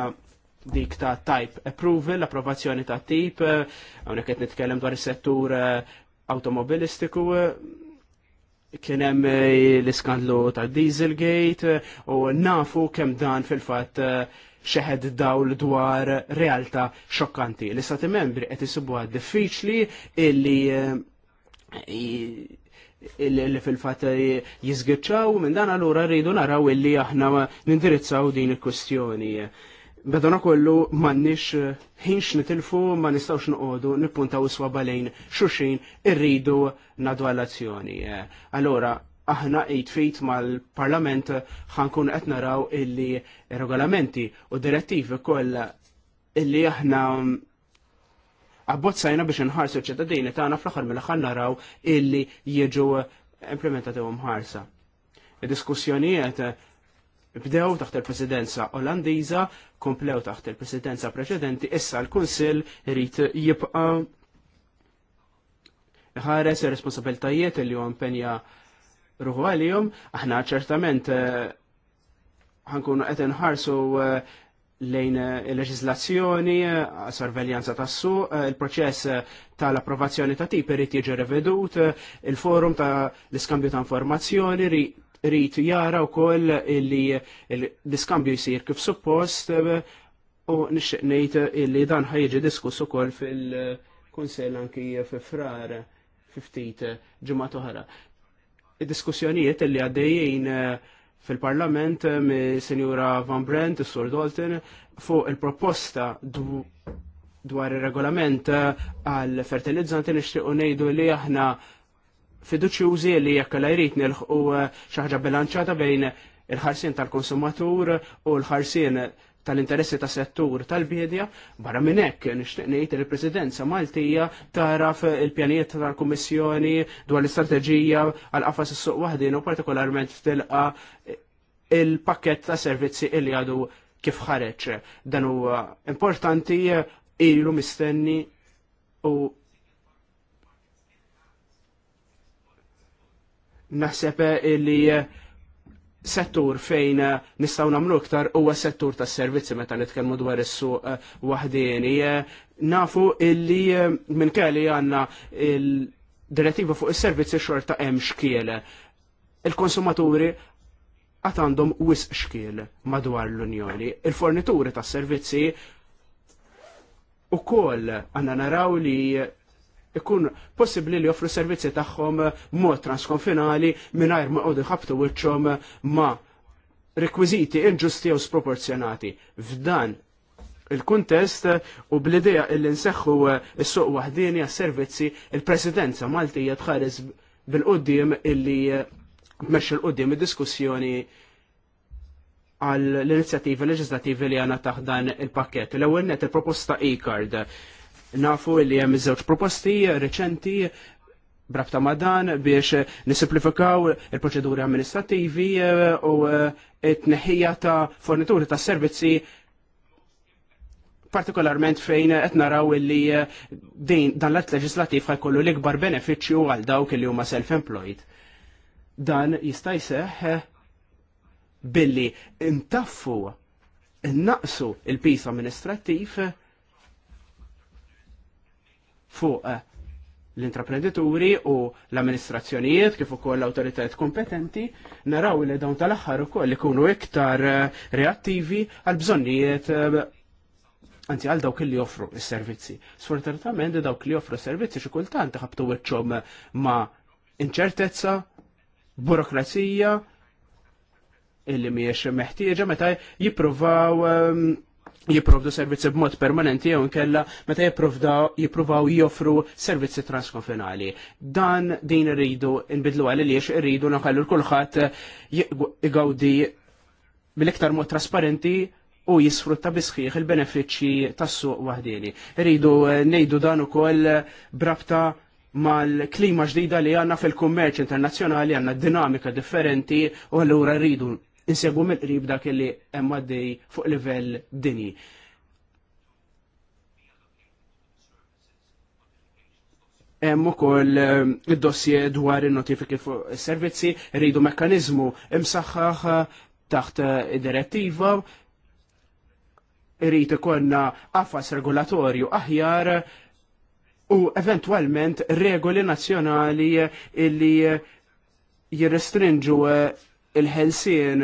dik ta' type approval, l-approvazzjoni ta' tip, eh, hawnhekk qed nitkellem dwar is-settur eh, automobilistiku, kien hemm l-iskandlu ta' Dieselgate u nafu kemm dan fil-fatt xeħed dawl dwar realtà xokkanti. L-istati membri qed jisibu għad diffiċli illi eh, illi fil-fat jizgirċaw minn dan allura rridu naraw illi aħna nindirizzaw din il-kwestjoni. Bedona kollu mannix ħinx nitilfu ma nistawx nuqodu nippuntaw iswa balejn xuxin irridu nadu għall-azzjoni. Eh, allora, aħna ejt mal-parlament ħankun qed naraw illi regolamenti u direttivi kollha illi aħna mm, abbozzajna biex nħarsu ċittadini tagħna fl-aħħar mill-aħħar naraw illi jiġu implementati u mħarsa. Id-diskussjonijiet bdew taħt il-presidenza Olandiża, komplew taħt il-presidenza preċedenti, issa l-Kunsill irid jibqa' ħares ir-responsabiltajiet li huwa impenja ruħu għalihom, aħna ċertament eh, ħankunu qed inħarsu eh, lejn eh, il-leġislazzjoni, sorveljanza tas suq il-proċess tal-approvazzjoni ta' tip irid jiġi revedut, il-forum ta' l-iskambju ta' informazzjoni rrit jara wkoll illi l-iskambju jsir kif suppost u nixtieq ngħid illi dan ħajġi diskuss ukoll fil-Kunsell anki fi frar ftit ġimgħa toħra id-diskussjonijiet li għaddejjin eh, fil-parlament eh, mi senjura Van Brent, s Sur Dalton, fuq il-proposta dwar il-regolament eh, għal fertilizzanti nixtiequ ngħidu li aħna fiduċjużi li jekk la jrid nilħu xi ħaġa bilanċata bejn il-ħarsien tal-konsumatur u l ħarsin tal-interessi ta' settur tal-bidja, barra minn hekk nixtieq ngħid il-Presidenza Maltija taraf il-pjanijiet tal-Kummissjoni dwar l-istrateġija għal qafas s suq wahdin u partikolarment tilqa il-pakket ta' servizzi illi għadu kif ħareġ. Dan huwa importanti ilu mistenni u naħseb illi settur fejn eh, nistaw namlu iktar huwa settur tas servizzi meta nitkellmu dwar is-suq eh, waħdieni. Eh, nafu illi minn kelli għandna il-direttiva fuq is-servizzi xorta hemm xkiel. Il-konsumaturi għat għandhom wisq xkiel madwar l-Unjoni. Il-fornituri tas servizzi u koll għanna naraw li ikun possibli li joffru servizzi tagħhom eh, mod transkonfinali mingħajr ma qogħdu ħabtu wiċċhom eh, ma rekwiżiti inġusti u sproporzjonati. F'dan il-kuntest eh, u bl-idea illi nseħħu s-suq waħdini għas-servizzi il-Presidenza Maltija tħares bil-qoddim illi meċċa il qoddim id-diskussjoni għall inizjattivi inizjativi leġislativi li għana taħdan il-pakket. L-ewwel net il-proposta e-card Nafu li hemm iż-żewġ proposti reċenti brabta ma' dan biex nisimplifikaw il-proċeduri amministrativi eh, u eh, t-neħija ta' fornituri ta' servizzi partikolarment fejn qed naraw li eh, din dan l-att leġislattiv ħajkollu l-ikbar benefiċċju għal dawk li huma self-employed. Dan jista' jseħħ billi intaffu innaqsu il-pis amministrattiv fuq eh, l-intraprenditori u l-amministrazzjonijiet kif ukoll l-awtoritajiet kompetenti naraw li dawn tal-aħħar ukoll li kunu iktar eh, reattivi għal bżonnijiet eh, anzi għal dawk li joffru s-servizzi. Sfortunatament dawk li joffru s-servizzi xi kultant ħabtu wiċċhom ma' inċertezza, burokrazija, illi miex meħtieġa meta jippruvaw ehm, jiprovdu servizzi b'mod permanenti jew inkella meta jippruvaw joffru servizzi transkonfinali. Dan din irridu nbidlu għaliex irridu naħallu l-kulħadd jgawdi bil iktar mod trasparenti u jisfrutta bisħiħ il-benefiċċji tas-suq waħdieni. Irridu eh, ngħidu dan ukoll brabta mal-klima ġdida li għanna fil-kummerċ internazzjonali għanna dinamika differenti u allura rridu insegwu mill qrib dak li hemm għaddej fuq livell dinji. Hemm ukoll eh, id-dossier dwar in-notifiki fuq is-servizzi rridu mekkaniżmu imsaħħaħ taħt eh, id-direttiva irrid ikollna qafas regolatorju aħjar u eventwalment regoli nazzjonali illi jirrestrinġu eh, il-ħelsien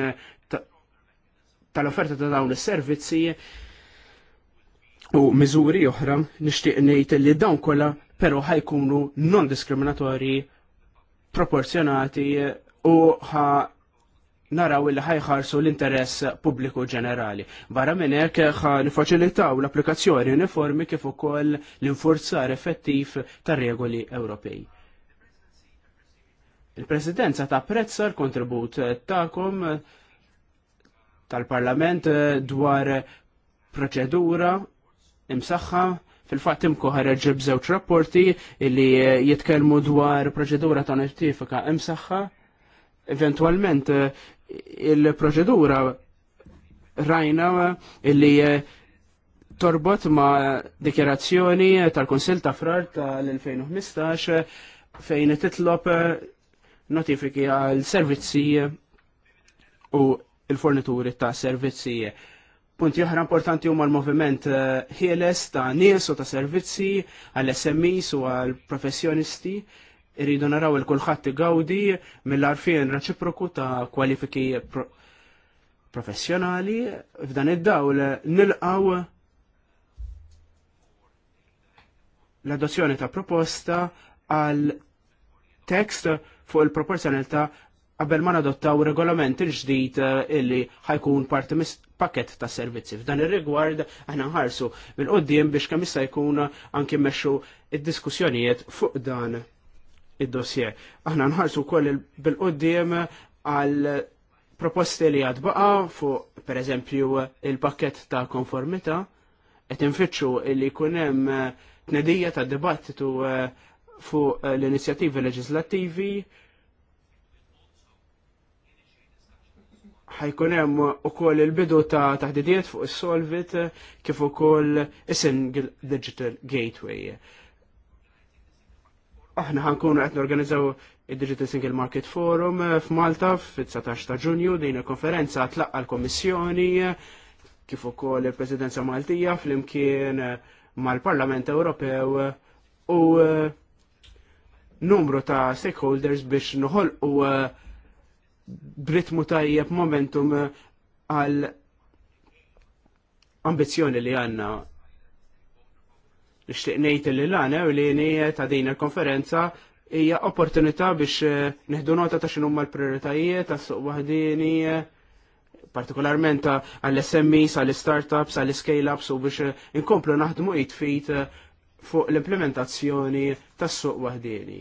tal-offerta ta' dawn is-servizzi u miżuri oħra nixtieq ngħid li dawn kollha però ħajkunu non diskriminatorji proporzjonati u ħa naraw illi ħajħarsu l-interess pubbliku ġenerali. Barra minn hekk ħa nifaċilitaw l-applikazzjoni uniformi kif ukoll l-infurzar effettiv tar-regoli Ewropej. Il-Presidenza ta' prezza l-kontribut eh, ta'kom eh, tal-Parlament eh, dwar proċedura imsaħħa fil-fatt imku reġib bżewġ rapporti li jitkellmu dwar proċedura ta' notifika imsaħħa. Eventualment il-proċedura rajna illi torbot ma' dikjerazzjoni tal-Konsil ta' Frar tal-2015 fejn titlop notifiki għal servizzi u il-fornituri ta' servizzi. Punti oħra importanti huma l-moviment ħieles eh, ta' nies u ta' servizzi għal SMEs u għal professjonisti irridu naraw il-kulħadd gawdi mill-arfien reċiproku ta' kwalifiki pro professjonali f'dan id-dawl nilqaw l-adozzjoni ta' proposta għal tekst fuq il-proporzjonalità qabel ma nadottaw regolament il-ġdid eh, illi ħajkun parti mis pakket ta' servizzi. F'dan ir-rigward aħna nħarsu mill-qoddim biex kemm jista' jkun anki mmexxu id-diskussjonijiet fuq dan id-dossier. Aħna nħarsu wkoll bil-qoddim għal proposti li għad baqa fuq, per eżempju, il-pakket ta' konformita, et infittxu li kunem eh, tnedija ta' dibattitu eh, fuq eh, l-inizjattivi leġislattivi ħajkun hemm ukoll il-bidu ta' taħdidiet fuq is-Solvit kif ukoll is-Single Digital Gateway. Aħna ħankunu qed norganizzaw id-Digital Single Market Forum eh, f'Malta fit-19 ta' Ġunju din il-konferenza tlaqqa l-Kommissjoni kif ukoll il-Presidenza Maltija flimkien eh, mal-Parlament Ewropew u numru ta' stakeholders biex nħol u uh, britmu tajjeb momentum uh, għal ambizjoni li għanna nishtiq ngħid li l-għana u li ta' din il-konferenza hija opportunità biex uh, neħdu nota ta' x'inhuma l-prioritajiet ta' suq waħdini partikolarment għall-SMEs, għall-startups, għall-scale-ups u biex inkomplu naħdmu it fit fuq l-implementazzjoni tas-suq wahdini.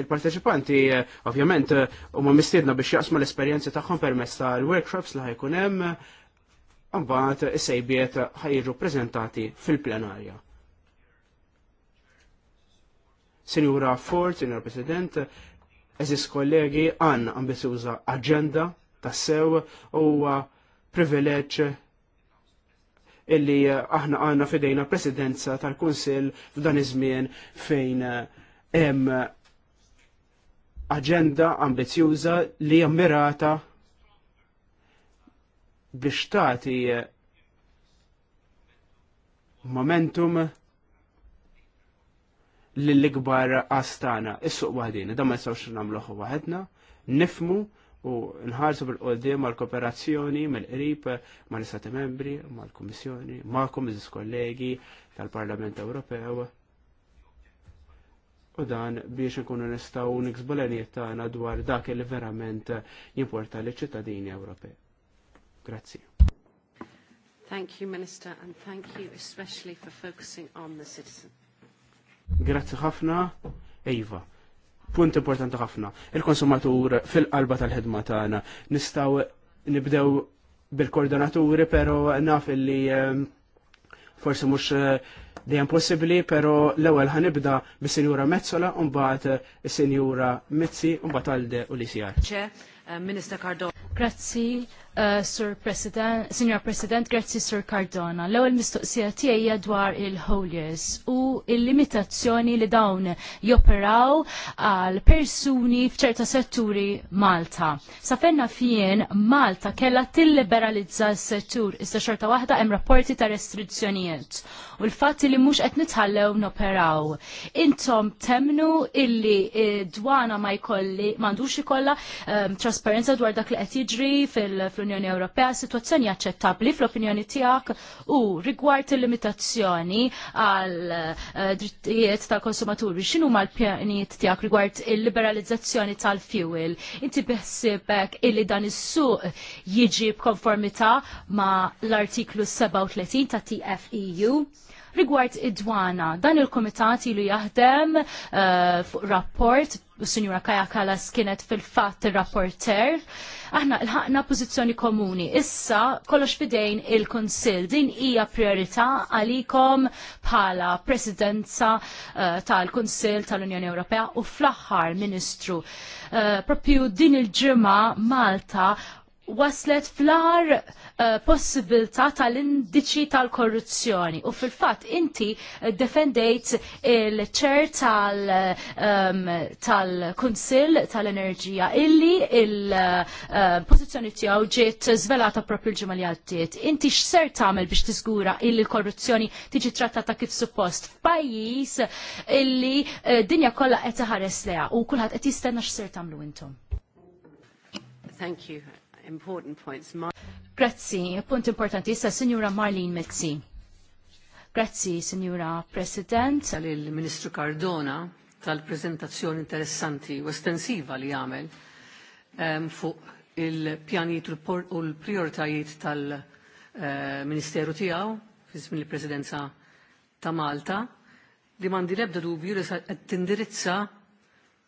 Il-parteċipanti eh, ovvjament eh, huma mistiedna biex jaqsmu l taħħom tagħhom permezz tal-workshops li ħajkunem, hemm mbagħad is-sejbiet ħajġu prezentati fil-plenarja. Sinjura Ford, Senjura President, eżis kollegi għanna għambisuża agenda tas-sew u privileġġ illi eh, aħna għanna fidejna presidenza tal-Kunsill f'dan iż-żmien fejn eh, hemm aġenda ambizjuża li jammirata biex tagħti eh, momentum lill-ikbar għastana, is-suq waħdin. da ma jistawx namluħu waħedna, nifmu u nħarsu bil-qoddim mal-kooperazzjoni, mal-qrib, mal-istati membri, mal-komissjoni, ma'kom iżis kollegi tal-Parlament Ewropew. U dan biex nkunu nistaw niksbu l tagħna dwar dak li verament jimporta li ċittadini Ewropej. Grazzi. Thank you, Minister, and thank you especially for focusing on the citizen. Grazzi ħafna, Eva punt importanti ħafna. Il-konsumatur fil-qalba tal-ħidma tagħna nistgħu nibdew bil-koordinaturi pero naf li ehm, forsi mhux eh, dejjem possibbli, pero l-ewwel ħanibda bis-Sinjura Mezzola u mbagħad is-Sinjura eh, Mizzi u mbagħad Alde u l-ISR. Eh, Minister Cardo. Grazzi, Uh, Sir President, Senior President, grazzi Sir Cardona. L-ewwel mistoqsija tiegħi dwar il ħoljes u l limitazzjoni li dawn joperaw għal persuni f'ċerta setturi Malta. Sa fenna fien Malta kellha tilliberalizza s-settur iżda xorta waħda hemm rapporti ta' restrizzjonijiet u l-fatti li mhux qed nitħallew noperaw. Intom temnu illi eh, dwana ma jkolli m'għandux ikollha eh, trasparenza dwar dak li qed jiġri fil fl-Unjoni Ewropea situazzjoni aċċettabbli fl-opinjoni tiegħek u rigward il-limitazzjoni għal eh, drittijiet tal-konsumaturi x'inhu l pjanijiet tiegħek rigward il-liberalizzazzjoni tal-fuel. Inti beħsibek illi dan is-suq jiġi b'konformità ma' l-artiklu 37 ta' TFEU rigward id-dwana. Dan il komitati ilu jaħdem uh, fuq rapport s-Sinjura Kaja Kalas kienet fil-fat il-rapporter, aħna l-ħakna pozizjoni komuni. Issa kollox fidejn il-Konsil, din hija priorità għalikom bħala presidenza eh, tal-Konsil tal-Unjoni Ewropea u fl-aħħar Ministru. Eh, propju din il-ġimgħa Malta waslet fl-ar uh, possibilità tal-indiċi tal-korruzzjoni u fil-fatt inti eh, defendejt il-ċer ehm, tal-Kunsill um, tal tal-Enerġija illi il-pozizjoni eh, uh, tiegħu ġiet żvelata propri l-ġimgħa li għaddiet. Inti x'ser tagħmel biex tiżgura illi l-korruzzjoni tiġi trattata kif suppost f'pajjiż illi uh, dinja kollha qed ħares leha u kulħadd qed jistenna x'ser tagħmlu intom. Thank you important points. Grazzi, punt importanti issa Signora Marlene Mezzi. Grazzi, Signora President. Tal-Ministru Cardona tal-prezentazzjoni interessanti u estensiva li għamel um, fuq il-pjanijiet u l-prioritajiet tal-Ministeru eh, uh, tiegħu fi żmien il-Presidenza ta' Malta li mandi lebda dubju li qed tindirizza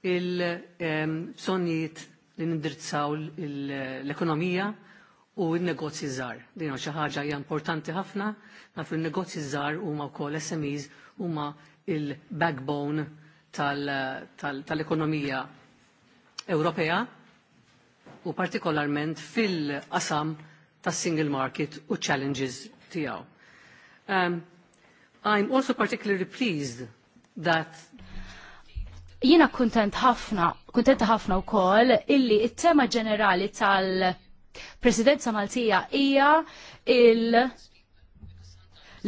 il-bżonnijiet ehm, li nindirizzaw l-ekonomija u n-negozji żgħar. Din xi ħaġa hija importanti ħafna, naf li negozji żgħar huma wkoll SMEs huma il-backbone tal-ekonomija Ewropea u partikolarment fil-qasam tas single market u challenges tiegħu. I'm also particularly pleased that Jiena kuntent ħafna kuntenta ħafna wkoll illi il tema ġenerali tal-Presidenza Maltija hija il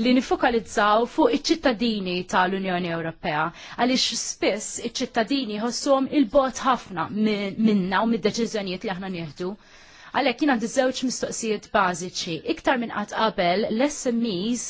li nifokalizzaw fuq iċ-ċittadini tal-Unjoni Ewropea. Għaliex spiss iċ-ċittadini ħossom il-bot ħafna minna u mid-deċiżjonijiet li aħna nieħdu. Għalhekk kien għandi żewġ mistoqsijiet bażiċi. Iktar minn qatt qabel l-SMEs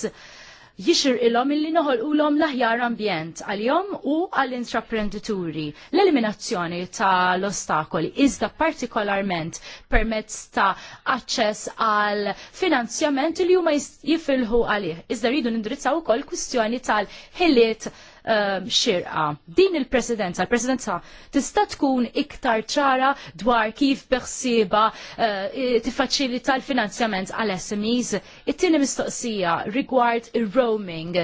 jixir ilhom illi u l-aħjar ambjent għalihom u għall-intraprendituri. L-eliminazzjoni tal-ostakoli iżda partikolarment permezz ta' aċċess għal finanzjament li huma jifilħu għalih. Iżda rridu nindrizzaw kol kustjoni tal-ħiliet Um, xirqa. Din il-presidenza, il-presidenza tista' tkun iktar ċara dwar kif beħsieba uh, tiffaċilita l-finanzjament għal SMEs. It-tieni mistoqsija rigward il-roaming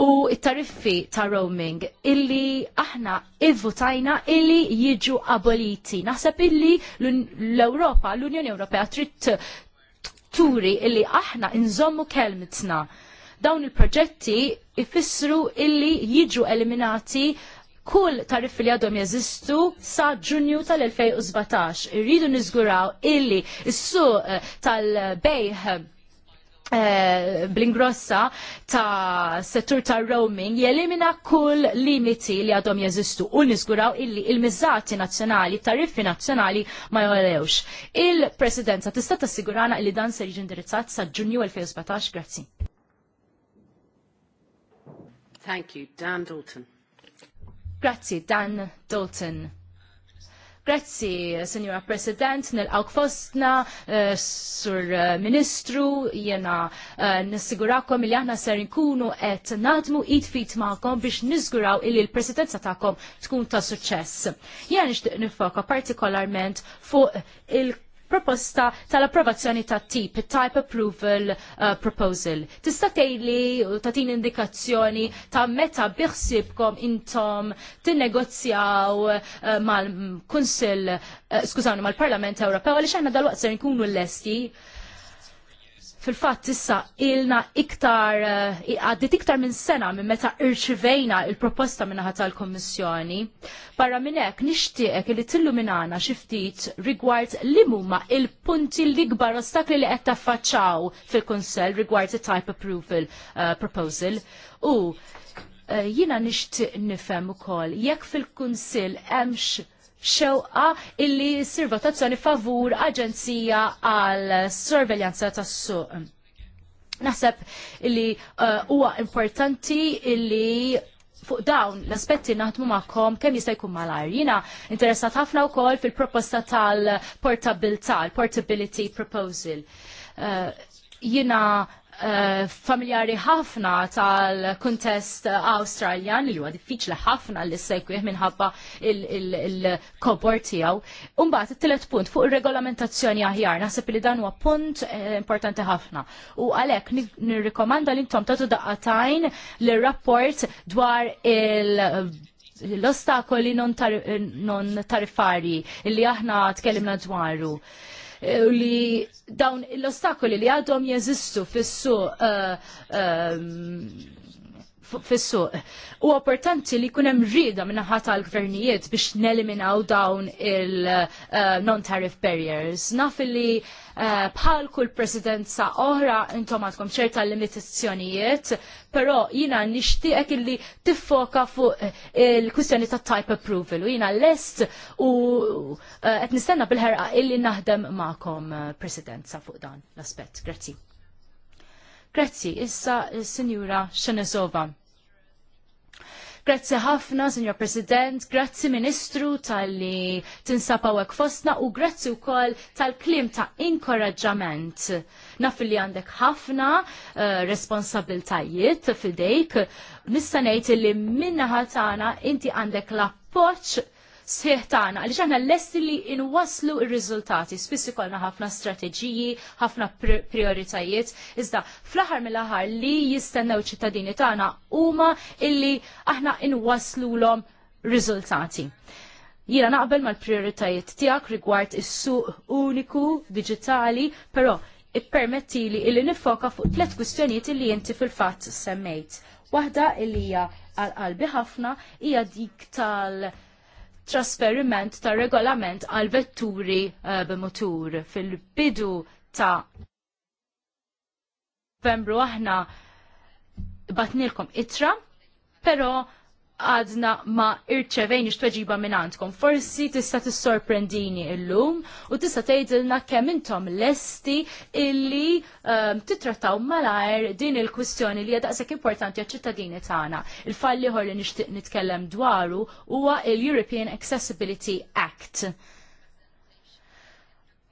u it-tariffi ta' roaming illi aħna ivvutajna illi jiġu aboliti. Naħseb illi l-Europa, l-Unjoni Ewropea trid turi illi aħna nżommu kelmitna dawn il-proġetti ifissru illi jiġu eliminati kull tariffi li għadhom jeżistu sa ġunju tal-2017. Irridu niżguraw illi s su eh, tal-bejħ eh, bl-ingrossa ta' settur ta' roaming jelimina kull limiti li għadhom jeżistu u niżguraw illi il-mizzati nazzjonali, tariffi nazzjonali ma jolewx. Il-presidenza tista' tassigurana illi dan se jiġi indirizzat sa' ġunju 2017, grazzi. Thank you. Dan Dalton. Grazzi, Dan Dalton. Grazzi, Signora President, nil-għawk fostna, uh, eh, Sur eh, Ministru, jena uh, nissigurakom li aħna ser nkunu et nadmu id-fit ma'kom biex nizguraw illi l-presidenza ta'kom tkun ta' suċess. Jena nishtiq nifoka partikolarment fuq il- proposta tal-approvazzjoni ta' tip, type approval uh, proposal. Tista' tgħidli u tagħtini indikazzjoni ta' meta biħsibkom intom tinnegozjaw uh, mal-Kunsill, uh, skużawni, mal-Parlament Ewropew għaliex aħna waqt ser nkunu lesti Fil-fatt issa ilna iktar, eh, għaddit iktar minn sena minn meta irċivejna il-proposta minnaħa tal-Kommissjoni. Barra minn hekk nixtieqek li tillu minn għana xiftit rigward li huma il-punti l-ikbar ostakli li qed taffaċċaw fil-Kunsell rigward it-type approval uh, proposal. U uh, jina nixtieq nifhem ukoll jekk fil-Kunsill hemmx xewqa illi sir votazzjoni favur aġenzija għal sorveljanza tas-suq. Naħseb illi uh, huwa uh, importanti illi fuq dawn l-aspetti naħdmu magħkom kemm jista' jkun malajr. Jiena interessat ħafna wkoll fil-proposta tal-portabilità, l-portability proposal. Uh, Jiena Eh, familjari ħafna tal-kontest Australjan li huwa diffiċli ħafna li segwih minħabba il-kobor tiegħu. Umbagħad it-tielet punt fuq ir-regolamentazzjoni aħjar naħseb li dan huwa punt eh, importanti ħafna. U għalhekk nirrikomanda li intom tagħtu daqatajn l-rapport dwar il- l-ostakoli non tarifari illi aħna tkellimna dwaru. Eh, li dawn l-ostakoli li għadhom jeżistu fis-suq eh, eh, fis-suq. U importanti li jkun hemm minna min-naħa tal-gvernijiet biex neliminaw dawn il-non-tariff eh, barriers. Naf li eh, bħal kull presidenza oħra intom għandkom ċerta limitazzjonijiet, però jina nixtieqek illi tiffoka fuq eh, il-kwistjoni ta' type approval u jina lest u qed nistenna bil-ħerqa illi naħdem ma'kom presidenza fuq dan l-aspett. Grazzi. Grazzi, issa il-Sinjura eh, Shenezova. Grazzi ħafna, Signor President, grazzi Ministru tal-li tinsapaw għek fostna u grazzi u koll tal-klim ta' inkoraġġament. Naf li għandek ħafna uh, responsabiltajiet fil-dejk, nistanejt li minna ħatana inti għandek l-appoċ sħiħ tagħna għaliex aħna lesti li inwaslu r-riżultati. Spiss ikollna ħafna strateġiji, ħafna prioritajiet, iżda fl-aħħar mill-aħħar li jistennew ċittadini tagħna huma illi aħna inwaslulhom riżultati. Jiena naqbel mal-prioritajiet tiegħek rigward is-suq uniku diġitali, però ippermetti li illi nifoka fuq tlet kwistjonijiet li inti fil-fatt semmejt. Waħda illi hija għal qalbi ħafna hija dik tal- trasferiment ta' regolament għal vetturi uh, b'motur. Fil-bidu ta' Fembru aħna batnilkom itra, pero għadna ma irċevejn tweġiba minn għandkom. Forsi tista' tissorprendini lum u tista' tgħidilna kemm intom lesti illi um, titrattaw malajr din il-kwistjoni li hija daqshekk importanti għal ċittadini tagħna. il falli ieħor li nixtieq nitkellem dwaru huwa l-European Accessibility Act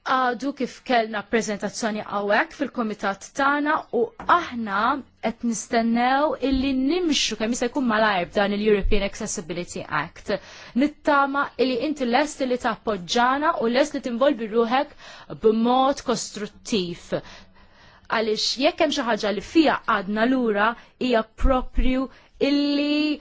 għadu kif kellna prezentazzjoni għawek fil-komitat tana u aħna qed nistennew illi nimxu kemm jista' jkun malajr dan il-European Accessibility Act. Nittama illi inti lest li tappoġġana u lest li tinvolvi ruħek b'mod kostruttiv għaliex jekk hemm xi ħaġa li fija għadna lura hija propju illi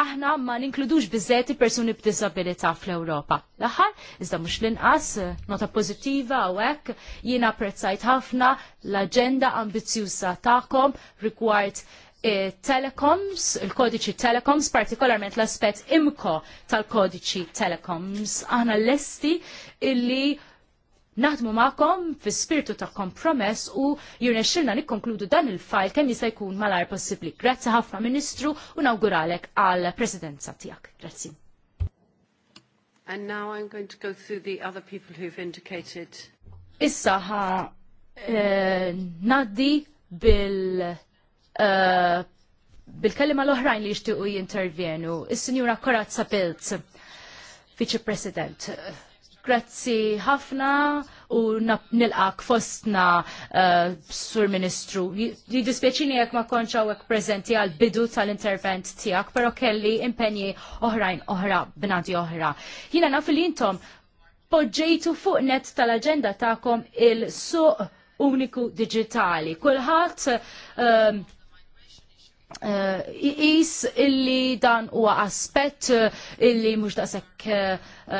aħna ma ninkludux bizzet persuni b'disabilità fl-Ewropa. L-aħħar, iżda mhux l-inqas, eh, nota pożittiva u hekk jiena apprezzajt ħafna l-aġenda ambizjuża tagħkom rigward eh, telecoms, il-kodiċi telecoms, partikolarment l-aspett imko tal-kodiċi telecoms. Aħna lesti illi naħdmu maqom fi spiritu ta' kompromess u jirnexxilna nikkonkludu dan il-fajl kemm jista' jkun malar possibbli. Grazzi ħafna Ministru u nawguralek għal presidenza tiegħek. Grazzi. And now I'm going to go through the other people who've indicated. Issa ha eh, naddi bil eh, bil-kelima l-oħrajn li jixtiequ jintervjenu. Is-Sinjura Korazza Pilz, Vice President Grazzi ħafna u nilqak fostna uh, sur ministru. Jidispeċini jek ma konċa u prezenti għal bidu tal-intervent tijak, pero kelli impenji oħrajn oħra, bnadi oħra. Jina naf li jintom poġġejtu fuq net tal-agenda ta'kom il-suq uniku digitali. Kulħat uh, ehm, Iqis eh, illi dan huwa aspett eh, illi mhux daqshekk eh,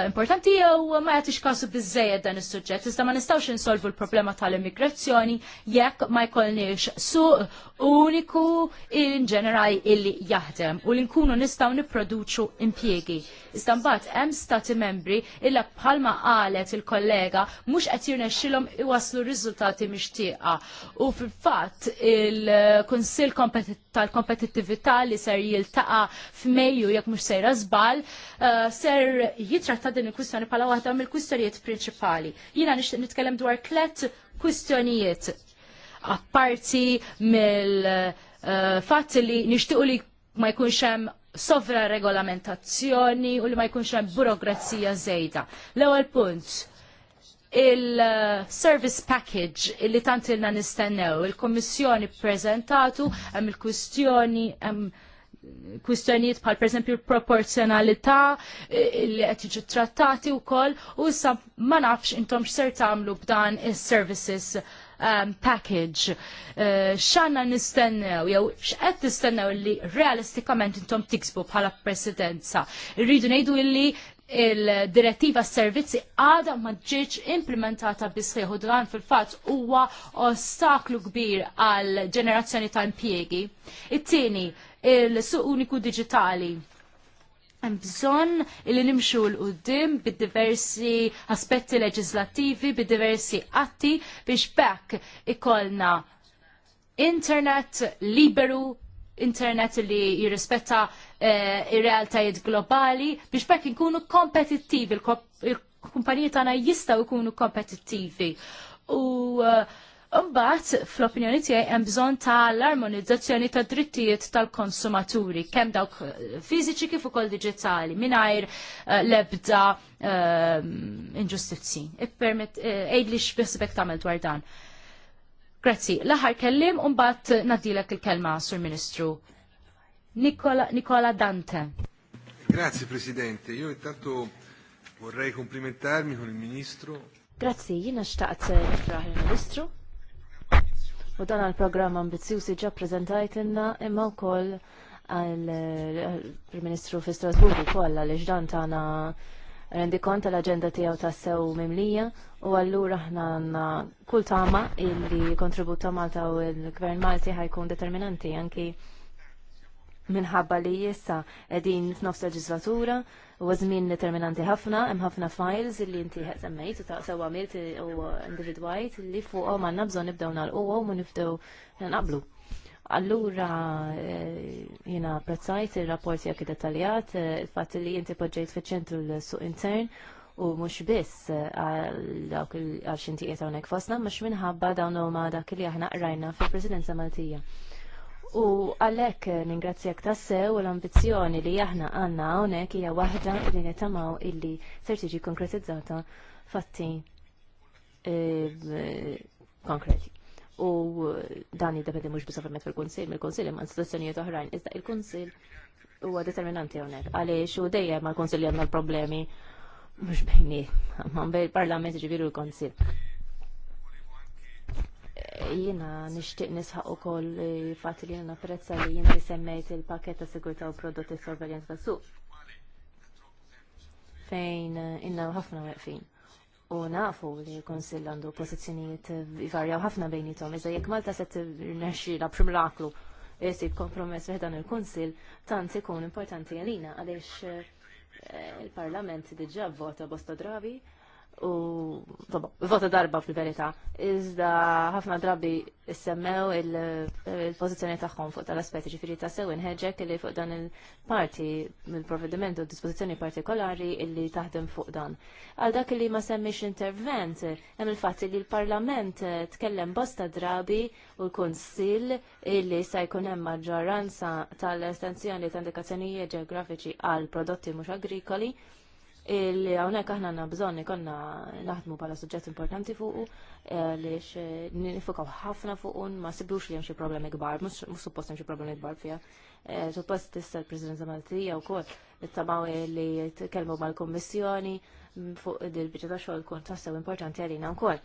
importanti jew ma jagħtix kasu bizzeja dan is-suġġett. Iżda ma nistawx insolvu l-problema tal-immigrazzjoni jekk ma jkollniex suq uniku in ġenerali illi jaħdem u li nkunu nistgħu nipproduċu impjiegi. Iżda mbagħad hemm stati membri illa bħalma qalet il-kollega mhux qed jirnexxilhom iwaslu riżultati mixtieqa. U fil-fatt il-Kunsill Kompetittiv tal-kompetittività li ser jiltaqa f'Mejju jekk mhux sejra żball, eh, ser jitratta din il-kwistjoni bħala waħda mill-kwistjonijiet prinċipali. Jiena nixtieq nitkellem dwar tlet kwistjonijiet apparti mill-fatt eh, li nixtiequ li ma jkunx hemm sovra regolamentazzjoni u li ma jkunx hemm burokrazija żejda. L-ewwel punt il-service package li tant ilna nistennew, il-Kommissjoni prezentatu, hemm il-kwistjoni, hemm kwistjonijiet bħal pereżempju proporzjonalità eh, li qed jiġu trattati wkoll u issa ma nafx intom x'ser tagħmlu b'dan is-services um, package. Uh, nistennew jew x'qed tistennew li realistikament intom tiksbu bħala presidenza. Irridu ngħidu illi il-direttiva s-servizzi għada ma ġiġ implementata bisħiħu dan fil-fat huwa ostaklu kbir għal ġenerazzjoni ta' impjiegi. It-tieni, il-suq uniku digitali hemm bżonn li nimxu l qudiem bid-diversi aspetti leġislattivi, bid-diversi atti biex bekk ikollna internet liberu internet li jirrispetta eh, ir-realtajiet globali biex bekk inkunu kompetittivi, il-kumpaniji tagħna jistgħu jkunu kompetittivi. U eh, Mbagħad fl-opinjoni tiegħi hemm bżonn l armonizzazzjoni ta' drittijiet tal-konsumaturi, kemm dawk eh, fiżiċi kif ukoll diġitali mingħajr l-ebda inġustizzji. Ippermett ejd li tagħmel dwar dan. Grazzi, l-aħar kellim un-bat nadilek il-kelma, Sur Ministru. Nicola, Nicola Dante. Grazie Presidente, io intanto vorrei complimentarmi con il Ministro. Grazie, jina xtaqt nifraħ il-Ministru. U dan għal-programm ambizzjuż ġa prezentajtinna imma wkoll għal-Prim-Ministru fi Strasburgu kollha li ġdan tagħna rendi kont l agenda tiegħu tassew mimlija u allura aħna kull tama illi kontribut ta' Malta u l-Gvern Malti ħajkun determinanti anki minħabba li jissa edin f'nofs leġislatura u żmien determinanti ħafna, hemm ħafna files illi inti semmejt u ta' sewa milt u individwajt li fuqhom għandna bżonn nibdew nagħlquhom u nibdew naqblu. Allura, eh, jina apprezzajt il-rapport jek dettaljat, eh, il-fat li jinti poġġejt fiċentru ċentru l-suq intern u mux biss eh, għal xinti jieta unek fosna, mux minħabba dawn u ma dak li aħna qrajna fil-presidenza Maltija. U għalek ningrazzjak tassew u l-ambizjoni li jahna għanna unek hija waħda li netamaw illi ser tiġi konkretizzata fatti konkreti u eh, dan jiddependi mux biss ovvjament fil konsil mill-kunsill imma istituzzjonijiet oħrajn, iżda il-kunsill huwa determinanti hawnhekk għaliex u dejjem mal konsil jadna l-problemi mux bejni, man bejn il-parlament ġiviru l-kunsill. Jiena nixtieq nisħaq ukoll fat li jina prezza li jinti semmejt il-pakket ta' sigurtà u prodotti sorveljanza su. fejn eh, inna ħafna weqfin U nafu li l għandu pożizzjonijiet varjaw ħafna bejnitom. iżda jekk Malta se tirnexxi la primlaklu jsib kompromess fih dan il-Kunsill, tant ikun importanti għalina għaliex eh, il-Parlament diġà vvota bosta drabi u vota darba fil-verità. Iżda ħafna drabi semmew il-pozizjoni tagħhom fuq tal-aspetti ġifieri ta' sew inħeġġek li fuq dan il-parti mill-provvediment u dispożizzjoni partikolari illi taħdem fuq dan. Għal dak li ma semmix intervent, hemm il-fatt li l-Parlament tkellem bosta drabi u l-Kunsill illi sa jkun hemm maġġoranza tal-estensjoni ta' indikazzjonijiet ġeografiċi għal prodotti mhux agrikoli li hawnhekk aħna għandna bżonn konna naħdmu bħala suġġett importanti fuqu li eh, nifukaw ħafna fuqu ma sibux li hemm xi problemi kbar, mhux suppost hemm xi problemi kbar fiha. Eh, suppost tista' l-Presidenza Maltija wkoll it-tama'w li tkellmu mal kommissjoni fuq il bġeta ta' xogħol kont tassew importanti għalina wkoll.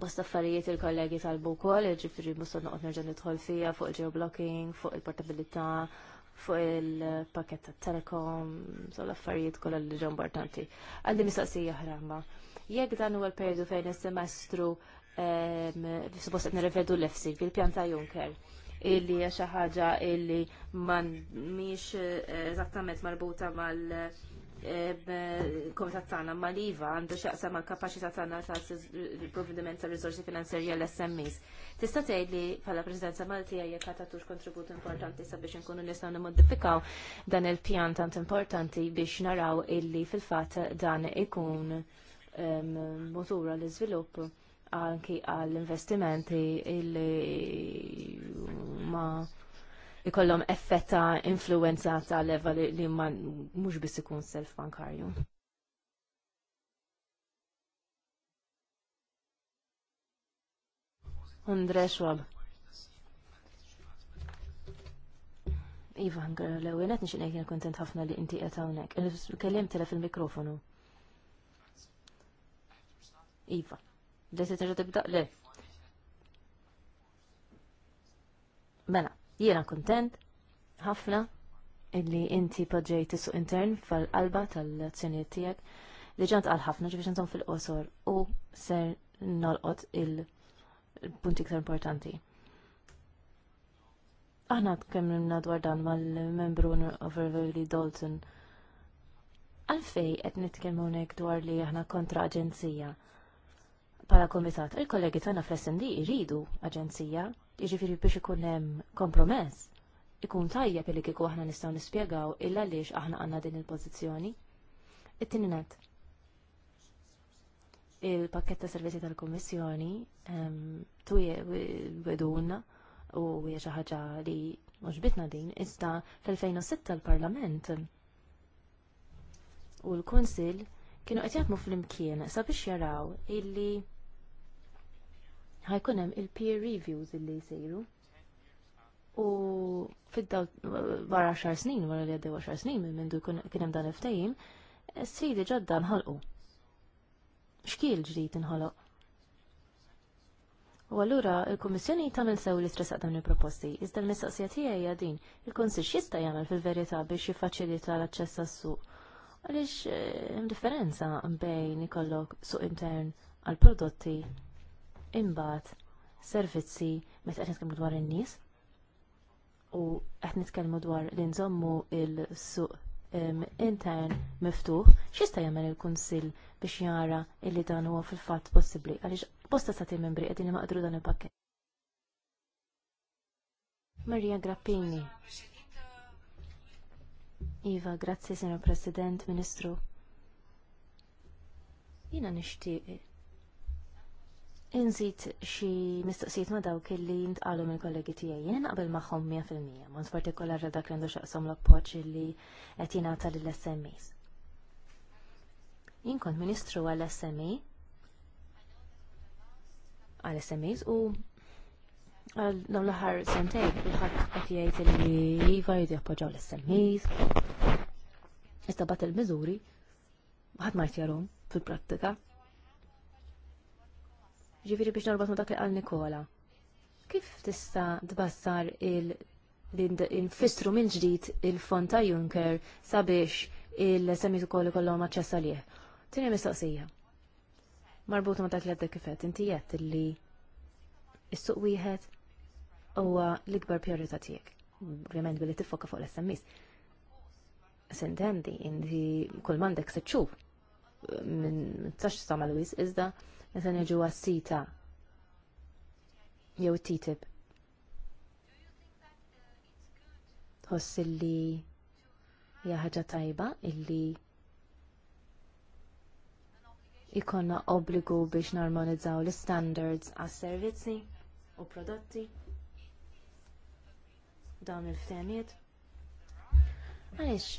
Bosta affarijiet il-kollegi talbu wkoll, ġifiri bosta noqgħod nerġa' nidħol fija fuq il-geoblocking, fuq il-portabilità, fuq il-pakket ta' telekom, sol-affarijiet kollha li ġo importanti. Għandi mistaqsija ħramba. Jekk dan huwa l-perjodu fejn is-semestru suppost qed nirrevedu l-efsi fil-pjan ta' Juncker illi hija xi ħaġa illi man miex eh, eżattament marbuta mal- komitat tagħna mal-IVA għandu x'jaqsam mal kapaċità tagħna ta' provvediment ta' riżorsi finanzjarji l smis Tista' tgħid li bħala Presidenza Maltija jekk għatatux kontribut importanti sabiex inkunu nistgħu nimmodifikaw dan il-pjan tant importanti biex naraw illi fil-fatt dan ikun motura l-iżvilupp anki għall-investimenti illi ma' ikollhom effetta influenza ta' leva li, ma mhux biss ikun self bankarju. Andre Schwab. Iva, l-ewenet nxin ekin kontent ħafna li inti għet għawnek. Kellim tela fil-mikrofonu. Iva, desi se tibda? Le. Mela, Jiena kuntent ħafna illi inti podġej tissuq intern fal-qalba tal-azzjonijiet tiegħek li ġant għal ħafna ġifix intom fil-qosor u ser nolqot il-punti iktar importanti. Aħna tkemmimna dwar dan mal-membru Overveli Dalton għalfej qed nitkellmu dwar li aħna kontra aġenzija. Pala komitat, il-kollegi tagħna fl-SND jridu aġenzija Jiġifieri biex ikun hemm kompromess, ikun tajjeb li kieku aħna nistgħu nispjegaw illa għaliex aħna għandna din il-pożizzjoni. It-tieni net. Il-pakket ta' servizzi tal-Kummissjoni ehm, wedunna u hija xi ħaġa li mhux bitna din, iżda fl-2006 l-Parlament u l-Kunsill kienu qed jaħdmu fl-imkien sabiex jaraw illi ħajkun hemm il-peer reviews illi jsejru. U fid-daw wara xar snin, wara li għaddew xar snin minn mindu kien hemm dan il-ftehim, sidi ġodda nħolqu. Xkiel ġdid inħoloq. U allura il-Kummissjoni tagħmel sew li stressaq dawn il-proposti, iżda l-mistaqsija tiegħi hija din, il-Kunsill jista' jagħmel fil-verità biex jiffaċilita l-aċċess għas-suq. Għaliex eh, hemm differenza bejn ikollok suq intern għal prodotti imbagħad servizzi meta qed nitkellmu dwar in-nies u qed nitkellmu dwar li nżommu il-suq intern miftuħ, x'jista' jagħmel il-Kunsill biex jara li dan huwa fil-fatt possibbli għaliex bosta stati membri qegħdin imaqdru dan il-pakkett. Maria Grappini. Iva, grazzi, Signor President, Ministru. Jina nixtieq Inżid xi mistoqsijiet ma' dawk illi ntqalu mill kollegi tiegħi jien qabel magħhom 100%, mod partikolari dak li għandu xaqshom l-appoġġ illi qed jingħata lill-SMEs. Jien kont Ministru għall-SME għall-SMEs u għal dawn l-aħħar sentejn ħadd qed jgħid li iva jridu jappoġġaw l-SMEs. Iżda bat il-miżuri ħadd ma jtjarhom fil-prattika Ġifiri biex norbot ma dak li għal Nikola. Kif tista' tbassar il infissru minn ġdid il-fond ta' Juncker sabiex il-semitu kollu kollu maċċessa liħ? Tieni mistoqsija. Marbut ma dak li għaddek kifet, inti jett li is-suq wieħed huwa l-ikbar priorità tiegħek. Ovvjament billi tiffoka fuq l-SMS. Sentendi, inti kull mandek seċċu minn tax tagħmel wis iżda meta niġu għas-sita jew titib. Tħoss illi hija ħaġa tajba illi ikonna obbligu biex normalizzaw l-standards għas servizzi u prodotti dawn il-ftemiet. Għaliex,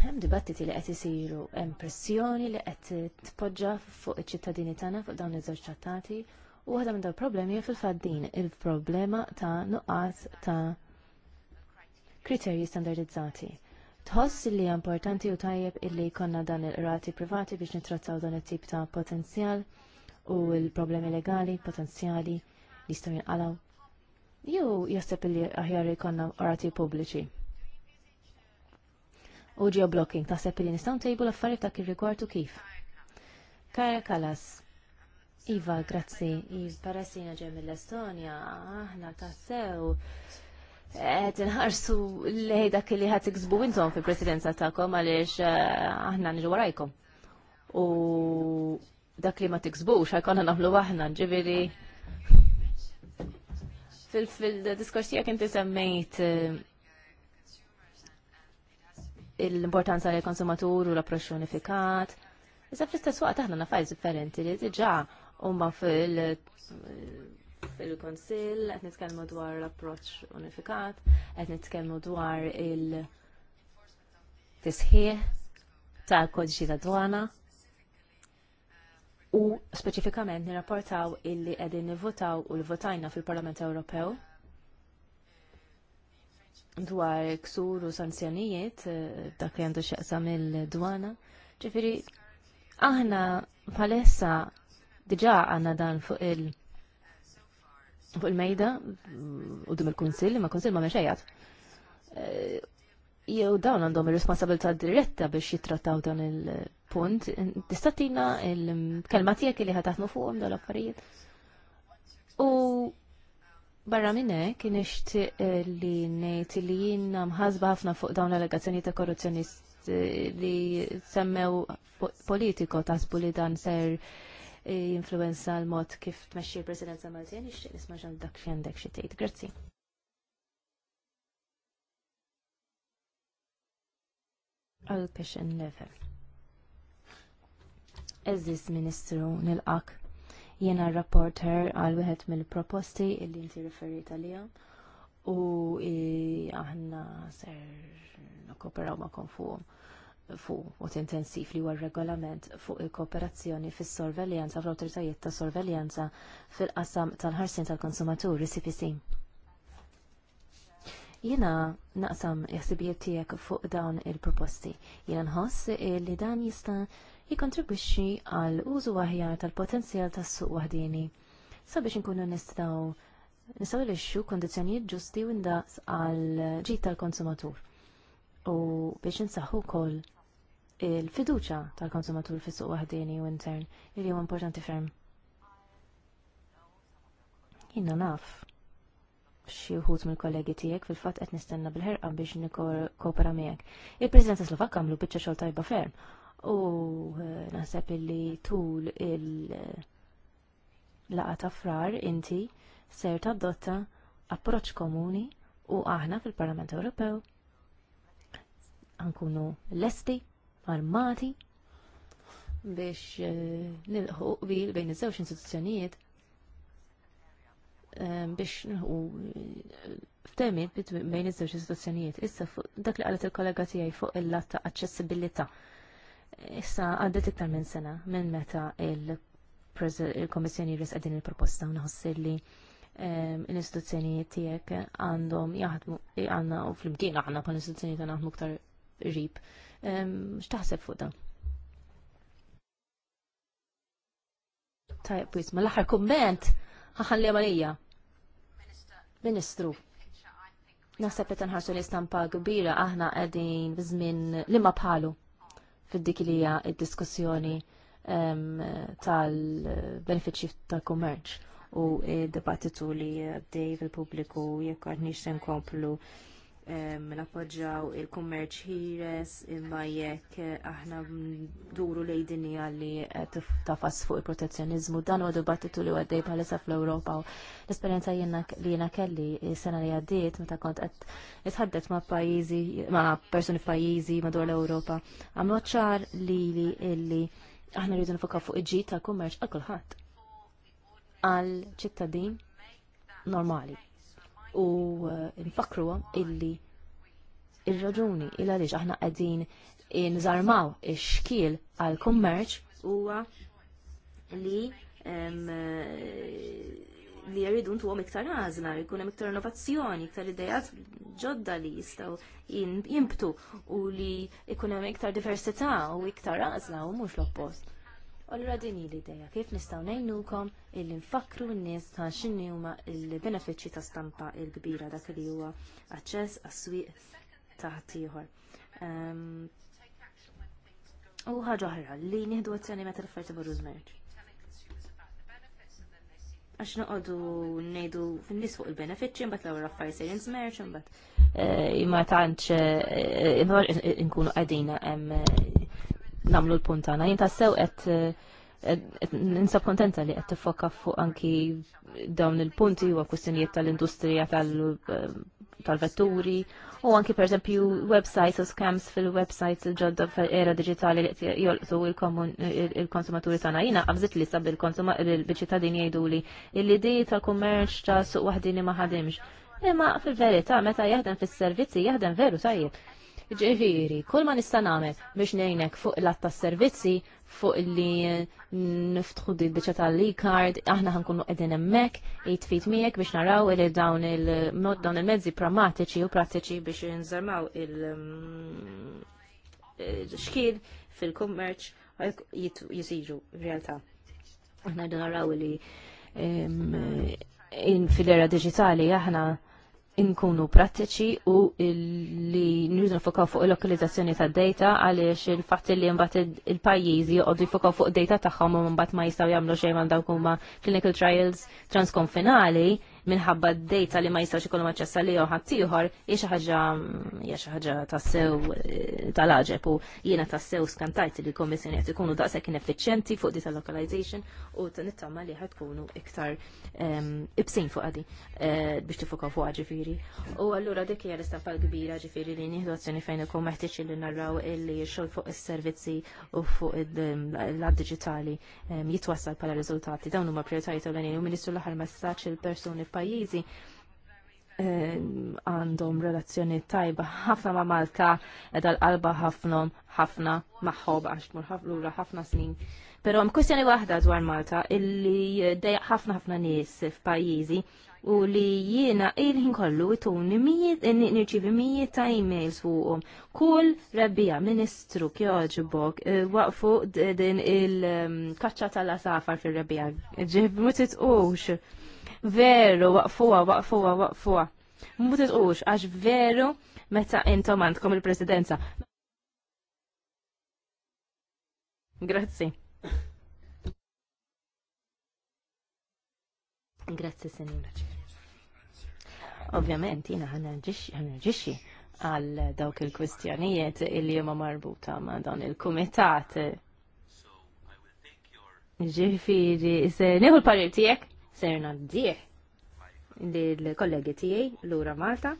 hemm dibattiti li qed isiru hemm pressjoni li qed tpoġġa fuq iċ-ċittadini tagħna fuq dawn iż-żewġ trattati u waħda minn dawn problemi hija fil-fatt din il-problema ta' nuqqas ta' kriterji standardizzati. Tħoss li hija importanti u tajjeb illi jkollna dan il-rati privati biex nitrattaw dan it-tip ta' potenzjal u l-problemi legali potenzjali li jistgħu jinqalgħu. Jew jaħseb illi aħjar jkollna rati pubbliċi u geoblocking ta' sepp li nistan tejbu l-affarijiet ta' kif rikwartu kif. Kara Kalas, Iva, grazzi, Iva, jina ġej mill-Estonja, aħna ta' sew. Għed nħarsu lej dak li ħat iksbu intom fil presidenza kom għaliex eh, aħna nġu warajkom. U dak li ma tiksbux ħajkonna naħlu aħna ġiviri fil-diskorsija kinti semmejt eh, l-importanza għal konsumatur u l-approċċ unifikat. Iżda fl-istess waqt aħna nafajz differenti li diġà huma fil- fil-konsil, qed nitkellmu dwar l-approċċ unifikat, qed nitkellmu dwar il- tisħieħ tal-kodiċi ta' dwana u speċifikament nirrapportaw illi qegħdin nivvotaw u l-votajna fil-Parlament Ewropew dwar ksur u sanzjonijiet eh, dak li għandu xaqsa il-dwana. Ġifiri, aħna palessa diġa għanna dan fuq il- fuq il-mejda u dum il konsil ma konsil ma meċajat. Eh, jew dawn għandhom ir-responsabilità diretta biex jittrattaw dan il-punt. Distatina il-kelma tiegħek li ħataħnu fuqhom dawn l-affarijiet. U Barra minne, kien nixtieq eh, li ngħid li jiena mħazba ħafna fuq dawn l-allegazzjoni ta' korruzzjoni eh, li semmew politiko tasbu li dan ser eh, influenza l-mod kif tmexxi l-Presidenza Maltin, nixtieq nisma' ġan dak x'għandek xi tgħid. Grazzi. għal pesċen Level. Eżis Ministru nilqak Jiena rapporter għal wieħed mill-proposti li inti referit għalija u aħna ser nakoperaw ma kon fuq fuq u intensiv li huwa regolament fuq il-kooperazzjoni fis-sorveljanza fl-awtoritajiet ta' sorveljanza fil-qasam tal-ħarsin tal-konsumaturi CPC. Jiena naqsam jaħsibijiet tiegħek fuq dawn il-proposti. Jiena nħoss li dan jista' Jikkontribwixxi għal użu aħjar tal-potenzjal tas-suq waħdini sabiex inkunu nistgħu nistgħu l-ixxu kondizjonijiet ġusti u ndaqs għal ġid tal-konsumatur u biex insaħħu wkoll il-fiduċa tal-konsumatur fis suq waħdini u intern li huwa importanti ferm. Jiena naf xi wħud mill-kollegi tiegħek fil-fatt qed nistenna bil-ħerqa biex nikkopera miegħek. Il-Presidenza Slovakka għamlu biċċa xogħol tajba ferm u eh, naħseb illi tul il-laqa ta' frar inti ser dotta approċ komuni u aħna fil-Parlament Ewropew ankunu lesti, armati biex eh, nilħu qbil bejn iż-żewġ istituzzjonijiet eh, biex nħu f'temi bejn iż-żewġ istituzzjonijiet. Issa dak li qalet il-kollega tiegħi fuq il-lat ta' aċċessibilità Issa għaddet iktar minn sena minn meta il-Komissjoni res din il-proposta u li ehm, l-istituzzjonijiet tiegħek għandhom jaħdmu għanna u fl-imkien aħna l istituzzjonijiet għandna naħdmu iktar rib. Ehm, x'taħseb fuq Tajab, Tajb, ma l-aħħar kumment li għamalija. Ministru. Naħseb li nħarsu l-istampa kbira aħna qegħdin bizmin li ma bħalu fid-dik li hija d-diskussjoni tal-benefiċċji tal-kummerċ u d-dibattitu li għaddej fil-pubbliku jekk għadni se nkomplu Nappoġġjaw il-kummerċ ħires imma jekk eh, aħna duru lej dinja li eh, tafas fuq il-protezzjonizmu dan huwa dibattitu li għaddej bħalissa fl-Ewropa u l-esperjenza li jiena kelli sena li għaddiet meta kont qed nitħaddet ma' pajjiżi ma' persuni f'pajjiżi madwar l-Ewropa għamlu ċar li li aħna rridu nifokaw fuq iġġid tal kummerċ għal kulħadd għal ċittadin normali u eh, nfakruha illi il raġuni il għaliex aħna qegħdin nżarmaw ix-xkiel għal kummerċ huwa li eh, li jridu ntuhom iktar għażla, jkun hemm iktar innovazzjoni, iktar idejat ġodda li jistgħu jimptu u li jkun hemm iktar diversità u iktar għażla u mhux l-oppost. Allura din hi l-idea kif nistgħu ngħinukom illi nfakru n-nies ta' x'inhi huma l-benefiċċji ta' stampa l-kbira dak li huwa aċċess għas-swieq ta' ħaddieħor. Ehm, u ħaġa oħra li nieħdu azzjoni meta l-affarijiet imorru żmerġ. Għax noqogħdu ngħidu fin-nies fuq il-benefiċċji mbagħad l-ewwel affarijiet sejrin żmerġ imbagħad eh, ma tantx inkunu eh, eh, qegħdin hemm namlu l-puntana. Jinta sew eh, qed ninsab kontenta li qed tiffoka fuq anki dawn il-punti u kwistjonijiet tal-industrija eh, tal-vetturi u anki per esempio websites u scams fil-websites ġodda fil-era digitali li jolqtu il-konsumaturi tagħna. Jiena qabżit li sab il-ċittadini jgħidu li l-idej tal-kummerċ ta' suq wahdini ma ħadimx. Imma fil-verità meta jaħdem fis-servizzi jaħdem veru tajjeb ġeviri, kull ma nista' nagħmel biex ngħinek fuq l-att tas-servizzi fuq li niftħu di biċa tal-e-card, aħna ħankunu qegħdin hemmhekk, jitfid miegħek biex naraw li dawn il dawn il-mezzi pragmatiċi u prattiċi biex nżarmaw il-xkil mm, fil-kummerċ jisiru realtà. Aħna naraw li mm, fil-era digitali aħna inkunu prattiċi u li nridu nifokaw fuq il-lokalizzazzjoni ta' data għaliex il fat li mbagħad il-pajjiżi joqogħdu jfokaw fuq data tagħhom u mbagħad ma jistgħu jagħmlu xejn għal dawk huma clinical trials transkonfinali minħabba d-dejta li ma jistgħux ikollhom maċċessa li joħat tiħor, hija xi ħaġa ħagġa tassew eh, tal-aġeb u jiena tassew skantajt li komissjoni kommissjoni qed ikunu daqshekk ineffiċjenti fuq data localization u nittama li ħad kunu iktar ibsin fuq għadi eh, biex tifukaw fuq ġifieri. U allura dik hija l kbira ġifieri li nieħdu azzjoni fejn ikun meħtieġ li narraw illi xogħol fuq is-servizzi u fuq l-għad digitali jitwassal bħala riżultati. Dawn huma prijoritajiet u l-għanin u ministru l-aħħar messaġġ il-persuni pajjiżi eh, għandhom relazzjoni tajba ħafna ma' Malta edal qalba ħafna ħafna maħħob għax mur ħafna ħafna snin. Pero hemm kustjoni waħda dwar Malta illi dejja ħafna ħafna nies f'pajjiżi u li jiena il-ħin kollu mijiet eh, nirċivi mijiet ta' emails fuqhom. Kull rebbija ministru kjoġbok eh, waqfu din il-kaċċa mm, tal-asafar fil-rebbija. Ġib, ma veru waqfuwa, waqfuha waqfuwa. Mbut titqux għax veru meta intom għandkom il-presidenza. Grazzi. Grazzi, Senjura Ovvjament, jina ġiċi għal dawk il-kwistjonijiet illi huma marbuta ma' dan il-kumitat. Ġifiri, se nieħu l-parir tiegħek? serna d-dieħ l-kollegi tijaj l-ura Malta.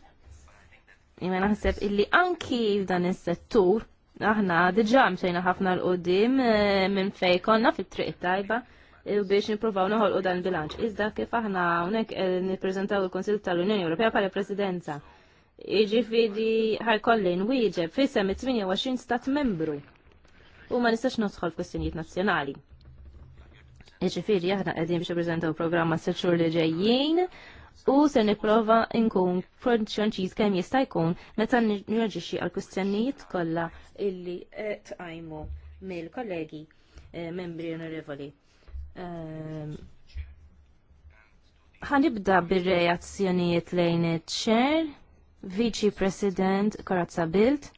Imma naħseb illi anki f'dan is-settur aħna diġà mxejna ħafna l qoddim eh, minn fej konna fit-triq tajba u eh, biex nippruvaw u dan il-bilanċ. Iżda kif aħna hawnhekk eh, nippreżentaw il konsil tal-Unjoni Ewropea bħala Presidenza. Jiġifieri ħajkolli nwieġeb fissem 28 stat membru u ma nistax nodħol f'kwistjonijiet nazzjonali. Iġifiri, aħna għedin biex prezentaw programma s-sirxur li ġejjien u se niprofa nkun pronċjonċiż kemm jista' jkun meta nirġixxi għal kustjonijiet kollha illi eh, tqajmu mill-kollegi eh, membri onorevoli. Ehm, ħanibda bir-reazzjonijiet lejn iċ-ċer, Viċi President Karazza Bilt,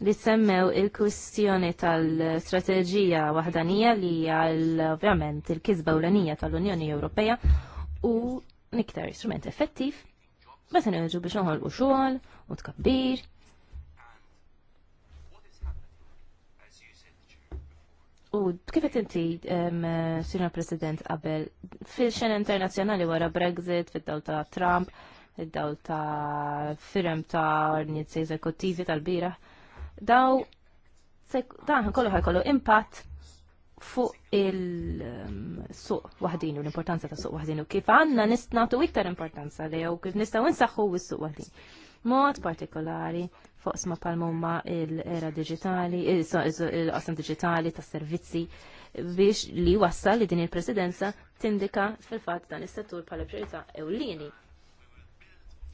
li semmew il-kwistjoni tal-strateġija wahdanija li għal ovvjament il-kizba ulanija tal-Unjoni Ewropea u niktar istrument effettiv meta nħeġu biex u xogħol u tkabbir. U kif qed inti, Sinjor President, qabel fil-xena internazzjonali wara Brexit, fid-dawl ta' Trump, fil dawl ta' firem ta' ornizzi eżekuttivi tal bira Daw dan kollu kollu impatt fuq il-suq um, waħdin u l-importanza ta' suq wahdin u kif għanna nistnatu iktar importanza li jew kif nistaw nsaħħu s-suq wahdin. Mod partikolari fuq sma pal-mumma il-era digitali, il-qasam digitali ta' servizzi biex li wassal li din il-presidenza tindika fil-fat dan is-settur pala priorità ewlieni.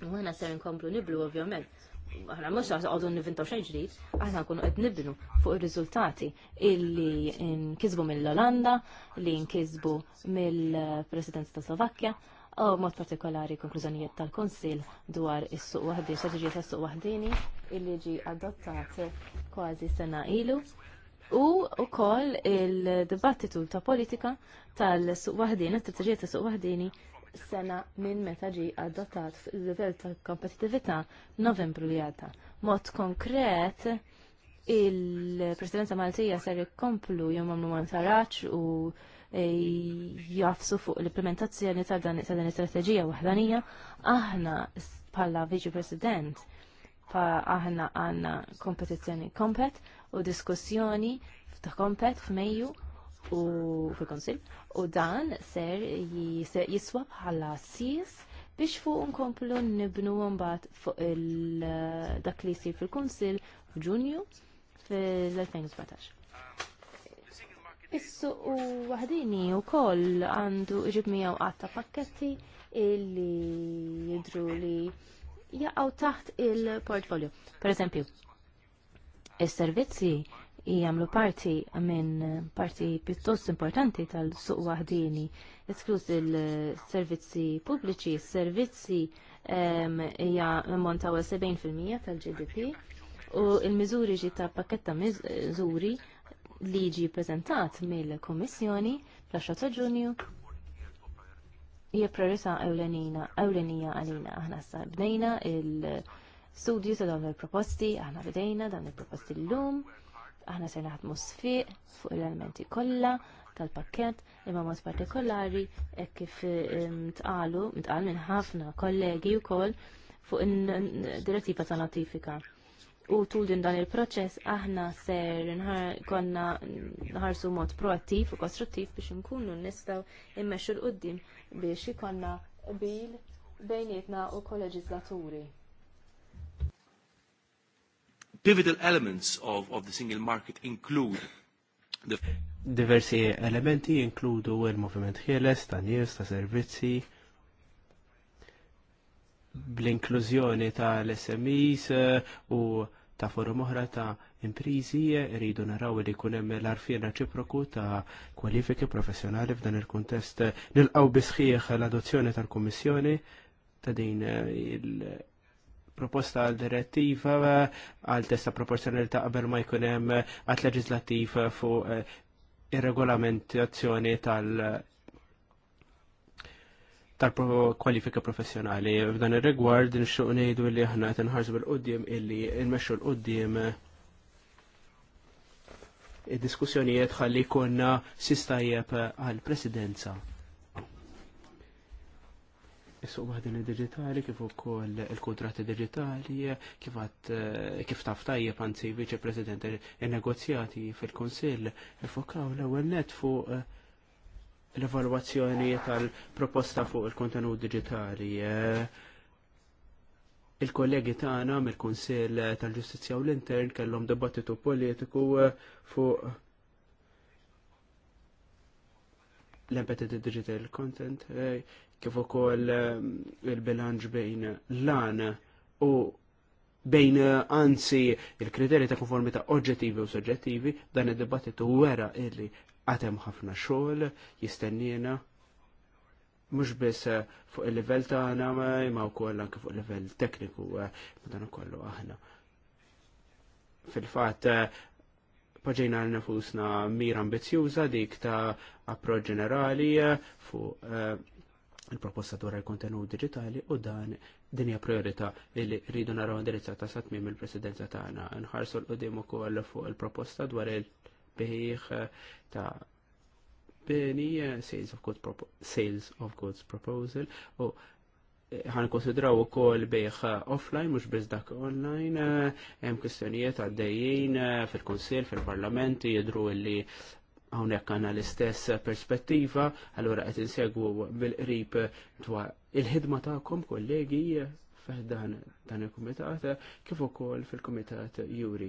U għana ser nkomplu niblu ovvjament aħna mhux għadu nivintaw xejn ġrid, aħna nkunu qed nibnu fuq ir-riżultati illi nkisbu mill-Olanda, li nkisbu mill-Presidenza ta' Slovakkja, u mod partikolari konklużjonijiet tal-Konsil dwar is-suq wahdi, strategija ta' suq waħdini illi ġi adottat kważi sena ilu. U ukoll il-dibattitu ta' politika tal-suq wahdini, strategija ta' suq waħdini sena minn meta ġie adottat fil il-livell tal kompetitività novembru li għadda. Mod konkret, il-Presidenza Maltija ser ikkomplu jom għamlu monitoraċ u e, jafsu fuq l-implementazzjoni ta' dan l-istrateġija waħdanija. Aħna bħala Viċi President pa aħna għanna kompetizzjoni kompet u diskussjoni ta' kompet f'Mejju u fil-konsil u dan ser jiswa bħala sis biex fuq nkomplu nibnu mbagħad fuq dak li jsir fil-Kunsill f'Ġunju fil-2017. Issu u waħdini u koll għandu iġib u għatta pakketti illi jidru li jaqgħu taħt il-portfolio. Per eżempju, il servizzi jgħamlu parti minn parti pjuttost importanti tal-suq wahdini, esklus il-servizzi pubbliċi, servizzi ehm, hija montaw 70% tal-GDP u il-miżuri ġi ta' pakketta miżuri li ġi prezentat mill komissjoni fl-10 ta' Ġunju hija priorità ewlenina ewlenija għalina aħna sa bdejna il-studju ta' dawn il-proposti, aħna bdejna dawn il-proposti l-lum. il proposti l lum Aħna se naħdmu sfiq fuq l-elementi kollha tal-pakket imma mod partikolari hekk kif ntqalu ehm, ntqal minn ħafna kollegi wkoll fuq in-direttiva ta' notifika. U tul din dan il-proċess aħna ser konna nħarsu mod proattiv u kostruttiv biex nkunu nistaw immexxu l qudiem biex ikonna bil bejnietna u kolleġislaturi pivotal elements of, of the single market include the Diversi elementi jinkludu il movement ħieles, ta' nies, ta' servizzi, bl-inklużjoni ta' l-SMEs eh, u ta' forum oħra ta' imprizi eh, rridu naraw li jkun hemm l-arfien reċiproku ta' kwalifiki professjonali f'dan il-kuntest nilqgħu bisħiħ l-adozzjoni tal-Kummissjoni ta' din eh, il- proposta għal direttiva għal testa proporzjonalità qabel ma jkun hemm għat leġislattiv fuq eh, ir-regolamentazzjoni tal- tal-kwalifika professjonali. F'dan ir-rigward nixtieq ngħidu li aħna qed inħarsu bil-qudiem illi nmexxu l-qudiem id-diskussjonijiet ħalli konna sistajjeb għal-presidenza is-suq waħdin digitali kif ukoll il-kuntratti digitali kif kif taf tajjeb anzi viċi President in-negozjati fil-Kunsill fokaw l-ewwel net fuq eh, l-evalwazzjoni tal-proposta fuq il-kontenut digitali. Eh, il-kollegi tagħna mill-Kunsill tal-Ġustizzja u l-Intern kellhom dibattitu politiku eh, fuq l-embedded digital content kif ukoll eh, il-bilanċ bejn lan u bejn eh, anzi il-kriterji ta' konformità oġġettivi u soġġettivi dan id-dibattitu wera illi għatem ħafna xogħol jistennina mhux biss eh, fuq il-livell tagħna imma wkoll anke fuq il-livell tekniku ma dan ukollu aħna. Fil-fatt paġejna għal nefusna mira ambizjuża dik ta' approċ ġenerali fuq il-proposta dwar il-kontenut digitali u dan dinja priorità li rridu naraw indirizzata sa tmiem il-presidenza tagħna. Nħarsu l-qudiem ukoll fuq il-proposta dwar il-bejħ ta' bini sales of goods, sales of goods proposal u ħan konsidraw ukoll bejħ offline mhux biss dak online hemm kwistjonijiet għaddejjin fil-Kunsill fil-Parlament jidhru li hawnhekk għandna l-istess perspettiva, allura qed insegwu bil qrib dwar il-ħidma tagħkom kollegi fħeddan dan il-kumitat kif ukoll fil-kumitat juri.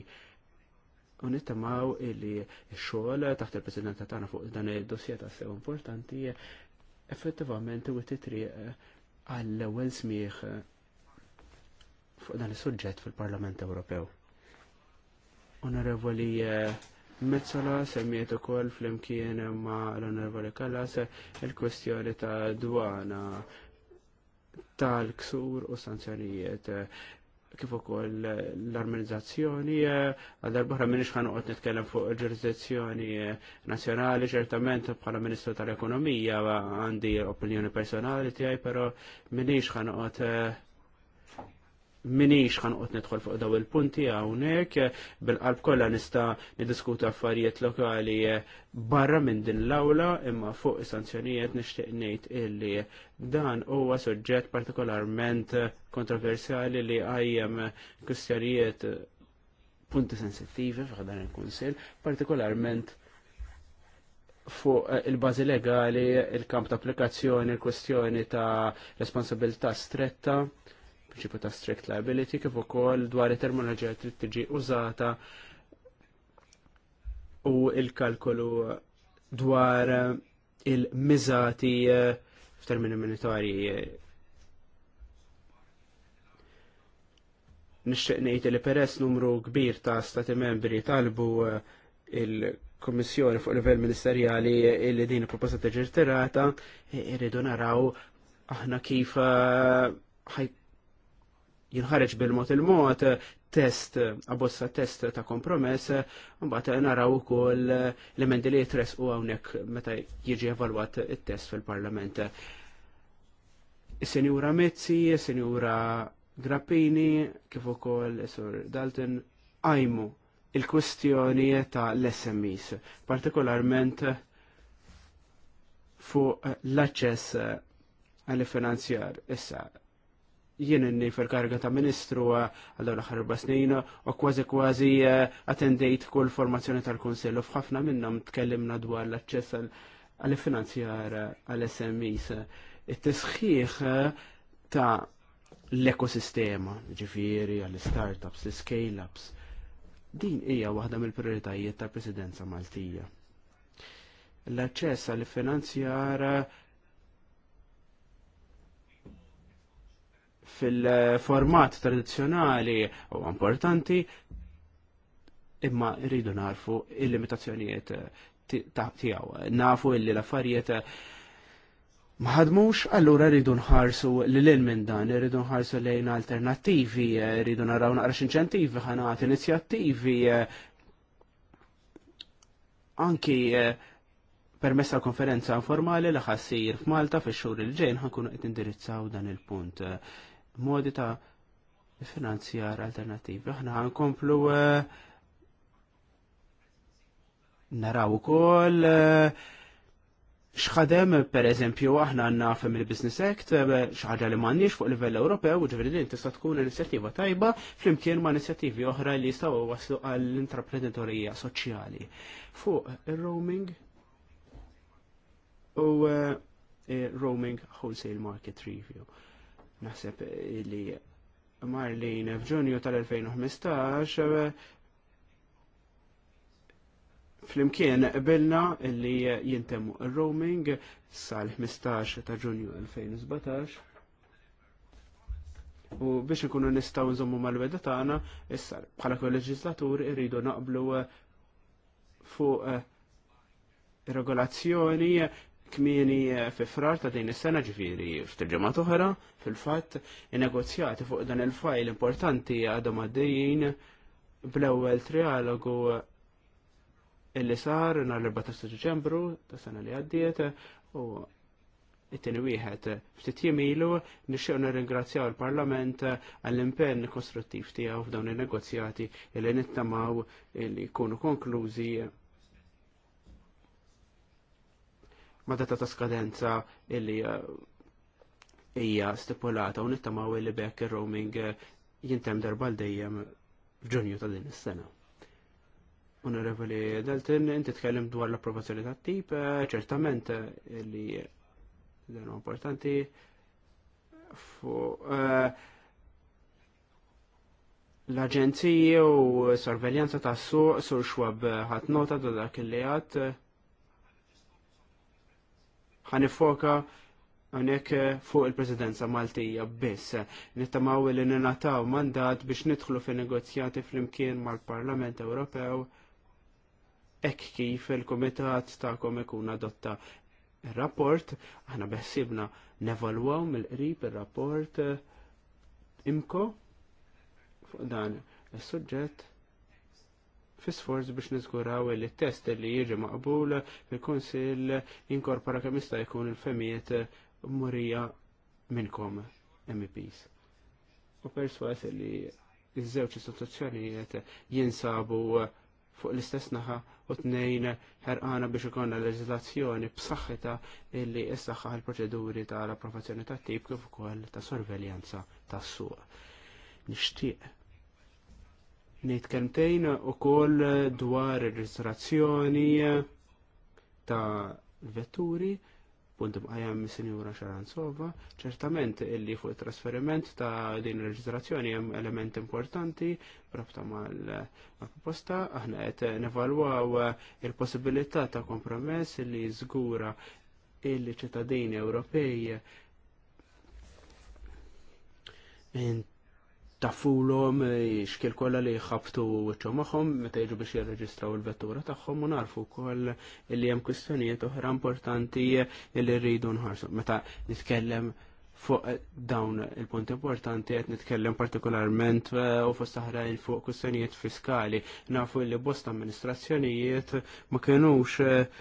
U nittamaw li x-xogħol taħt il-Presidenta tagħna fuq dan id-dossier ta' sew importanti effettivament u titriq għall-ewwel smieħ fuq dan is-suġġett fil-Parlament Ewropew. Onorevoli eh, Mezzala semmiet ukoll flimkien ma' l onorvoli Kallas il-kwestjoni ta' dwana tal-ksur u sanzjonijiet kif ukoll l-armonizzazzjoni għal darbaħra minix ħanqot nitkellem fuq il-ġurisdizzjoni nazzjonali ċertament bħala Ministru tal-Ekonomija għandi opinjoni personali tiegħi però minix ħanqot minix ħan qot nedħol fuq daw il-punti għawnek, bil-qalb kolla nista nidiskuta affarijiet lokali barra minn din l-awla, imma fuq sanzjonijiet nishtiq ngħid illi dan huwa suġġett partikolarment kontroversjali li għajjem kustjarijiet punti sensittivi f'ħadan il-Kunsil, partikolarment fuq il-bazi legali, il-kamp ta' applikazzjoni, il-kwestjoni ta' responsabilità stretta, il-prinċipju ta' strict liability kif ukoll dwar it-terminoloġija trid tiġi użata u il-kalkolu dwar il-miżati eh, f'termini monetarji eh. nixtieq ngħid li peress numru kbir ta' stati membri talbu eh, il-Kommissjoni fuq livell ministerjali li din il-proposta tiġi tirata, irridu naraw aħna kif jinħareġ bil-mod il-mod test, abbozza test ta' kompromess, mbagħad naraw ukoll l-emendi li jitres u hawnhekk meta jiġi evalwat it-test fil-Parlament. Is-Senjura Mezzi, is-Senjura Grappini, kif ukoll is-Sur Dalton għajmu il-kwestjoni ta' l smis partikolarment fuq l-aċċess għall-finanzjar issa jien inni fil-karga ta' ministru eh, għal l-aħħar snin u kważi kważi eh, attendejt kull formazzjoni tal konsell u f'ħafna minnhom tkellimna dwar l-aċċess għall finanzjar eh, għall smis It-tisħiħ ta' l-ekosistema, ġifieri għall-startups, l-scale-ups. Din hija waħda mill-prioritajiet tal-Presidenza Maltija. L-aċċess għall finanzjar fil-format tradizjonali u importanti imma rridu narfu il-limitazzjonijiet tiegħu. Nafu illi l-affarijiet maħadmux, allura rridu nħarsu l-lil minn dan, rridu nħarsu lejn alternattivi, rridu naraw naqra inċentivi, ħanat inizjattivi, anki permessa tal konferenza informali li ħassir f'Malta fix xhur il-ġejn ħankunu qed indirizzaw dan il-punt modi ta' finanzjar alternativi. Aħna ħankomplu eh, naraw ukoll eh, xħadem, per eżempju, aħna għanna Family Business Act, eh, xaħġa li m'għandniex fuq livell Ewropew, ġveri din tista' tkun inizjattiva tajba flimkien ma' inizjattivi oħra li jistgħu waslu għall-intraprenditorija soċjali. Fuq il-roaming u roaming wholesale market review. Naħseb li Marlin f'Ġunju tal-2015 flimkien bilna li jintemmu roaming sal-15 ta' Ġunju 2017. U biex nkunu nistaw nżommu mal-weda tagħna, issa bħala kol leġislatur irridu naqblu fuq regolazzjoni kmieni eh, fi frar ta' din is-sena ġifiri f'tirġimgħa oħra, fil-fatt in-negozjati fuq dan il-fajl importanti għadhom għaddejjin bl-ewwel trialogu illi sar nhar 14 Deċembru ta' sena li għaddiet u it-tieni wieħed ftit jimilu nixxew nirringrazzjaw il-Parlament għall-impenn kostruttiv tiegħu f'dawn in-negozjati illi nittamaw li jkunu konklużi ma data ta' skadenza illi eh, hija stipulata u nittamaw li bekk il roaming eh, jintem darbal dejjem f'Ġunju ta' din is-sena. Onorevoli Dalton, inti tkellem dwar l-approvazzjoni tat tip, eh, ċertament li dan importanti l-aġenziji u sorveljanza tas suq sur xwab ħat nota da dak li għad ħanifoka għonek eh, fuq il-presidenza Maltija biss. Nittamaw li ninataw mandat biex nidħlu fi negozjati fl-imkien mal-Parlament Ewropew ek kif il-komitat ta' ikun adotta il-rapport, aħna beħsibna nevalwaw mill-qrib il-rapport eh, imko fuq dan il sujġet fi sforz biex niżguraw li t-test li jiġi maqbul fil-Kunsill inkorpora kemm jista' jkun il-femijiet murija minnkom MEPs. U perswas li iż-żewġ istituzzjonijiet jinsabu fuq l-istess naħa u t tnejn ħerqana biex ikonna leġislazzjoni b'saħħitha illi issaħħaħ l proċeduri tal-approvazzjoni tat-tip kif ukoll ta' sorveljanza tas-suq. Nixtieq Nejt kelmtejn u koll dwar il-restorazzjoni ta' vetturi, punt mis sinjura Xaranzova, ċertament illi fuq trasferiment ta' din il-reġistrazzjoni hemm element importanti rabta mal-proposta, aħna qed nevalwaw il-possibilità ta' kompromess illi zgura illi ċittadini Ewropej tafulhom eh, xkil kollha li jħabtu wiċċu magħhom meta jiġu biex jirreġistraw il-vettura tagħhom u narfu wkoll li hemm kwistjonijiet oħra importanti li rridu nħarsu. Meta nitkellem fuq dawn il punti importanti qed nitkellem partikolarment eh, u fost taħrajn fuq kwistjonijiet fiskali. Nafu li bost amministrazzjonijiet ma kienux eh,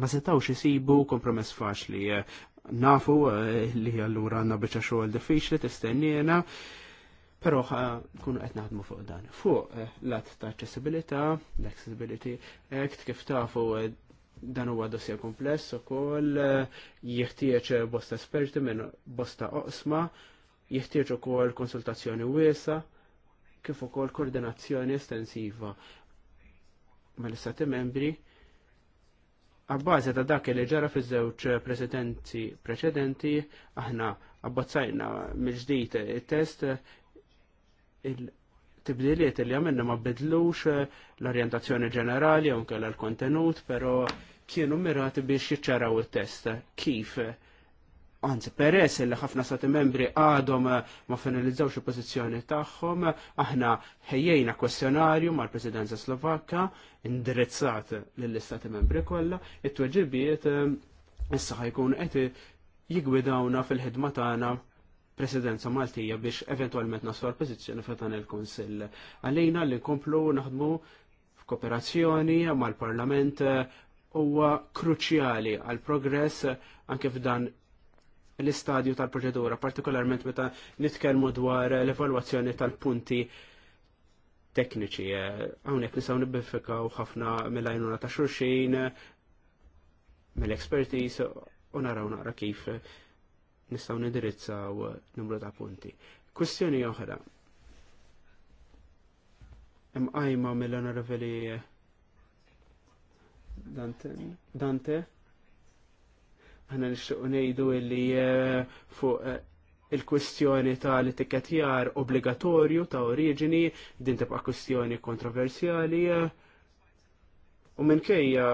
ma setawx isibu kompromess faċli nafu eh, li allura għanna bieċa xogħol diffiċli tistennina, però kunu qed naħdmu fuq dan. Fuq eh, l-att ta' accessibilità, l-accessibility act kif tafu eh, dan huwa dossier kompless ukoll jeħtieġ bosta esperti minn bosta oqsma, jeħtieġ ukoll konsultazzjoni wiesa, kif ukoll koordinazzjoni estensiva mal-istati membri Għabbażi ta' dak li ġara fi żewġ presidenti preċedenti, aħna abbozzajna mill-ġdid il-test il-tibdiliet li għamilna ma bidlux l-orientazzjoni ġenerali, unke l-kontenut, pero kienu mirati biex jiċċaraw il-test. Kif? Anzi, peress li ħafna stati membri għadhom eh, ma finalizzawx il-pożizzjoni tagħhom, aħna ħejjejna kwestjonarju mal-Presidenza Slovakka indirizzat lill-istati membri kollha, it-tweġibiet eh, issa ħajkun qed jigwidawna fil-ħidma tagħna Presidenza Maltija biex eventualment naslu l-pożizzjoni dan il-Kunsill. Għalina li nkomplu naħdmu f'kooperazzjoni mal-Parlament eh, huwa kruċjali għal progress anke f'dan l-istadju tal-proċedura, partikolarment meta nitkellmu dwar l-evalwazzjoni tal-punti tekniċi. Hawnhekk nistgħu nibbifikaw ħafna mill-għajnuna ta' xulxin, mill-expertise u naraw naqra kif nistgħu nindirizzaw numru ta' punti. Kwestjoni oħra. Imqajma mill-onorevoli Dante. Dante ħana nixtiequ ngħidu li eh, fuq eh, il-kwestjoni tal-etikettjar obbligatorju ta' oriġini din tibqa' kwestjoni kontroversjali eh, u minkejja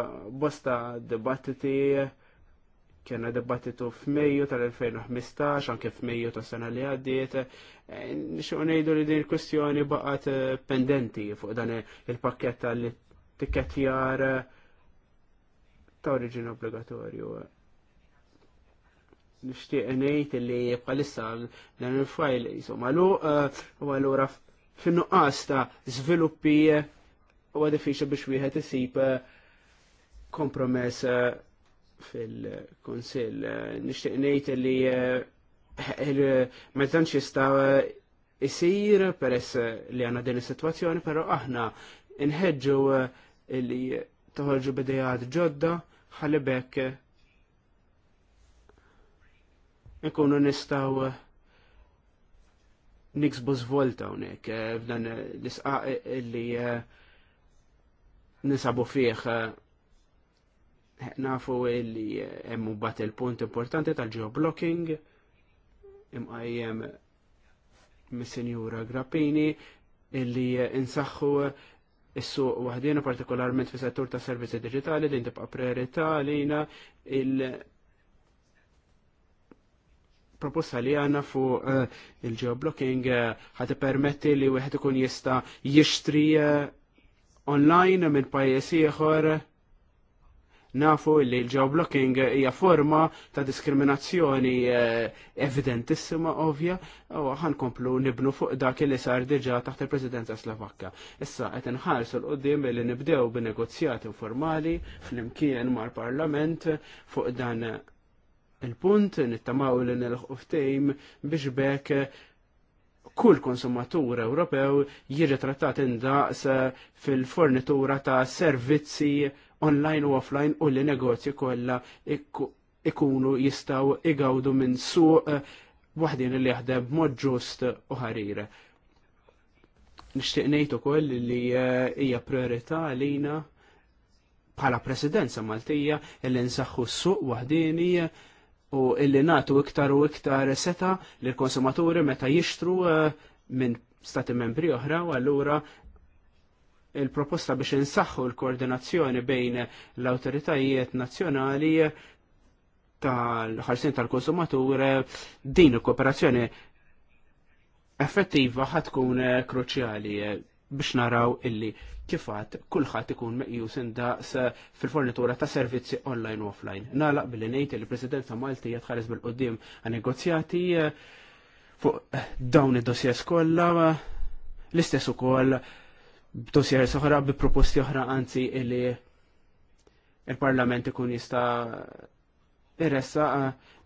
bosta dibattiti kienna dibattitu f'Mejju tal-2015, anke f'Mejju ta' sena li għaddiet, nixuq ngħidu li din il-kwestjoni baqgħet pendenti fuq dan il-pakket tal-tikketjar ta' oriġini obbligatorju nishtiq ngħid li bħalissa dan il-fajl jisom għalu eh, u allura finnu qasta zviluppi żviluppi eh, huwa diffiċli biex wieħed isib eh, kompromess fil konsil Nixtieq ngħid li ma tantx jista' isir peress li għandna din is-sitwazzjoni, però aħna inħedġu li toħorġu bidejat ġodda ħalli bekk nkunu nistaw eh, niksbu zvolta unik eh, f'dan eh, l-isqaq li nisabu fih nafu li hemm bat il-punt importanti tal-geoblocking imqajjem mis-senjura Grappini illi insaħħu is-suq waħdina partikolarment fis settur ta' servizzi digitali li ntibqa' priorità lina il- proposta li għanna fuq eh, il-geoblocking eh, ħat permetti li wieħed ikun jista jixtri eh, online minn pajjiż ieħor nafu li l-geoblocking hija forma ta' diskriminazzjoni evidentissima ovvja u ħankomplu nibnu fuq dak li sar diġà taħt il-Presidenza Slovakka. Issa qed inħarsu l-qudiem li nibdew b'negozjati informali fl-imkien mal-Parlament fuq dan il-punt nittamaw li nilħu ftejm biex bekk kull konsumatur Ewropew jiġi trattat indaqs fil-fornitura ta' servizzi online u offline u li negozji kollha ikunu jistaw igawdu minn suq waħdin li jaħdem mod ġust u ħarire. Nixtieq ngħid ukoll li eh, hija priorità għalina bħala presidenza Maltija li nsaħħu s-suq waħdini u illi natu iktar u iktar seta li konsumaturi meta jixtru eh, minn stati membri oħra u allura il-proposta biex insaħħu l-koordinazzjoni bejn l-autoritajiet nazzjonali tal-ħarsin tal-konsumatur eh, din il-kooperazzjoni effettiva ħatkun eh, kruċjali biex naraw illi kifat kulħadd ikun meqjus indaqs fil-fornitura ta' servizzi online u offline. Nalaq billi ngħid li presidenza Malti jadħares bil-qudiem għan negozjati eh, fuq eh, dawn id-dossiers kollha eh, l-istess ukoll dossiers oħra bi proposti oħra anzi illi il-Parlament ikun jista' irressa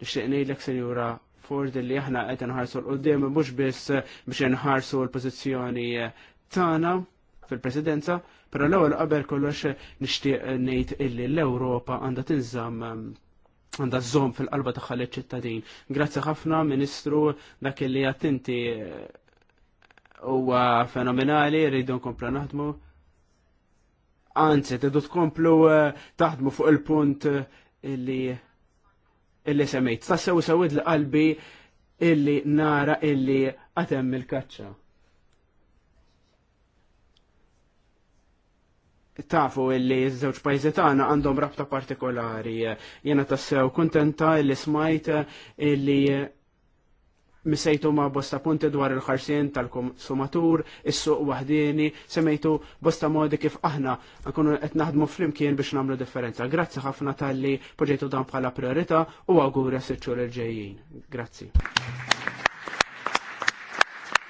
nixtieq ngħidlek Sinjura Ford li aħna qed nħarsu l qoddim mhux biss biex nħarsu l-pożizzjoni Tana fil-presidenza, però l-ewwel qabel kollox nixtieq ngħid illi l-Ewropa għandha tinżamm ehm, għandha żżomm fil-qalba tagħha liċ-ċittadin. Grazzi ħafna Ministru dak illi inti eh, huwa fenomenali, rridu nkomplu naħdmu. Anzi, tiddu tkomplu eh, taħdmu fuq il-punt eh, illi illi semmejt. Tassew sewid l-qalbi illi nara illi għatem il-kaċċa. tafu illi żewġ pajjiżi tagħna għandhom rabta partikolari. Jiena tassew kuntenta illi smajt illi misejtu ma' bosta punti dwar il-ħarsien tal-konsumatur, is-suq wahdini, semejtu bosta modi kif aħna nkunu qed naħdmu flimkien biex nagħmlu differenza. Grazzi ħafna tal-li poġġejtu dan bħala priorità u għaguri s-sitxur il-ġejjin. Grazzi.